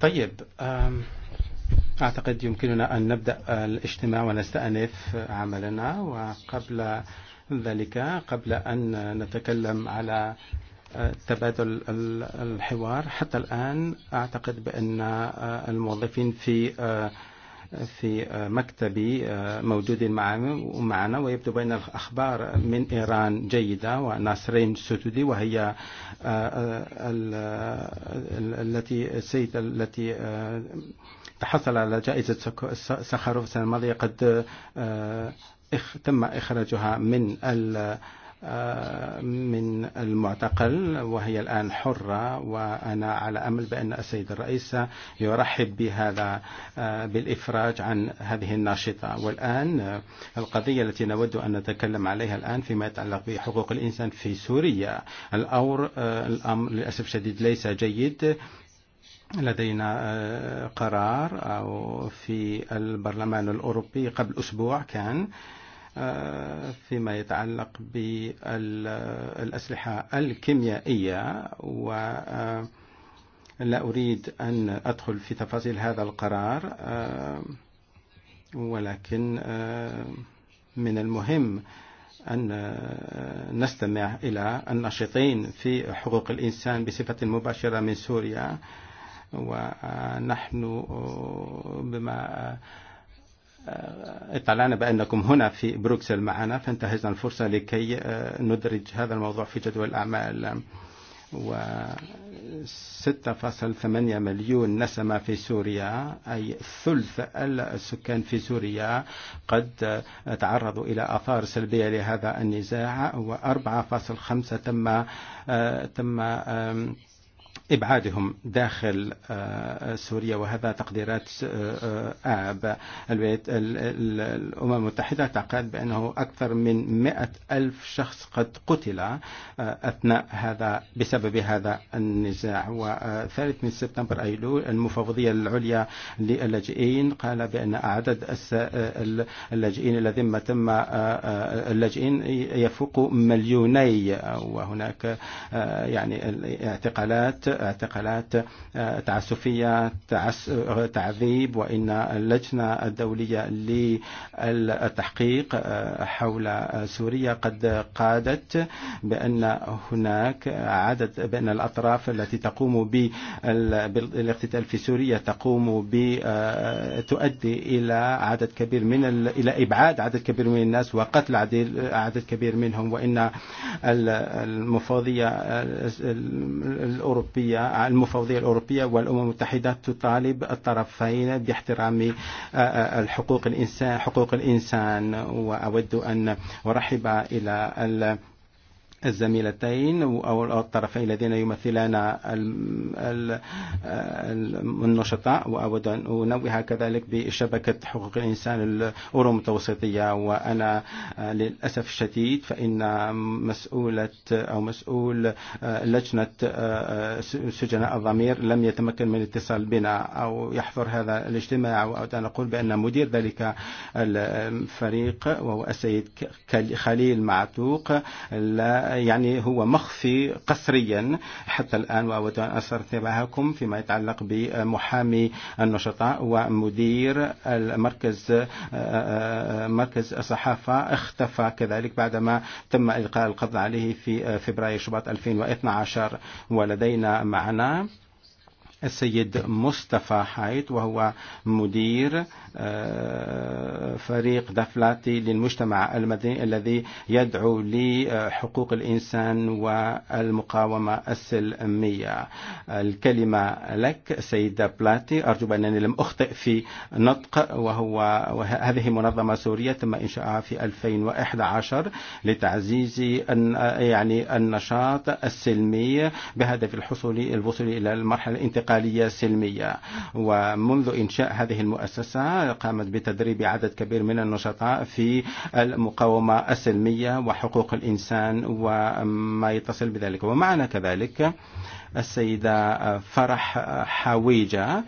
طيب أعتقد يمكننا أن نبدأ الاجتماع ونستأنف عملنا وقبل ذلك قبل أن نتكلم على تبادل الحوار حتى الآن أعتقد بأن الموظفين في في مكتبي موجودين معنا ويبدو بأن الأخبار من إيران جيدة وناسرين ستودي وهي التي السيدة التي تحصل على جائزة سخروف السنة الماضية قد تم إخراجها من من المعتقل وهي الآن حرة وأنا على أمل بأن السيد الرئيس يرحب بهذا بالإفراج عن هذه الناشطة والآن القضية التي نود أن نتكلم عليها الآن فيما يتعلق بحقوق الإنسان في سوريا الأور الأمر للأسف شديد ليس جيد لدينا قرار أو في البرلمان الأوروبي قبل أسبوع كان فيما يتعلق بالأسلحة الكيميائية و لا أريد أن أدخل في تفاصيل هذا القرار ولكن من المهم أن نستمع إلى الناشطين في حقوق الإنسان بصفة مباشرة من سوريا ونحن بما اطلعنا بأنكم هنا في بروكسل معنا فانتهزنا الفرصة لكي ندرج هذا الموضوع في جدول الأعمال و 6.8 مليون نسمة في سوريا أي ثلث السكان في سوريا قد تعرضوا إلى آثار سلبية لهذا النزاع و 4.5 تم تم إبعادهم داخل سوريا وهذا تقديرات آب الولايات الأمم المتحدة تعتقد بأنه أكثر من مئة ألف شخص قد قتل أثناء هذا بسبب هذا النزاع وثالث من سبتمبر أيلول المفوضية العليا للاجئين قال بأن عدد اللاجئين الذين تم اللاجئين يفوق مليوني وهناك يعني اعتقالات اعتقالات تعسفية تعذيب وإن اللجنة الدولية للتحقيق حول سوريا قد قادت بأن هناك عدد بأن الأطراف التي تقوم بالاقتتال في سوريا تقوم ب تؤدي إلى عدد كبير من إلى إبعاد عدد كبير من الناس وقتل عدد كبير منهم وإن المفوضية الأوروبية الأوروبية المفوضية الأوروبية والأمم المتحدة تطالب الطرفين باحترام الحقوق الإنسان حقوق الإنسان وأود أن أرحب إلى الزميلتين أو الطرفين الذين يمثلان النشطاء وأود أن أنوه كذلك بشبكة حقوق الإنسان الأورو متوسطية وأنا للأسف الشديد فإن مسؤولة أو مسؤول لجنة سجناء الضمير لم يتمكن من الاتصال بنا أو يحضر هذا الاجتماع وأود أن أقول بأن مدير ذلك الفريق وهو السيد خليل معتوق لا يعني هو مخفي قسريا حتى الآن وأود أن أسر انتباهكم فيما يتعلق بمحامي النشطاء ومدير المركز مركز الصحافة اختفى كذلك بعدما تم إلقاء القبض عليه في فبراير شباط 2012 ولدينا معنا السيد مصطفى حايت وهو مدير فريق دفلاتي للمجتمع المدني الذي يدعو لحقوق الإنسان والمقاومة السلمية الكلمة لك سيد بلاتي أرجو أنني لم أخطئ في نطق وهو هذه منظمة سورية تم إنشاؤها في 2011 لتعزيز يعني النشاط السلمي بهدف الحصول الوصول إلى المرحلة الانتقالية الانتقالية السلمية ومنذ إنشاء هذه المؤسسة قامت بتدريب عدد كبير من النشطاء في المقاومة السلمية وحقوق الإنسان وما يتصل بذلك ومعنا كذلك السيدة فرح حويجة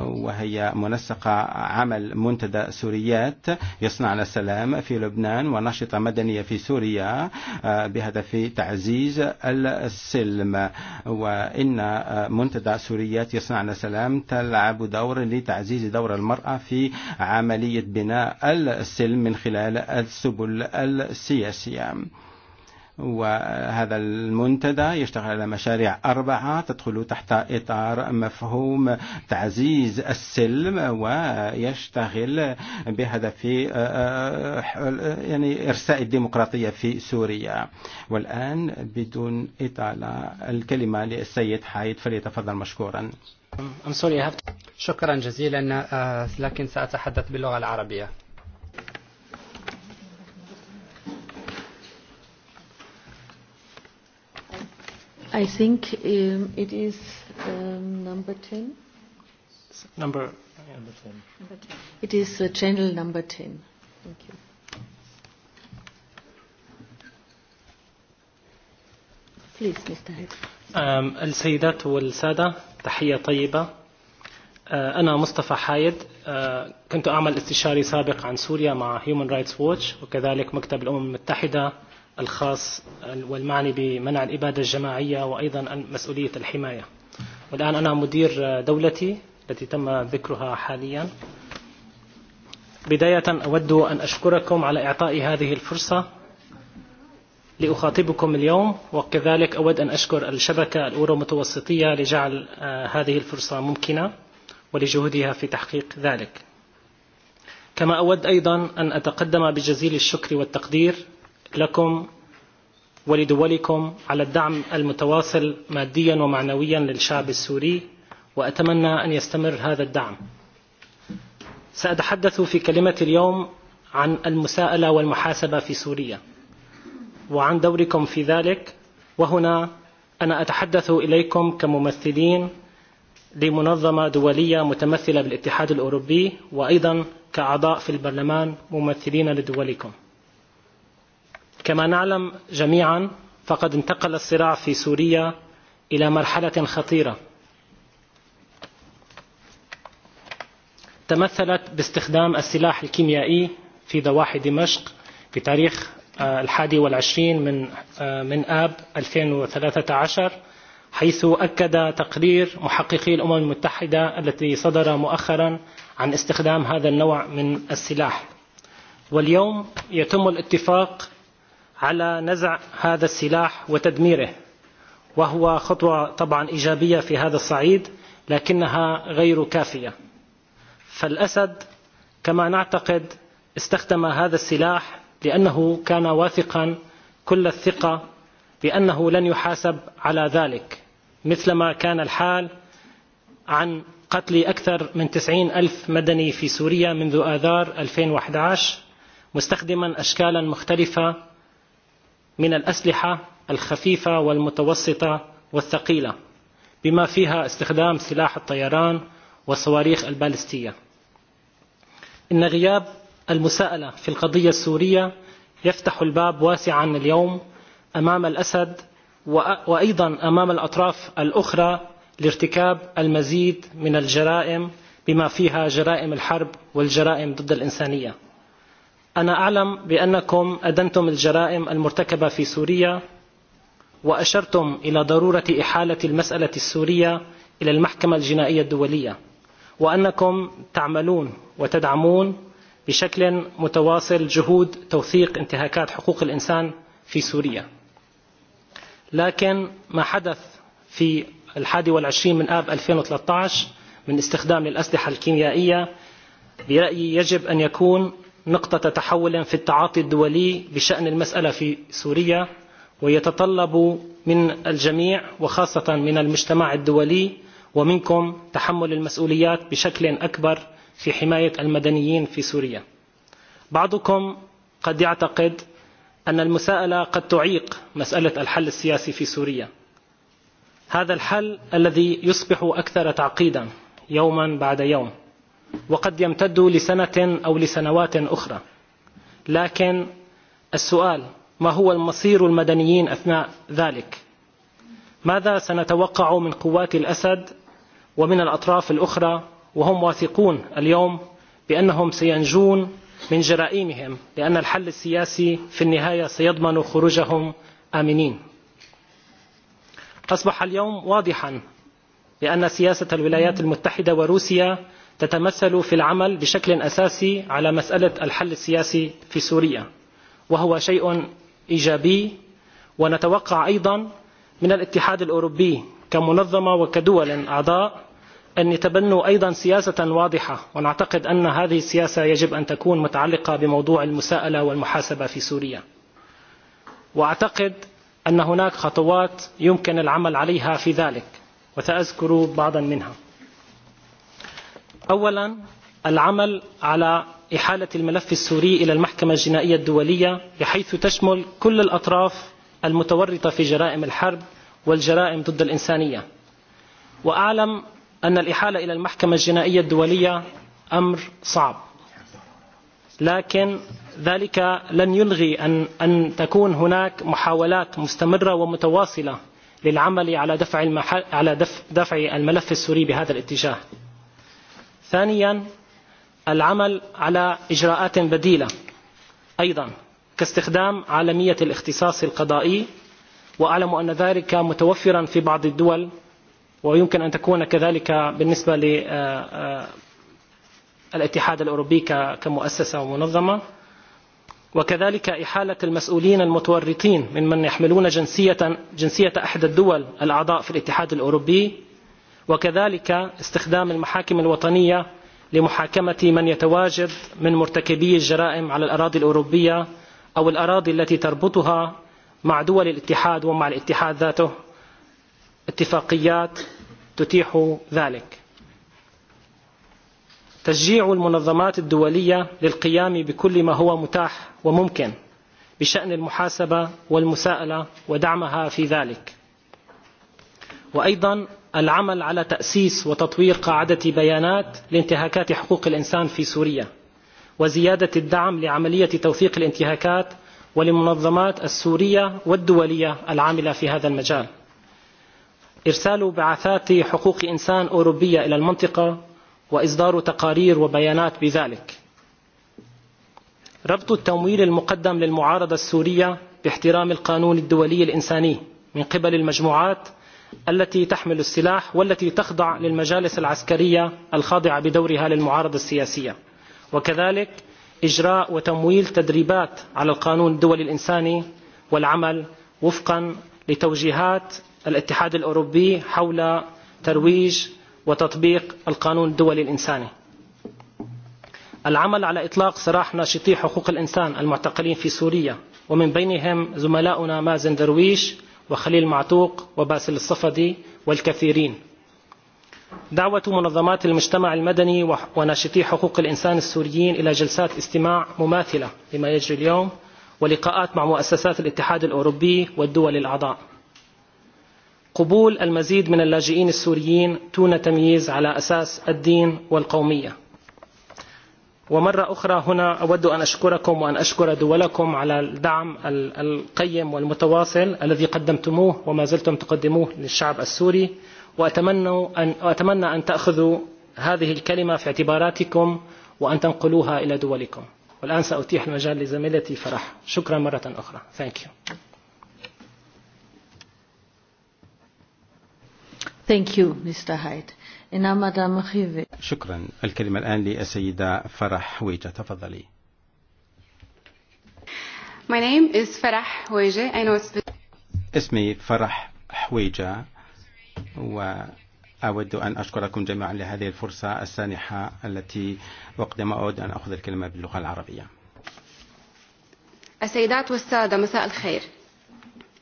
وهي منسقة عمل منتدى سوريات يصنع السلام في لبنان ونشطة مدنية في سوريا بهدف تعزيز السلم وإن منتدى سوريات يصنع السلام تلعب دور لتعزيز دور المرأة في عملية بناء السلم من خلال السبل السياسية وهذا المنتدى يشتغل على مشاريع أربعة تدخل تحت إطار مفهوم تعزيز السلم ويشتغل بهدف يعني إرساء الديمقراطية في سوريا والآن بدون إطالة الكلمة للسيد حايد فليتفضل مشكورا شكرا جزيلا لكن سأتحدث باللغة العربية I think um, it is um, number 10. Number, yeah, number, 10. It is uh, channel number 10. Thank you. Please, Mr. Hayes. Um, السيدات والسادة تحية طيبة uh, أنا مصطفى حايد uh, كنت أعمل استشاري سابق عن سوريا مع Human Rights Watch وكذلك مكتب الأمم المتحدة الخاص والمعني بمنع الإبادة الجماعية وأيضا مسؤولية الحماية والآن أنا مدير دولتي التي تم ذكرها حاليا بداية أود أن أشكركم على إعطاء هذه الفرصة لأخاطبكم اليوم وكذلك أود أن أشكر الشبكة الأورو متوسطية لجعل هذه الفرصة ممكنة ولجهودها في تحقيق ذلك كما أود أيضا أن أتقدم بجزيل الشكر والتقدير لكم ولدولكم على الدعم المتواصل ماديا ومعنويا للشعب السوري وأتمنى أن يستمر هذا الدعم سأتحدث في كلمة اليوم عن المساءلة والمحاسبة في سوريا وعن دوركم في ذلك وهنا أنا أتحدث إليكم كممثلين لمنظمة دولية متمثلة بالاتحاد الأوروبي وأيضا كأعضاء في البرلمان ممثلين لدولكم كما نعلم جميعا فقد انتقل الصراع في سوريا إلى مرحلة خطيرة تمثلت باستخدام السلاح الكيميائي في ضواحي دمشق في تاريخ الحادي والعشرين من من آب 2013 حيث أكد تقرير محققي الأمم المتحدة التي صدر مؤخرا عن استخدام هذا النوع من السلاح واليوم يتم الاتفاق على نزع هذا السلاح وتدميره وهو خطوة طبعا إيجابية في هذا الصعيد لكنها غير كافية فالأسد كما نعتقد استخدم هذا السلاح لأنه كان واثقا كل الثقة بأنه لن يحاسب على ذلك مثلما كان الحال عن قتل أكثر من 90 ألف مدني في سوريا منذ آذار 2011 مستخدما أشكالا مختلفة من الأسلحة الخفيفة والمتوسطة والثقيلة بما فيها استخدام سلاح الطيران والصواريخ البالستية إن غياب المساءلة في القضية السورية يفتح الباب واسعا اليوم أمام الأسد وأيضا أمام الأطراف الأخرى لارتكاب المزيد من الجرائم بما فيها جرائم الحرب والجرائم ضد الإنسانية أنا أعلم بأنكم أدنتم الجرائم المرتكبة في سوريا وأشرتم إلى ضرورة إحالة المسألة السورية إلى المحكمة الجنائية الدولية وأنكم تعملون وتدعمون بشكل متواصل جهود توثيق انتهاكات حقوق الإنسان في سوريا لكن ما حدث في الحادي والعشرين من آب 2013 من استخدام الأسلحة الكيميائية برأيي يجب أن يكون نقطة تحول في التعاطي الدولي بشأن المسألة في سوريا ويتطلب من الجميع وخاصة من المجتمع الدولي ومنكم تحمل المسؤوليات بشكل أكبر في حماية المدنيين في سوريا بعضكم قد يعتقد أن المساءلة قد تعيق مسألة الحل السياسي في سوريا هذا الحل الذي يصبح أكثر تعقيدا يوما بعد يوم وقد يمتد لسنة أو لسنوات أخرى لكن السؤال ما هو المصير المدنيين أثناء ذلك ماذا سنتوقع من قوات الأسد ومن الأطراف الأخرى وهم واثقون اليوم بأنهم سينجون من جرائمهم لأن الحل السياسي في النهاية سيضمن خروجهم آمنين أصبح اليوم واضحا بأن سياسة الولايات المتحدة وروسيا تتمثل في العمل بشكل أساسي على مسألة الحل السياسي في سوريا وهو شيء إيجابي ونتوقع أيضا من الاتحاد الأوروبي كمنظمة وكدول أعضاء أن يتبنوا أيضا سياسة واضحة ونعتقد أن هذه السياسة يجب أن تكون متعلقة بموضوع المساءلة والمحاسبة في سوريا وأعتقد أن هناك خطوات يمكن العمل عليها في ذلك وسأذكر بعضا منها أولا العمل على إحالة الملف السوري إلى المحكمة الجنائية الدولية بحيث تشمل كل الأطراف المتورطة في جرائم الحرب والجرائم ضد الإنسانية وأعلم أن الإحالة إلى المحكمة الجنائية الدولية أمر صعب لكن ذلك لن يلغي أن, أن تكون هناك محاولات مستمرة ومتواصلة للعمل على دفع, على دفع الملف السوري بهذا الاتجاه ثانيا العمل على إجراءات بديلة أيضا كاستخدام عالمية الاختصاص القضائي وأعلم أن ذلك متوفرا في بعض الدول ويمكن أن تكون كذلك بالنسبة للاتحاد الأوروبي كمؤسسة ومنظمة وكذلك إحالة المسؤولين المتورطين من من يحملون جنسية, جنسية أحد الدول الأعضاء في الاتحاد الأوروبي وكذلك استخدام المحاكم الوطنية لمحاكمة من يتواجد من مرتكبي الجرائم على الأراضي الأوروبية أو الأراضي التي تربطها مع دول الاتحاد ومع الاتحاد ذاته اتفاقيات تتيح ذلك تشجيع المنظمات الدولية للقيام بكل ما هو متاح وممكن بشأن المحاسبة والمساءلة ودعمها في ذلك وأيضا العمل على تأسيس وتطوير قاعدة بيانات لانتهاكات حقوق الإنسان في سوريا وزيادة الدعم لعملية توثيق الانتهاكات ولمنظمات السورية والدولية العاملة في هذا المجال إرسال بعثات حقوق إنسان أوروبية إلى المنطقة وإصدار تقارير وبيانات بذلك ربط التمويل المقدم للمعارضة السورية باحترام القانون الدولي الإنساني من قبل المجموعات التي تحمل السلاح والتي تخضع للمجالس العسكرية الخاضعة بدورها للمعارضة السياسية وكذلك إجراء وتمويل تدريبات على القانون الدولي الإنساني والعمل وفقا لتوجيهات الاتحاد الأوروبي حول ترويج وتطبيق القانون الدولي الإنساني العمل على إطلاق سراح ناشطي حقوق الإنسان المعتقلين في سوريا ومن بينهم زملاؤنا مازن درويش وخليل معتوق وباسل الصفدي والكثيرين دعوة منظمات المجتمع المدني وناشطي حقوق الإنسان السوريين إلى جلسات استماع مماثلة لما يجري اليوم ولقاءات مع مؤسسات الاتحاد الأوروبي والدول الأعضاء قبول المزيد من اللاجئين السوريين دون تمييز على أساس الدين والقومية ومرة أخرى هنا أود أن أشكركم وأن أشكر دولكم على الدعم القيم والمتواصل الذي قدمتموه وما زلتم تقدموه للشعب السوري وأتمنى أن, وأتمنى أن تأخذوا هذه الكلمة في اعتباراتكم وأن تنقلوها إلى دولكم والآن سأتيح المجال لزميلتي فرح شكرا مرة أخرى Thank you. Thank you, Mr. Hyde. شكرا الكلمة الآن للسيدة فرح ويجة تفضلي My name is فرح ويجة I know it's... اسمي فرح حويجة وأود أن أشكركم جميعا لهذه الفرصة السانحة التي وقدما أود أن أخذ الكلمة باللغة العربية السيدات والسادة مساء الخير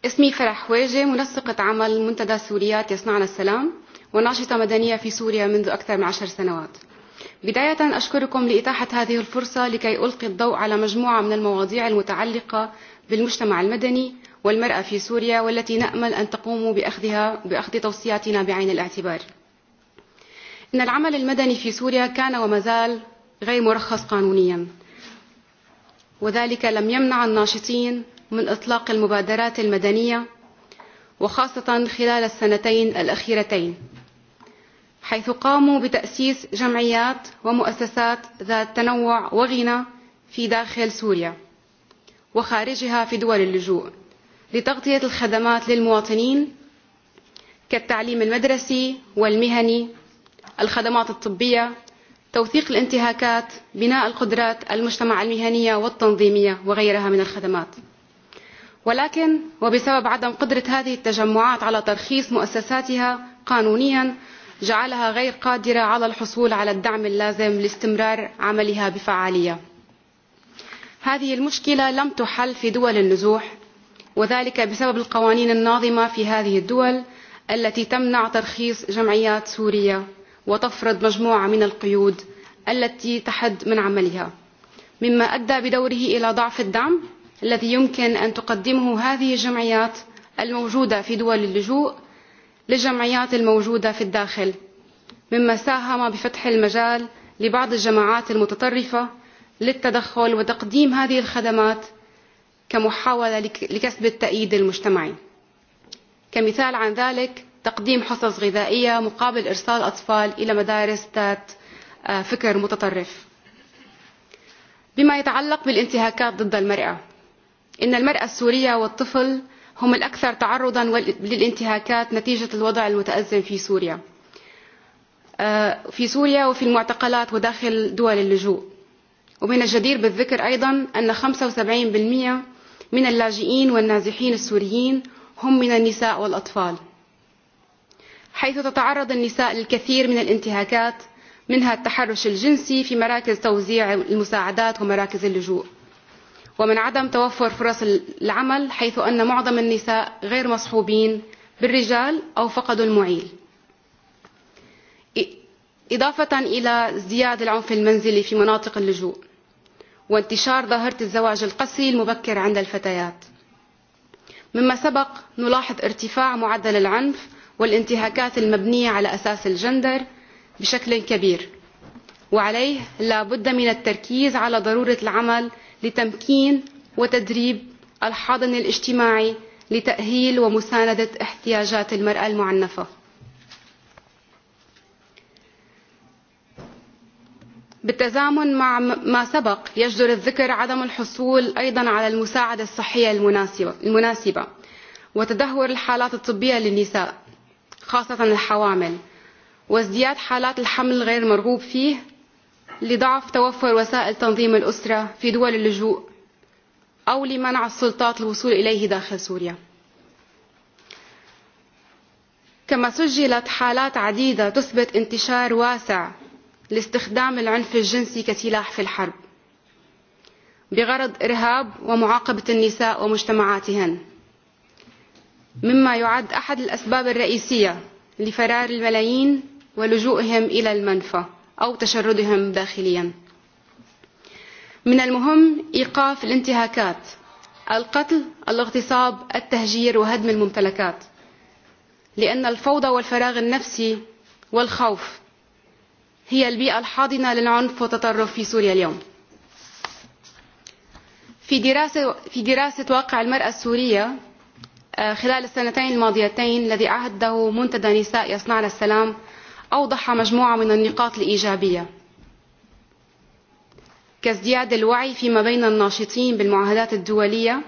اسمي فرح حويجة منسقة عمل منتدى سوريات يصنعنا السلام وناشطة مدنية في سوريا منذ أكثر من عشر سنوات بداية أشكركم لإتاحة هذه الفرصة لكي ألقي الضوء على مجموعة من المواضيع المتعلقة بالمجتمع المدني والمرأة في سوريا والتي نأمل أن تقوموا بأخذها بأخذ توصياتنا بعين الاعتبار إن العمل المدني في سوريا كان وما زال غير مرخص قانونيا وذلك لم يمنع الناشطين من إطلاق المبادرات المدنية وخاصة خلال السنتين الأخيرتين حيث قاموا بتأسيس جمعيات ومؤسسات ذات تنوع وغنى في داخل سوريا وخارجها في دول اللجوء لتغطية الخدمات للمواطنين كالتعليم المدرسي والمهني الخدمات الطبية توثيق الانتهاكات بناء القدرات المجتمع المهنية والتنظيمية وغيرها من الخدمات ولكن وبسبب عدم قدرة هذه التجمعات على ترخيص مؤسساتها قانونيا جعلها غير قادرة على الحصول على الدعم اللازم لاستمرار عملها بفعالية هذه المشكلة لم تحل في دول النزوح وذلك بسبب القوانين الناظمة في هذه الدول التي تمنع ترخيص جمعيات سورية وتفرض مجموعة من القيود التي تحد من عملها مما أدى بدوره إلى ضعف الدعم الذي يمكن أن تقدمه هذه الجمعيات الموجودة في دول اللجوء للجمعيات الموجودة في الداخل مما ساهم بفتح المجال لبعض الجماعات المتطرفة للتدخل وتقديم هذه الخدمات كمحاولة لكسب التأييد المجتمعي كمثال عن ذلك تقديم حصص غذائية مقابل إرسال أطفال إلى مدارس ذات فكر متطرف بما يتعلق بالانتهاكات ضد المرأة إن المرأة السورية والطفل هم الأكثر تعرضا للانتهاكات نتيجة الوضع المتأزم في سوريا في سوريا وفي المعتقلات وداخل دول اللجوء ومن الجدير بالذكر أيضا أن 75% من اللاجئين والنازحين السوريين هم من النساء والأطفال حيث تتعرض النساء للكثير من الانتهاكات منها التحرش الجنسي في مراكز توزيع المساعدات ومراكز اللجوء ومن عدم توفر فرص العمل حيث أن معظم النساء غير مصحوبين بالرجال أو فقدوا المعيل إضافة إلى ازدياد العنف المنزلي في مناطق اللجوء وانتشار ظاهرة الزواج القسري المبكر عند الفتيات مما سبق نلاحظ ارتفاع معدل العنف والانتهاكات المبنية على أساس الجندر بشكل كبير وعليه لا بد من التركيز على ضرورة العمل لتمكين وتدريب الحاضن الاجتماعي لتأهيل ومساندة احتياجات المرأة المعنفة بالتزامن مع ما سبق يجدر الذكر عدم الحصول أيضا على المساعدة الصحية المناسبة وتدهور الحالات الطبية للنساء خاصة الحوامل وازدياد حالات الحمل غير مرغوب فيه لضعف توفر وسائل تنظيم الأسرة في دول اللجوء أو لمنع السلطات الوصول إليه داخل سوريا كما سجلت حالات عديدة تثبت انتشار واسع لاستخدام العنف الجنسي كسلاح في الحرب بغرض إرهاب ومعاقبة النساء ومجتمعاتهن مما يعد أحد الأسباب الرئيسية لفرار الملايين ولجوئهم إلى المنفى أو تشردهم داخليا من المهم إيقاف الانتهاكات القتل الاغتصاب التهجير وهدم الممتلكات لأن الفوضى والفراغ النفسي والخوف هي البيئة الحاضنة للعنف والتطرف في سوريا اليوم في دراسة, في دراسة واقع المرأة السورية خلال السنتين الماضيتين الذي عهده منتدى نساء يصنعن السلام أوضح مجموعة من النقاط الإيجابية كازدياد الوعي فيما بين الناشطين بالمعاهدات الدولية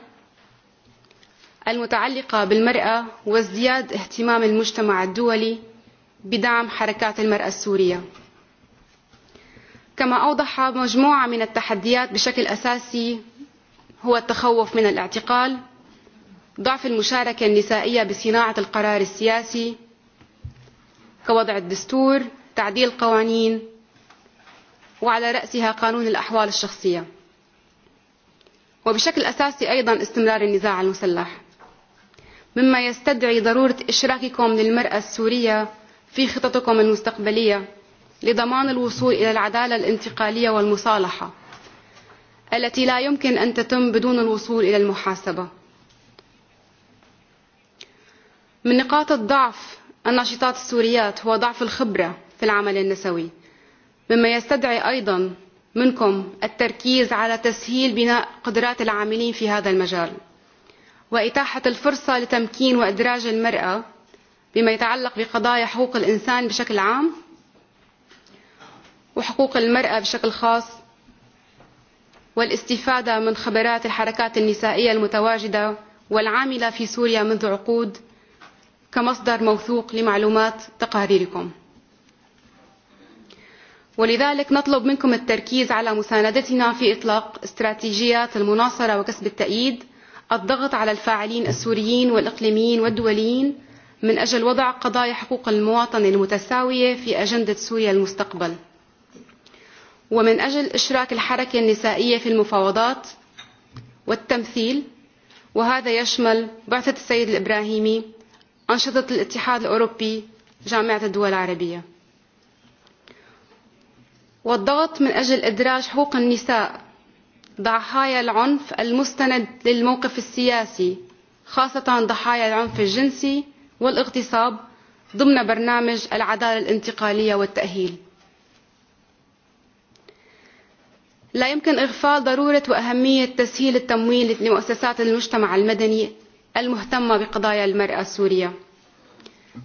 المتعلقة بالمرأة وازدياد اهتمام المجتمع الدولي بدعم حركات المرأة السورية كما أوضح مجموعة من التحديات بشكل أساسي هو التخوف من الاعتقال ضعف المشاركة النسائية بصناعة القرار السياسي كوضع الدستور تعديل القوانين وعلى رأسها قانون الأحوال الشخصية وبشكل أساسي أيضا استمرار النزاع المسلح مما يستدعي ضرورة إشراككم للمرأة السورية في خططكم المستقبلية لضمان الوصول إلى العدالة الانتقالية والمصالحة التي لا يمكن أن تتم بدون الوصول إلى المحاسبة من نقاط الضعف النشطات السوريات هو ضعف الخبرة في العمل النسوي مما يستدعي أيضا منكم التركيز على تسهيل بناء قدرات العاملين في هذا المجال وإتاحة الفرصة لتمكين وإدراج المرأة بما يتعلق بقضايا حقوق الإنسان بشكل عام وحقوق المرأة بشكل خاص والاستفادة من خبرات الحركات النسائية المتواجدة والعاملة في سوريا منذ عقود كمصدر موثوق لمعلومات تقاريركم ولذلك نطلب منكم التركيز على مساندتنا في إطلاق استراتيجيات المناصرة وكسب التأييد الضغط على الفاعلين السوريين والإقليميين والدوليين من أجل وضع قضايا حقوق المواطن المتساوية في أجندة سوريا المستقبل ومن أجل إشراك الحركة النسائية في المفاوضات والتمثيل وهذا يشمل بعثة السيد الإبراهيمي أنشطة الاتحاد الأوروبي جامعة الدول العربية والضغط من أجل إدراج حقوق النساء ضحايا العنف المستند للموقف السياسي خاصة ضحايا العنف الجنسي والاغتصاب ضمن برنامج العدالة الانتقالية والتأهيل لا يمكن إغفال ضرورة وأهمية تسهيل التمويل لمؤسسات المجتمع المدني المهتمة بقضايا المرأة السورية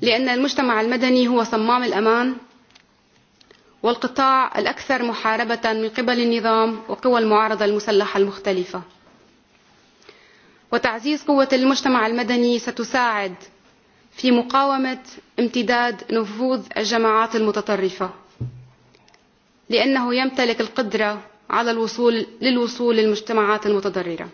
لأن المجتمع المدني هو صمام الأمان والقطاع الأكثر محاربة من قبل النظام وقوى المعارضة المسلحة المختلفة وتعزيز قوة المجتمع المدني ستساعد في مقاومة امتداد نفوذ الجماعات المتطرفة لأنه يمتلك القدرة على الوصول للوصول للمجتمعات المتضررة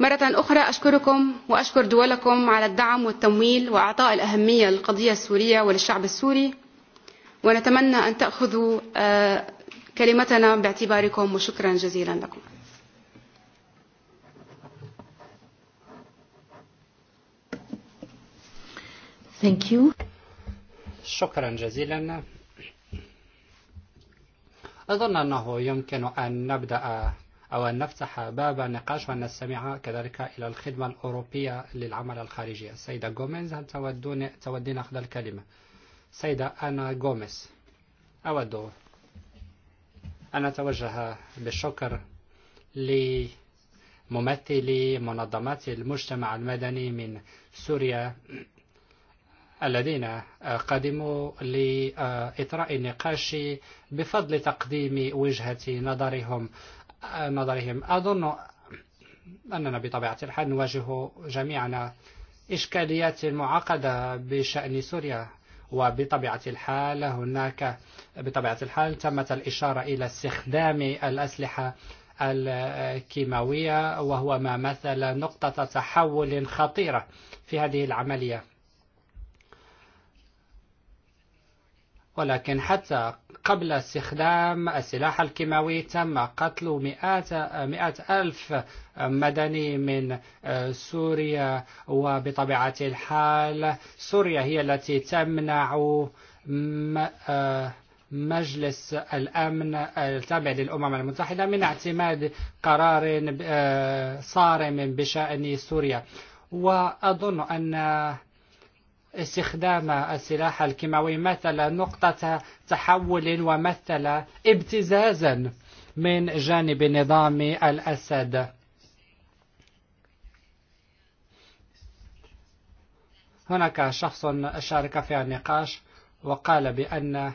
مرة أخرى أشكركم وأشكر دولكم على الدعم والتمويل وإعطاء الأهمية للقضية السورية وللشعب السوري ونتمنى أن تأخذوا كلمتنا باعتباركم وشكرا جزيلا لكم Thank you. شكرا جزيلا أظن أنه يمكن أن نبدأ أو أن نفتح باب نقاش وأن نستمع كذلك إلى الخدمة الأوروبية للعمل الخارجي السيدة غوميز هل تودون تودين أخذ الكلمة سيدة أنا غوميز أود أن أتوجه بالشكر لممثلي منظمات المجتمع المدني من سوريا الذين قدموا لإطراء النقاش بفضل تقديم وجهة نظرهم نظرهم أظن أننا بطبيعة الحال نواجه جميعنا إشكاليات معقدة بشأن سوريا وبطبيعة الحال هناك بطبيعة الحال تمت الإشارة إلى استخدام الأسلحة الكيماوية وهو ما مثل نقطة تحول خطيرة في هذه العملية ولكن حتى قبل استخدام السلاح الكيماوي تم قتل مئات, مئة ألف مدني من سوريا وبطبيعة الحال سوريا هي التي تمنع مجلس الأمن التابع للأمم المتحدة من اعتماد قرار صارم بشأن سوريا وأظن أن استخدام السلاح الكيماوي مثل نقطة تحول ومثل ابتزازا من جانب نظام الأسد هناك شخص شارك في النقاش وقال بأن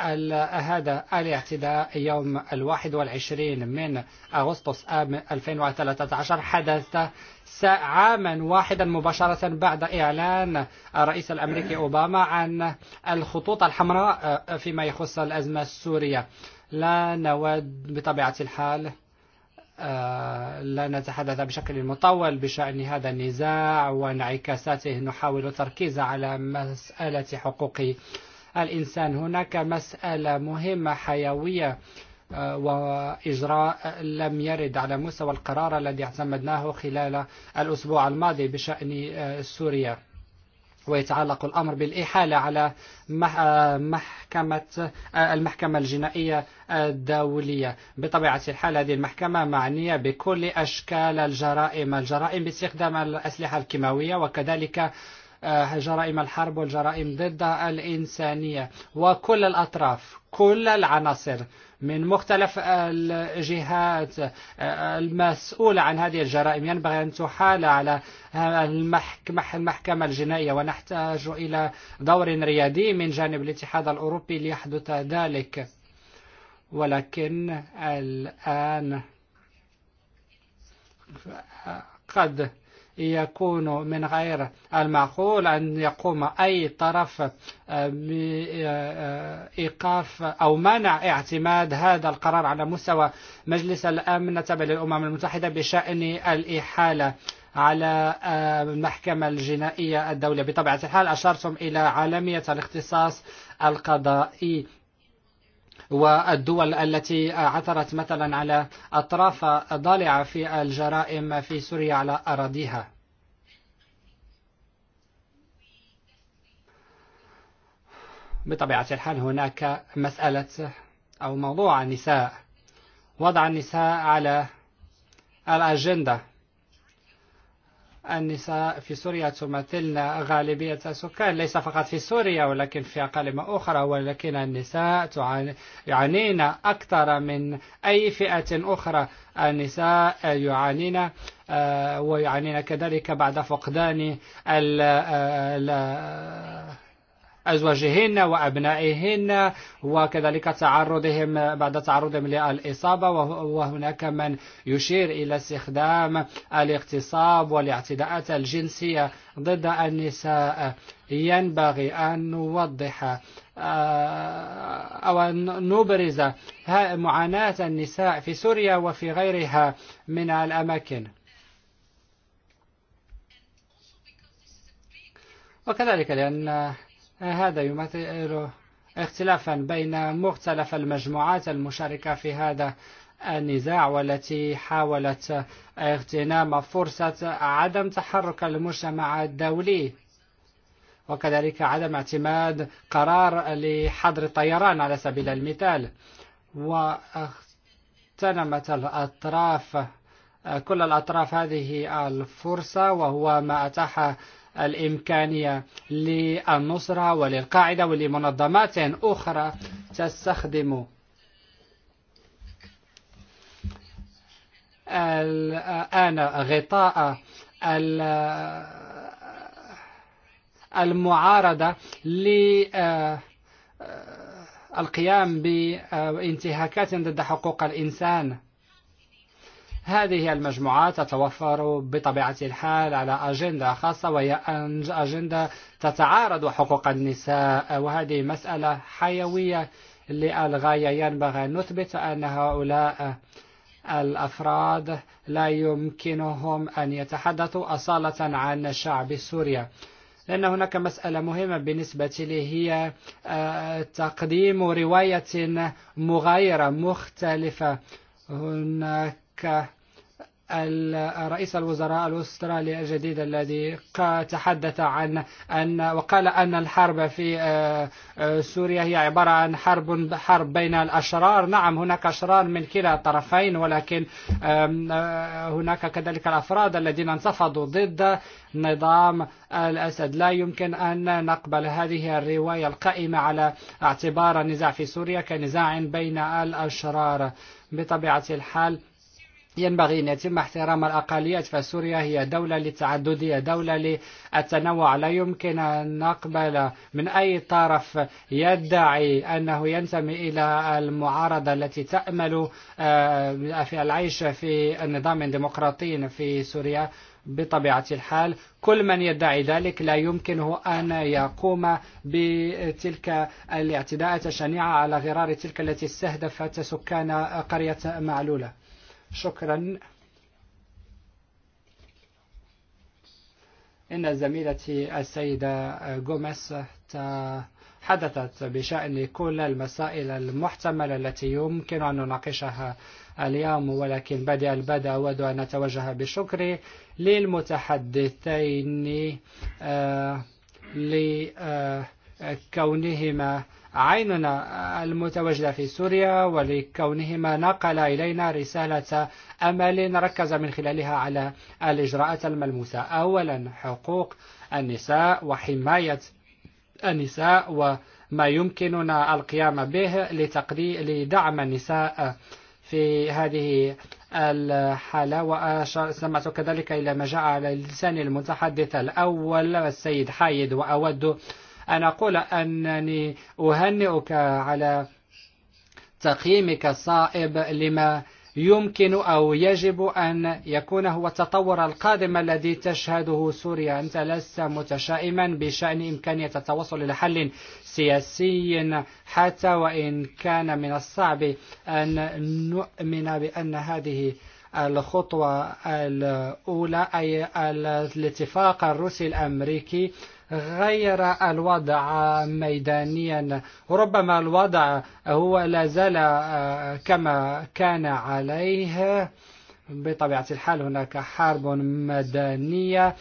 هذا الاعتداء يوم الواحد والعشرين من أغسطس عام 2013 حدث عاما واحدا مباشرة بعد إعلان الرئيس الأمريكي أوباما عن الخطوط الحمراء فيما يخص الأزمة السورية لا نود بطبيعة الحال لا نتحدث بشكل مطول بشأن هذا النزاع وانعكاساته نحاول التركيز على مسألة حقوق الإنسان هناك مسألة مهمة حيوية وإجراء لم يرد على مستوى القرار الذي اعتمدناه خلال الأسبوع الماضي بشأن سوريا ويتعلق الأمر بالإحالة على محكمة المحكمة الجنائية الدولية بطبيعة الحال هذه المحكمة معنية بكل أشكال الجرائم الجرائم باستخدام الأسلحة الكيماوية وكذلك جرائم الحرب والجرائم ضد الإنسانية وكل الأطراف كل العناصر من مختلف الجهات المسؤولة عن هذه الجرائم ينبغي أن تحال على المحكمة الجنائية ونحتاج إلى دور ريادي من جانب الاتحاد الأوروبي ليحدث ذلك ولكن الآن قد يكون من غير المعقول أن يقوم أي طرف إيقاف أو منع اعتماد هذا القرار على مستوى مجلس الأمن تبع للأمم المتحدة بشأن الإحالة على المحكمة الجنائية الدولية بطبيعة الحال أشرتم إلى عالمية الاختصاص القضائي والدول التي عثرت مثلا على أطراف ضالعة في الجرائم في سوريا على أراضيها بطبيعة الحال هناك مسألة أو موضوع النساء وضع النساء على الأجندة النساء في سوريا تمثلن غالبية السكان ليس فقط في سوريا ولكن في أقاليم أخرى ولكن النساء يعانين أكثر من أي فئة أخرى النساء يعانين ويعانين كذلك بعد فقدان أزواجهن وأبنائهن وكذلك تعرضهم بعد تعرضهم للإصابة وهناك من يشير إلى استخدام الاغتصاب والاعتداءات الجنسية ضد النساء ينبغي أن نوضح أو أن نبرز معاناة النساء في سوريا وفي غيرها من الأماكن وكذلك لأن هذا يمثل اختلافا بين مختلف المجموعات المشاركة في هذا النزاع والتي حاولت اغتنام فرصة عدم تحرك المجتمع الدولي وكذلك عدم اعتماد قرار لحظر الطيران على سبيل المثال واغتنمت الأطراف كل الأطراف هذه الفرصة وهو ما أتاح الإمكانية للنصرة وللقاعدة ولمنظمات أخرى تستخدم الآن غطاء المعارضة للقيام بانتهاكات ضد حقوق الإنسان هذه المجموعات تتوفر بطبيعة الحال على أجندة خاصة وهي أجندة تتعارض حقوق النساء وهذه مسألة حيوية للغاية ينبغي أن نثبت أن هؤلاء الأفراد لا يمكنهم أن يتحدثوا أصالة عن شعب سوريا لأن هناك مسألة مهمة بالنسبة لي هي تقديم رواية مغايرة مختلفة هناك رئيس الوزراء الأسترالي الجديد الذي تحدث عن أن وقال أن الحرب في سوريا هي عبارة عن حرب حرب بين الأشرار نعم هناك أشرار من كلا الطرفين ولكن هناك كذلك الأفراد الذين انتفضوا ضد نظام الأسد لا يمكن أن نقبل هذه الرواية القائمة على اعتبار النزاع في سوريا كنزاع بين الأشرار بطبيعة الحال ينبغي أن يتم احترام الأقليات فسوريا هي دولة للتعددية دولة للتنوع لا يمكن أن نقبل من أي طرف يدعي أنه ينتمي إلى المعارضة التي تأمل في العيش في النظام الديمقراطي في سوريا بطبيعة الحال كل من يدعي ذلك لا يمكنه أن يقوم بتلك الاعتداءات الشنيعة على غرار تلك التي استهدفت سكان قرية معلولة شكرا إن زميلتي السيدة جوميس تحدثت بشأن كل المسائل المحتملة التي يمكن أن نناقشها اليوم ولكن بدأ البدء أود أن أتوجه بالشكر للمتحدثين لكونهما عيننا المتواجدة في سوريا ولكونهما نقل إلينا رسالة أمل ركز من خلالها على الإجراءات الملموسة أولا حقوق النساء وحماية النساء وما يمكننا القيام به لدعم النساء في هذه الحالة وسمعت كذلك إلى ما جاء على لسان المتحدث الأول السيد حايد وأود أن أقول أنني أهنئك على تقييمك الصائب لما يمكن أو يجب أن يكون هو التطور القادم الذي تشهده سوريا أنت لست متشائما بشأن إمكانية التوصل إلى حل سياسي حتى وإن كان من الصعب أن نؤمن بأن هذه الخطوة الأولى أي الاتفاق الروسي الأمريكي غير الوضع ميدانيا ربما الوضع هو لا زال كما كان عليه بطبيعة الحال هناك حرب مدنية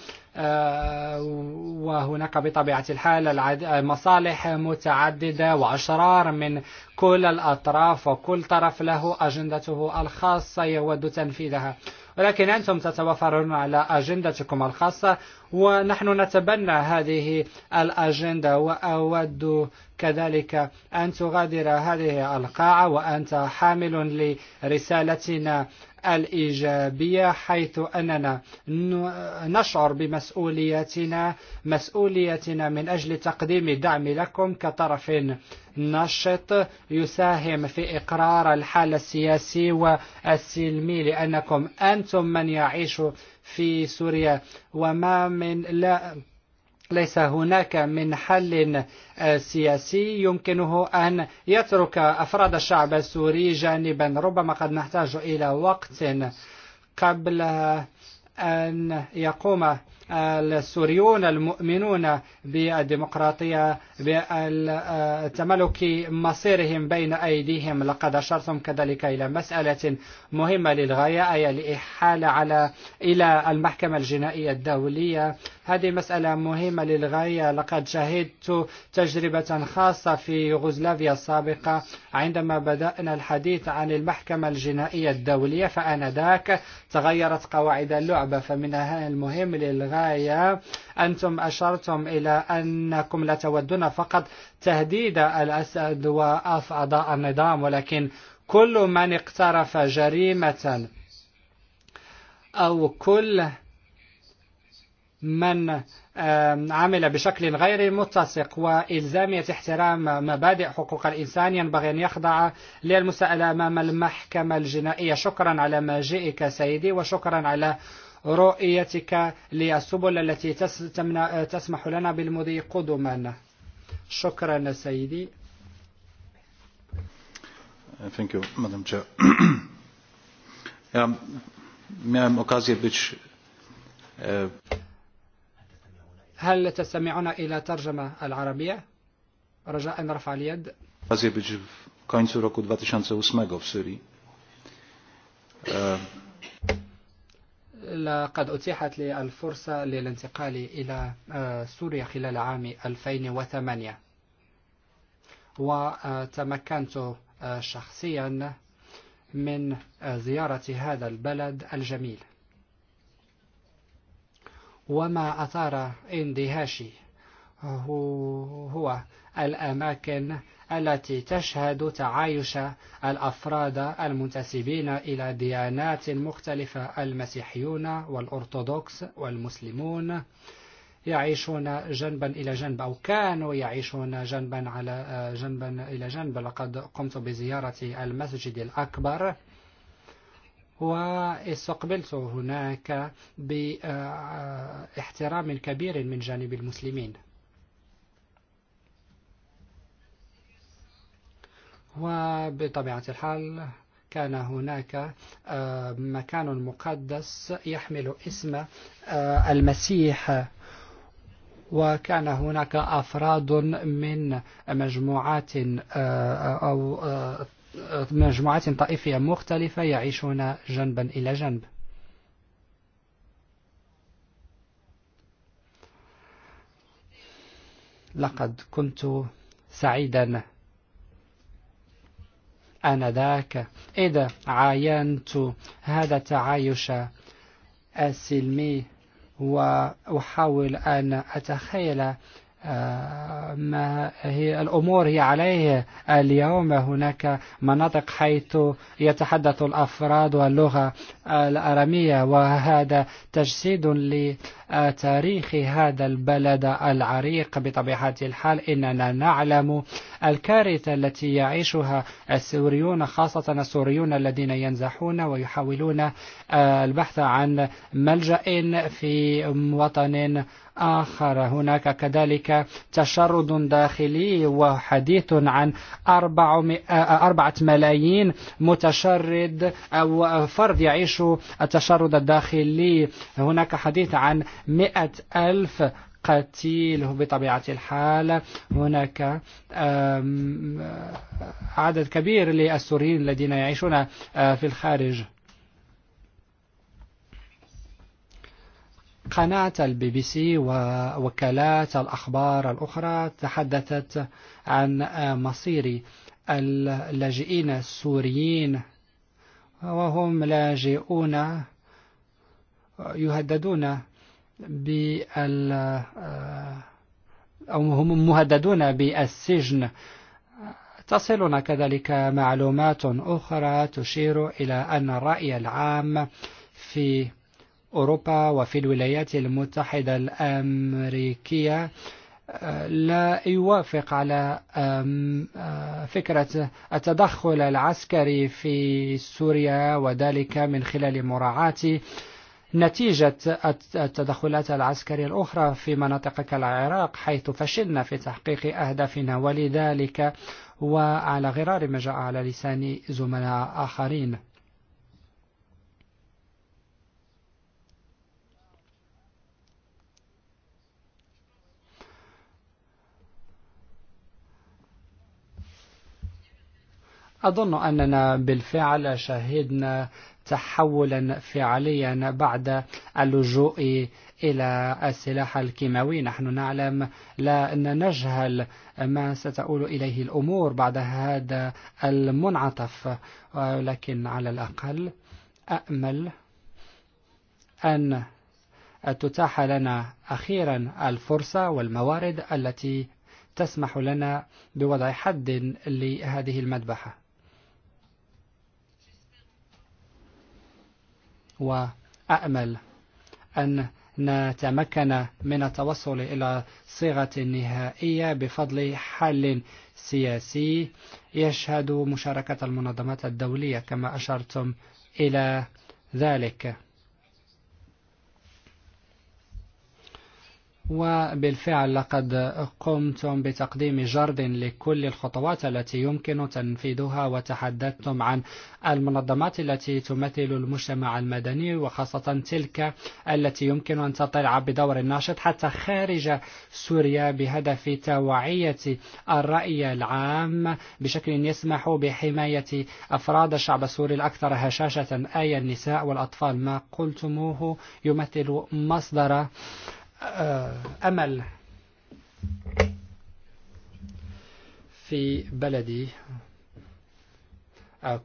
وهناك بطبيعة الحال مصالح متعددة وأشرار من كل الأطراف وكل طرف له أجندته الخاصة يود تنفيذها ولكن أنتم تتوفرون على أجندتكم الخاصة ونحن نتبنى هذه الأجندة وأود كذلك أن تغادر هذه القاعة وأنت حامل لرسالتنا الإيجابية حيث أننا نشعر بمسؤوليتنا مسؤوليتنا من أجل تقديم دعم لكم كطرف نشط يساهم في إقرار الحال السياسي والسلمي لأنكم أنتم من يعيش في سوريا وما من لا ليس هناك من حل سياسي يمكنه أن يترك أفراد الشعب السوري جانبا ربما قد نحتاج إلى وقت قبل أن يقوم السوريون المؤمنون بالديمقراطية بالتملك مصيرهم بين أيديهم لقد أشرتم كذلك إلى مسألة مهمة للغاية أي الإحالة على إلى المحكمة الجنائية الدولية هذه مسألة مهمة للغاية لقد شهدت تجربة خاصة في يوغوسلافيا السابقة عندما بدأنا الحديث عن المحكمة الجنائية الدولية فأنا ذاك تغيرت قواعد اللعبة فمن المهم للغاية أنتم أشرتم إلى أنكم لا تودون فقط تهديد الأسد وأف النظام ولكن كل من اقترف جريمة أو كل من عمل بشكل غير متسق وإلزامية احترام مبادئ حقوق الإنسان ينبغي أن يخضع للمسألة أمام المحكمة الجنائية شكرا على مجيئك سيدي وشكرا على رؤيتك للسبل التي تسمح لنا بالمضي قدما شكرا سيدي Thank you, Madam Chair. ja miałem okazję być هل تستمعون إلى ترجمة العربية؟ رجاء رفع اليد. okazję być w końcu 2008 في سوريا. لقد أتيحت لي الفرصة للانتقال إلى سوريا خلال عام 2008 وتمكنت شخصيا من زيارة هذا البلد الجميل وما أثار اندهاشي هو هو الأماكن التي تشهد تعايش الأفراد المنتسبين إلى ديانات مختلفة المسيحيون والأرثوذكس والمسلمون يعيشون جنبا إلى جنب أو كانوا يعيشون جنبا على جنبا إلى جنب لقد قمت بزيارة المسجد الأكبر واستقبلت هناك باحترام كبير من جانب المسلمين وبطبيعة الحال كان هناك مكان مقدس يحمل اسم المسيح وكان هناك أفراد من مجموعات أو مجموعات طائفية مختلفة يعيشون جنبا إلى جنب لقد كنت سعيدا آنذاك إذا عاينت هذا التعايش السلمي وأحاول أن أتخيل ما هي الأمور هي عليه اليوم هناك مناطق حيث يتحدث الأفراد واللغة الأرامية وهذا تجسيد تاريخ هذا البلد العريق بطبيعة الحال إننا نعلم الكارثة التي يعيشها السوريون خاصة السوريون الذين ينزحون ويحاولون البحث عن ملجأ في وطن آخر هناك كذلك تشرد داخلي وحديث عن أربعة ملايين متشرد أو فرد يعيش التشرد الداخلي هناك حديث عن مئة ألف قتيل بطبيعة الحال هناك عدد كبير للسوريين الذين يعيشون في الخارج قناة البي بي سي ووكالات الأخبار الأخرى تحدثت عن مصير اللاجئين السوريين وهم لاجئون يهددون بال أو هم مهددون بالسجن تصلنا كذلك معلومات أخرى تشير إلى أن الرأي العام في أوروبا وفي الولايات المتحدة الأمريكية لا يوافق على فكرة التدخل العسكري في سوريا وذلك من خلال مراعاة نتيجة التدخلات العسكرية الأخرى في مناطق كالعراق حيث فشلنا في تحقيق أهدافنا ولذلك وعلى غرار ما جاء على لسان زملاء آخرين أظن أننا بالفعل شهدنا تحولا فعليا بعد اللجوء إلى السلاح الكيماوي نحن نعلم لا نجهل ما ستؤول إليه الأمور بعد هذا المنعطف ولكن على الأقل أأمل أن تتاح لنا أخيرا الفرصة والموارد التي تسمح لنا بوضع حد لهذه المذبحة وأأمل أن نتمكن من التوصل إلى صيغة نهائية بفضل حل سياسي يشهد مشاركة المنظمات الدولية كما أشرتم إلى ذلك وبالفعل لقد قمتم بتقديم جرد لكل الخطوات التي يمكن تنفيذها وتحدثتم عن المنظمات التي تمثل المجتمع المدني وخاصة تلك التي يمكن أن تطلع بدور ناشط حتى خارج سوريا بهدف توعية الرأي العام بشكل يسمح بحماية أفراد الشعب السوري الأكثر هشاشة أي النساء والأطفال ما قلتموه يمثل مصدر أمل في بلدي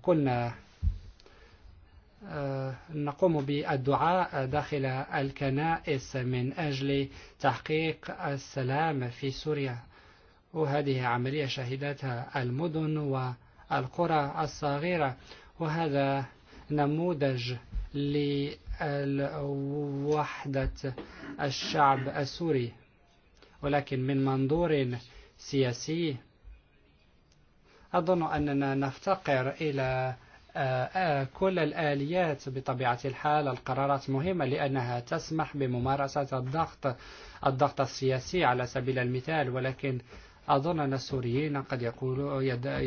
كنا نقوم بالدعاء داخل الكنائس من أجل تحقيق السلام في سوريا وهذه عملية شهدتها المدن والقرى الصغيرة وهذا نموذج للسلام وحدة الشعب السوري ولكن من منظور سياسي أظن أننا نفتقر إلى كل الآليات بطبيعة الحال القرارات مهمة لأنها تسمح بممارسة الضغط الضغط السياسي على سبيل المثال ولكن أظن أن السوريين قد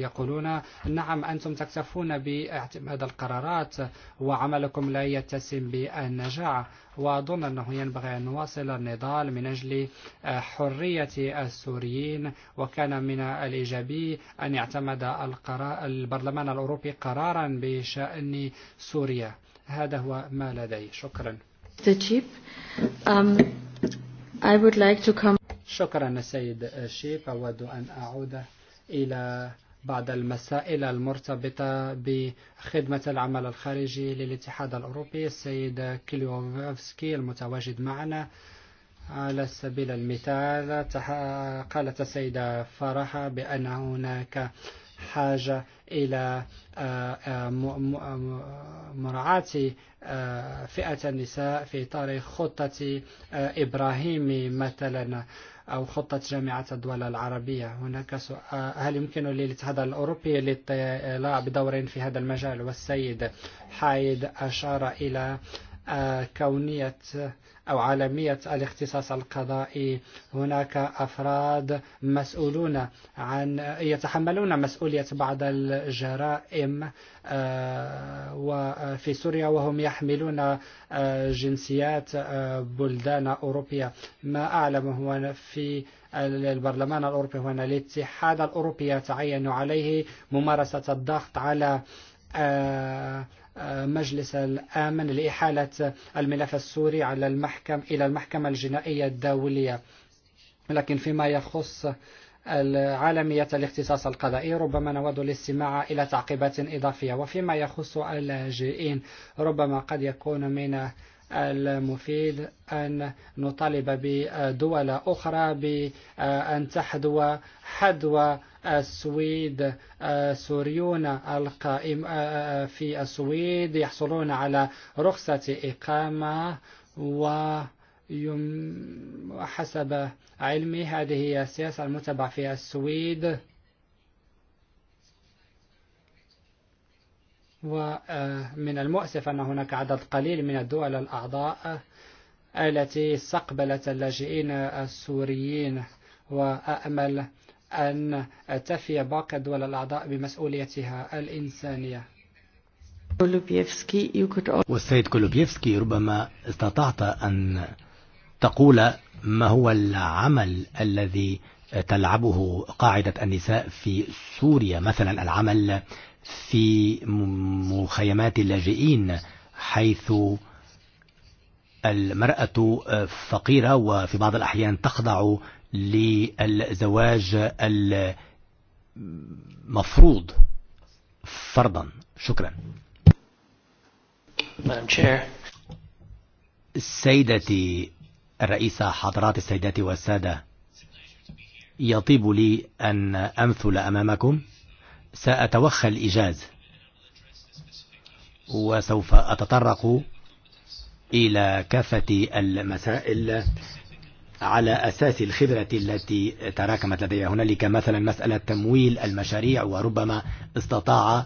يقولون نعم أنتم تكتفون باعتماد القرارات وعملكم لا يتسم بالنجاعة وأظن أنه ينبغي أن نواصل النضال من أجل حرية السوريين وكان من الإيجابي أن يعتمد البرلمان الأوروبي قرارا بشأن سوريا هذا هو ما لدي شكرا Mr. Chief, um, I would like to come شكرا سيد الشيب أود أن أعود إلى بعض المسائل المرتبطة بخدمة العمل الخارجي للاتحاد الأوروبي السيد كليوفسكي المتواجد معنا على سبيل المثال قالت السيدة فرحة بأن هناك حاجة إلى مراعاة فئة النساء في إطار خطة إبراهيم مثلاً أو خطة جامعة الدول العربية هناك سؤال هل يمكن للاتحاد الأوروبي للعب بدور في هذا المجال والسيد حايد أشار إلى كونية أو عالمية الاختصاص القضائي هناك أفراد مسؤولون عن يتحملون مسؤولية بعض الجرائم في سوريا وهم يحملون جنسيات بلدان أوروبية ما أعلم هو في البرلمان الأوروبي هنا الاتحاد الأوروبي يتعين عليه ممارسة الضغط على مجلس الآمن لإحالة الملف السوري على المحكم إلى المحكمة الجنائية الدولية لكن فيما يخص العالمية الاختصاص القضائي ربما نود الاستماع إلى تعقيبات إضافية وفيما يخص اللاجئين ربما قد يكون من المفيد أن نطالب بدول أخرى بأن تحدو حذو السويد سوريون القائم في السويد يحصلون على رخصة إقامة و حسب علمي هذه هي السياسة المتبعة في السويد ومن المؤسف أن هناك عدد قليل من الدول الأعضاء التي استقبلت اللاجئين السوريين وأأمل أن تفي باقي الدول الأعضاء بمسؤوليتها الإنسانية والسيد كولوبيفسكي ربما استطعت أن تقول ما هو العمل الذي تلعبه قاعدة النساء في سوريا مثلا العمل في مخيمات اللاجئين حيث المرأة فقيرة وفي بعض الأحيان تخضع للزواج المفروض فرضا شكرا سيدتي الرئيسة حضرات السيدات والسادة يطيب لي أن أمثل أمامكم سأتوخى الإجاز وسوف أتطرق إلى كافة المسائل على أساس الخبرة التي تراكمت لدي هناك مثلا مسألة تمويل المشاريع وربما استطاع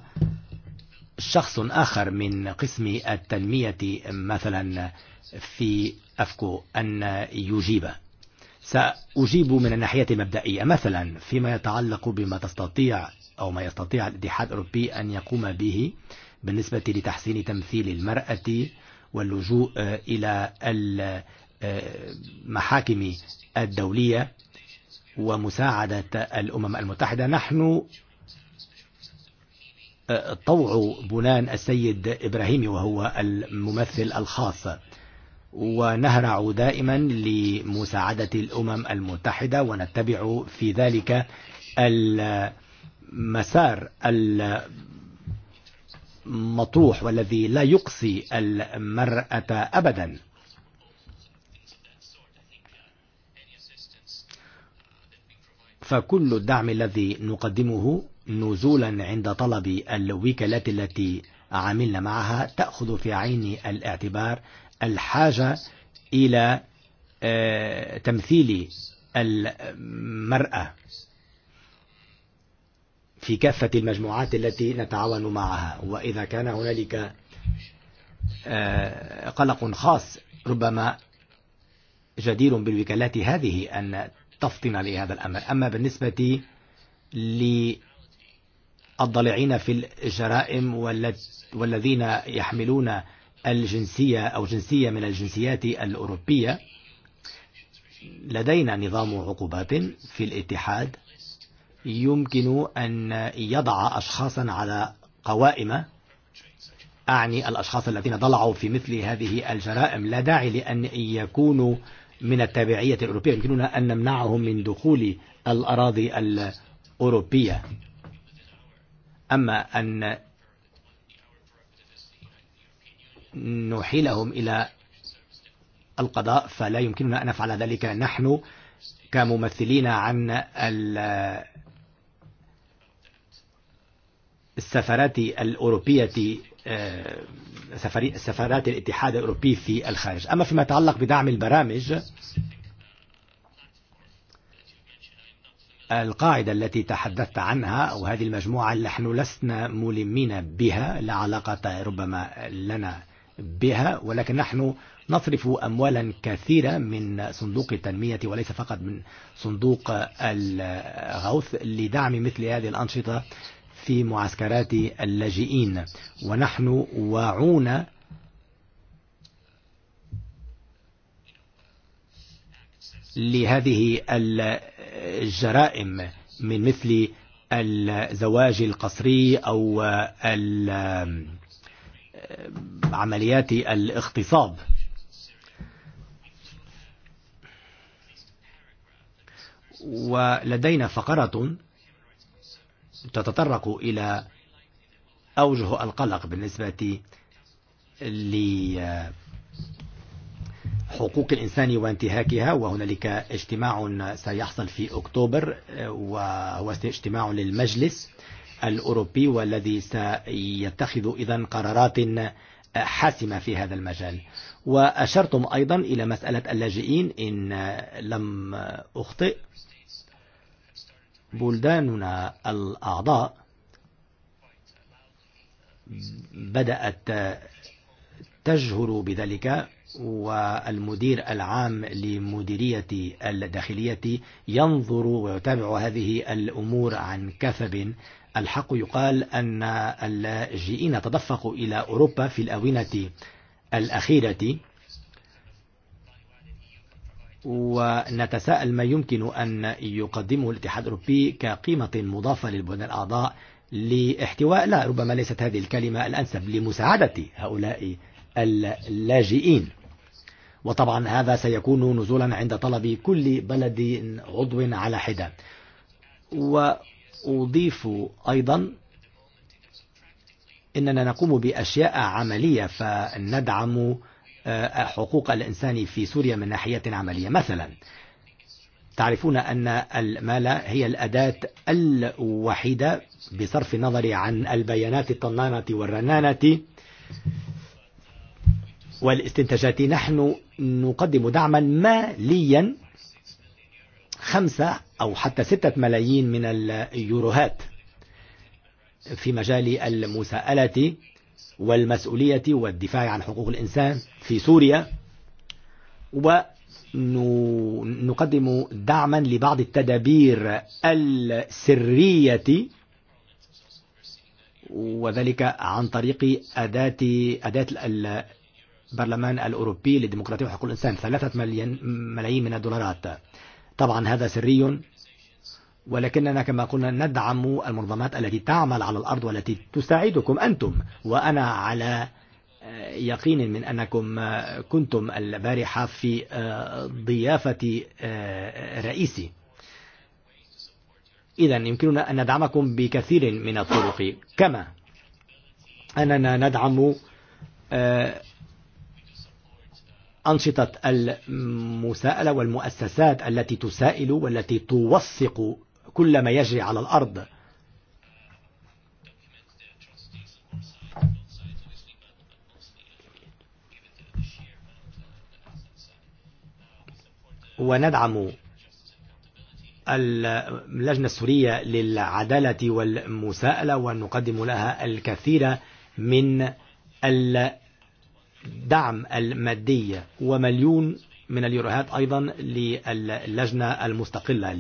شخص آخر من قسم التنمية مثلا في أفكو أن يجيب سأجيب من الناحية المبدئية مثلا فيما يتعلق بما تستطيع أو ما يستطيع الاتحاد الأوروبي أن يقوم به بالنسبة لتحسين تمثيل المرأة واللجوء إلى المحاكم الدولية ومساعدة الأمم المتحدة نحن طوع بنان السيد إبراهيم وهو الممثل الخاص ونهرع دائما لمساعدة الأمم المتحدة ونتبع في ذلك المساعدة المسار المطروح والذي لا يقصي المرأة أبدا فكل الدعم الذي نقدمه نزولا عند طلب الوكالات التي عملنا معها تأخذ في عين الاعتبار الحاجة إلى تمثيل المرأة في كافة المجموعات التي نتعاون معها وإذا كان هناك قلق خاص ربما جدير بالوكالات هذه أن تفطن لهذا الأمر أما بالنسبة للضلعين في الجرائم والذين يحملون الجنسية أو جنسية من الجنسيات الأوروبية لدينا نظام عقوبات في الاتحاد يمكن أن يضع أشخاصا على قوائم أعني الأشخاص الذين ضلعوا في مثل هذه الجرائم لا داعي لأن يكونوا من التابعية الأوروبية يمكننا أن نمنعهم من دخول الأراضي الأوروبية أما أن نحيلهم إلى القضاء فلا يمكننا أن نفعل ذلك نحن كممثلين عن السفارات الأوروبية سفارات الاتحاد الأوروبي في الخارج أما فيما يتعلق بدعم البرامج القاعدة التي تحدثت عنها وهذه المجموعة نحن لسنا ملمين بها لا علاقة ربما لنا بها ولكن نحن نصرف أموالا كثيرة من صندوق التنمية وليس فقط من صندوق الغوث لدعم مثل هذه الأنشطة في معسكرات اللاجئين ونحن واعون لهذه الجرائم من مثل الزواج القسري أو عمليات الاغتصاب ولدينا فقرة تتطرق إلى أوجه القلق بالنسبة لحقوق الإنسان وانتهاكها وهناك اجتماع سيحصل في أكتوبر وهو اجتماع للمجلس الأوروبي والذي سيتخذ إذن قرارات حاسمة في هذا المجال وأشرتم أيضا إلى مسألة اللاجئين إن لم أخطئ بلداننا الأعضاء بدأت تجهر بذلك والمدير العام لمديرية الداخلية ينظر ويتابع هذه الأمور عن كثب الحق يقال أن اللاجئين تدفقوا إلى أوروبا في الأونة الأخيرة ونتساءل ما يمكن أن يقدمه الاتحاد الأوروبي كقيمة مضافة للبلدان الأعضاء لاحتواء لا ربما ليست هذه الكلمة الأنسب لمساعدة هؤلاء اللاجئين وطبعا هذا سيكون نزولا عند طلب كل بلد عضو على حدة وأضيف أيضا أننا نقوم بأشياء عملية فندعم حقوق الإنسان في سوريا من ناحية عملية مثلا تعرفون أن المال هي الأداة الوحيدة بصرف النظر عن البيانات الطنانة والرنانة والاستنتاجات نحن نقدم دعما ماليا خمسة أو حتى ستة ملايين من اليوروهات في مجال المساءلة والمسؤولية والدفاع عن حقوق الإنسان في سوريا ونقدم دعما لبعض التدابير السرية وذلك عن طريق أداة أداة البرلمان الأوروبي للديمقراطية وحقوق الإنسان ثلاثة ملايين من الدولارات طبعا هذا سري ولكننا كما قلنا ندعم المنظمات التي تعمل على الأرض والتي تساعدكم أنتم وأنا على يقين من أنكم كنتم البارحة في ضيافة رئيسي إذا يمكننا أن ندعمكم بكثير من الطرق كما أننا ندعم أنشطة المساءلة والمؤسسات التي تسائل والتي توثق كل ما يجري على الأرض وندعم اللجنة السورية للعدالة والمساءلة ونقدم لها الكثير من الدعم المادي ومليون من اليوروهات أيضا للجنة المستقلة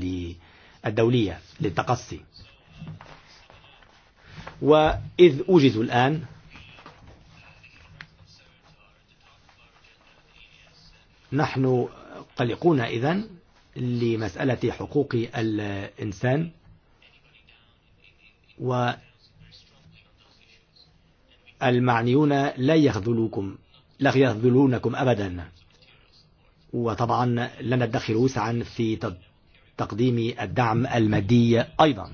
الدولية للتقصي وإذ أوجز الآن نحن قلقون إذن لمسألة حقوق الإنسان والمعنيون لا يخذلوكم لا يخذلونكم أبدا وطبعا لن ندخل وسعا في تقديم الدعم المادي أيضا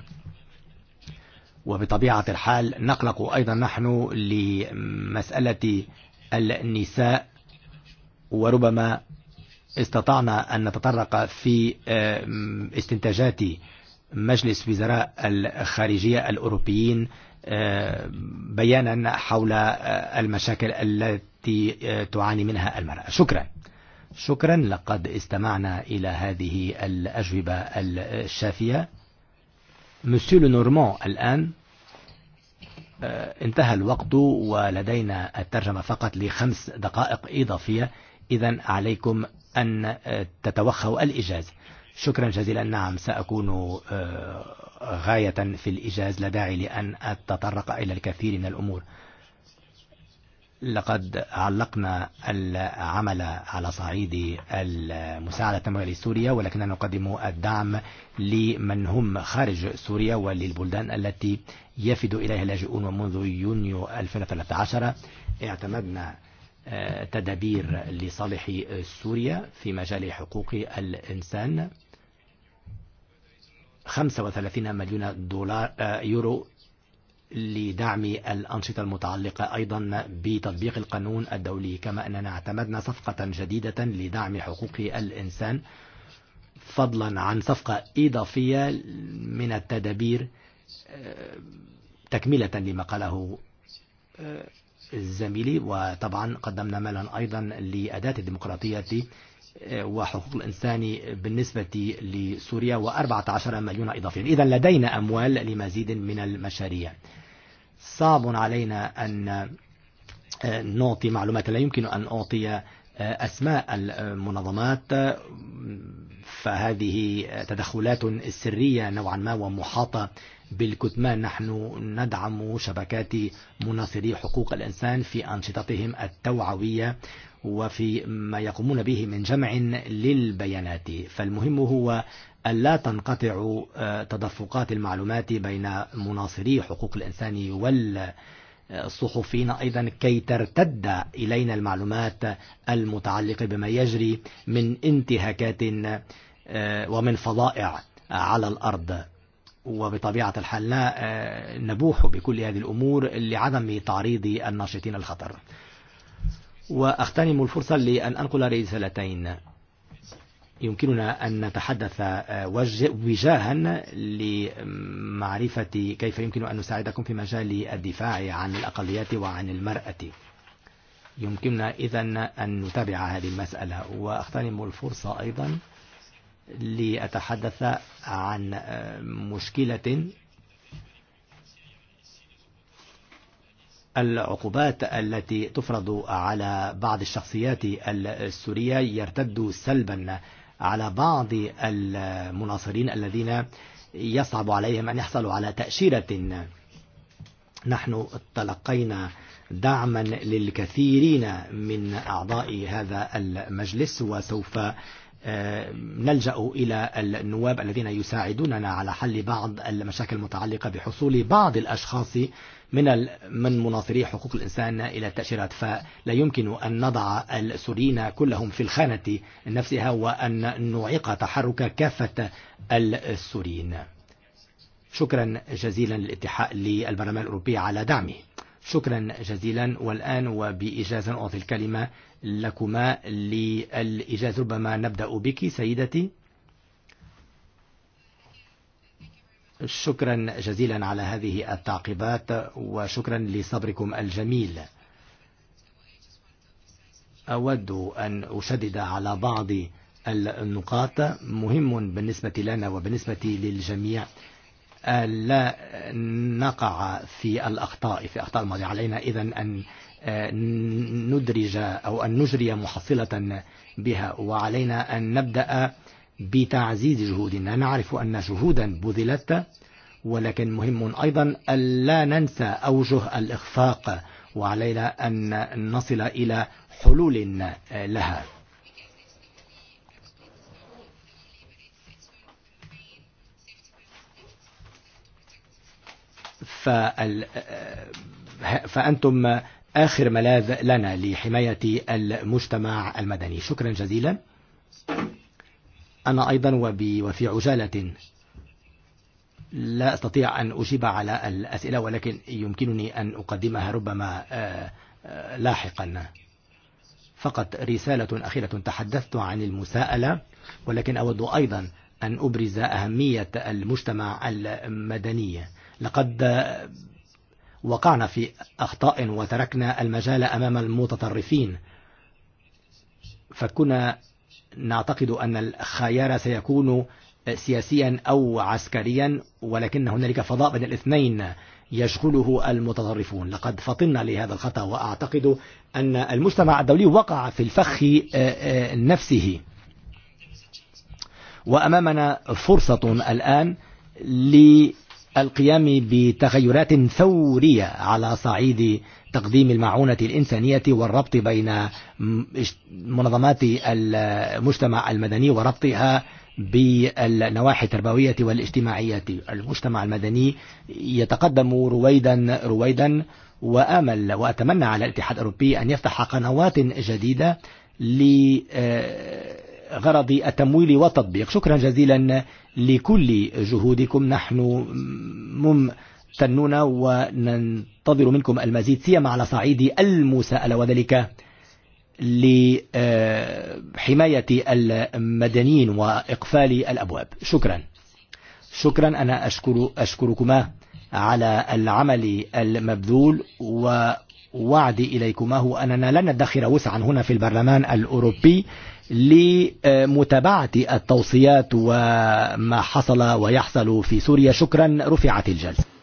وبطبيعة الحال نقلق أيضا نحن لمسألة النساء وربما استطعنا أن نتطرق في استنتاجات مجلس وزراء الخارجية الأوروبيين بيانا حول المشاكل التي تعاني منها المرأة شكرا شكرا لقد استمعنا إلى هذه الأجوبة الشافية مسيو نورمان الآن انتهى الوقت ولدينا الترجمة فقط لخمس دقائق إضافية إذا عليكم أن تتوخوا الإجاز شكرا جزيلا نعم سأكون غاية في الإجاز لداعي لأن أتطرق إلى الكثير من الأمور لقد علقنا العمل على صعيد المساعدة التنموية لسوريا ولكننا نقدم الدعم لمن هم خارج سوريا وللبلدان التي يفد إليها اللاجئون ومنذ يونيو 2013 اعتمدنا تدابير لصالح سوريا في مجال حقوق الإنسان 35 مليون دولار يورو لدعم الأنشطة المتعلقة أيضا بتطبيق القانون الدولي كما أننا اعتمدنا صفقة جديدة لدعم حقوق الإنسان فضلا عن صفقة إضافية من التدابير تكملة لما قاله زميلي وطبعا قدمنا مالا أيضا لأداة الديمقراطية وحقوق الإنسان بالنسبة لسوريا و14 مليون إضافيا إذا لدينا أموال لمزيد من المشاريع صعب علينا أن نعطي معلومات لا يمكن أن أعطي أسماء المنظمات فهذه تدخلات سرية نوعا ما ومحاطة بالكتمان نحن ندعم شبكات مناصري حقوق الإنسان في أنشطتهم التوعوية وفي ما يقومون به من جمع للبيانات فالمهم هو ألا تنقطع تدفقات المعلومات بين مناصري حقوق الإنسان والصحفيين أيضا كي ترتد إلينا المعلومات المتعلقة بما يجري من انتهاكات ومن فظائع على الأرض وبطبيعة الحال لا نبوح بكل هذه الأمور لعدم تعريض الناشطين الخطر وأغتنم الفرصة لأن أنقل رسالتين يمكننا أن نتحدث وجاها لمعرفة كيف يمكن أن نساعدكم في مجال الدفاع عن الأقليات وعن المرأة يمكننا إذن أن نتابع هذه المسألة وأغتنم الفرصة أيضا لأتحدث عن مشكلة العقوبات التي تفرض على بعض الشخصيات السورية يرتد سلبا على بعض المناصرين الذين يصعب عليهم أن يحصلوا على تأشيرة نحن تلقينا دعما للكثيرين من أعضاء هذا المجلس وسوف نلجأ إلى النواب الذين يساعدوننا على حل بعض المشاكل المتعلقة بحصول بعض الأشخاص من من مناصري حقوق الإنسان إلى التأشيرات فلا يمكن أن نضع السوريين كلهم في الخانة نفسها وأن نعيق تحرك كافة السوريين شكرا جزيلا للاتحاد للبرلمان الأوروبي على دعمه شكرا جزيلا والآن وبإجازة أعطي الكلمة لكما للإجازة ربما نبدأ بك سيدتي شكرا جزيلا على هذه التعقيبات وشكرا لصبركم الجميل أود أن أشدد على بعض النقاط مهم بالنسبة لنا وبالنسبة للجميع لا نقع في الأخطاء في أخطاء الماضي علينا إذا أن ندرج أو أن نجري محصلة بها وعلينا أن نبدأ بتعزيز جهودنا نعرف أن جهودا بذلت ولكن مهم أيضا ألا ننسى أوجه الإخفاق وعلينا أن نصل إلى حلول لها فال... فأنتم آخر ملاذ لنا لحماية المجتمع المدني شكرا جزيلا أنا أيضا وبي وفي عجالة لا أستطيع أن أجيب على الأسئلة ولكن يمكنني أن أقدمها ربما لاحقا فقط رسالة أخيرة تحدثت عن المساءلة ولكن أود أيضا أن أبرز أهمية المجتمع المدني لقد وقعنا في أخطاء وتركنا المجال أمام المتطرفين فكنا نعتقد أن الخيار سيكون سياسيا أو عسكريا ولكن هنالك فضاء بين الاثنين يشغله المتطرفون لقد فطنا لهذا الخطأ وأعتقد أن المجتمع الدولي وقع في الفخ نفسه وأمامنا فرصة الآن للقيام بتغيرات ثورية على صعيد تقديم المعونة الإنسانية والربط بين منظمات المجتمع المدني وربطها بالنواحي التربوية والاجتماعية المجتمع المدني يتقدم رويدا رويدا وآمل وأتمنى على الاتحاد الأوروبي أن يفتح قنوات جديدة لغرض التمويل والتطبيق شكرا جزيلا لكل جهودكم نحن مم تنون وننتظر منكم المزيد سيما على صعيد المساءلة وذلك لحماية المدنيين وإقفال الأبواب شكرا شكرا أنا أشكر أشكركما على العمل المبذول ووعدي إليكما هو أننا لن ندخر وسعا هنا في البرلمان الأوروبي لمتابعة التوصيات وما حصل ويحصل في سوريا شكرا رفعت الجلسة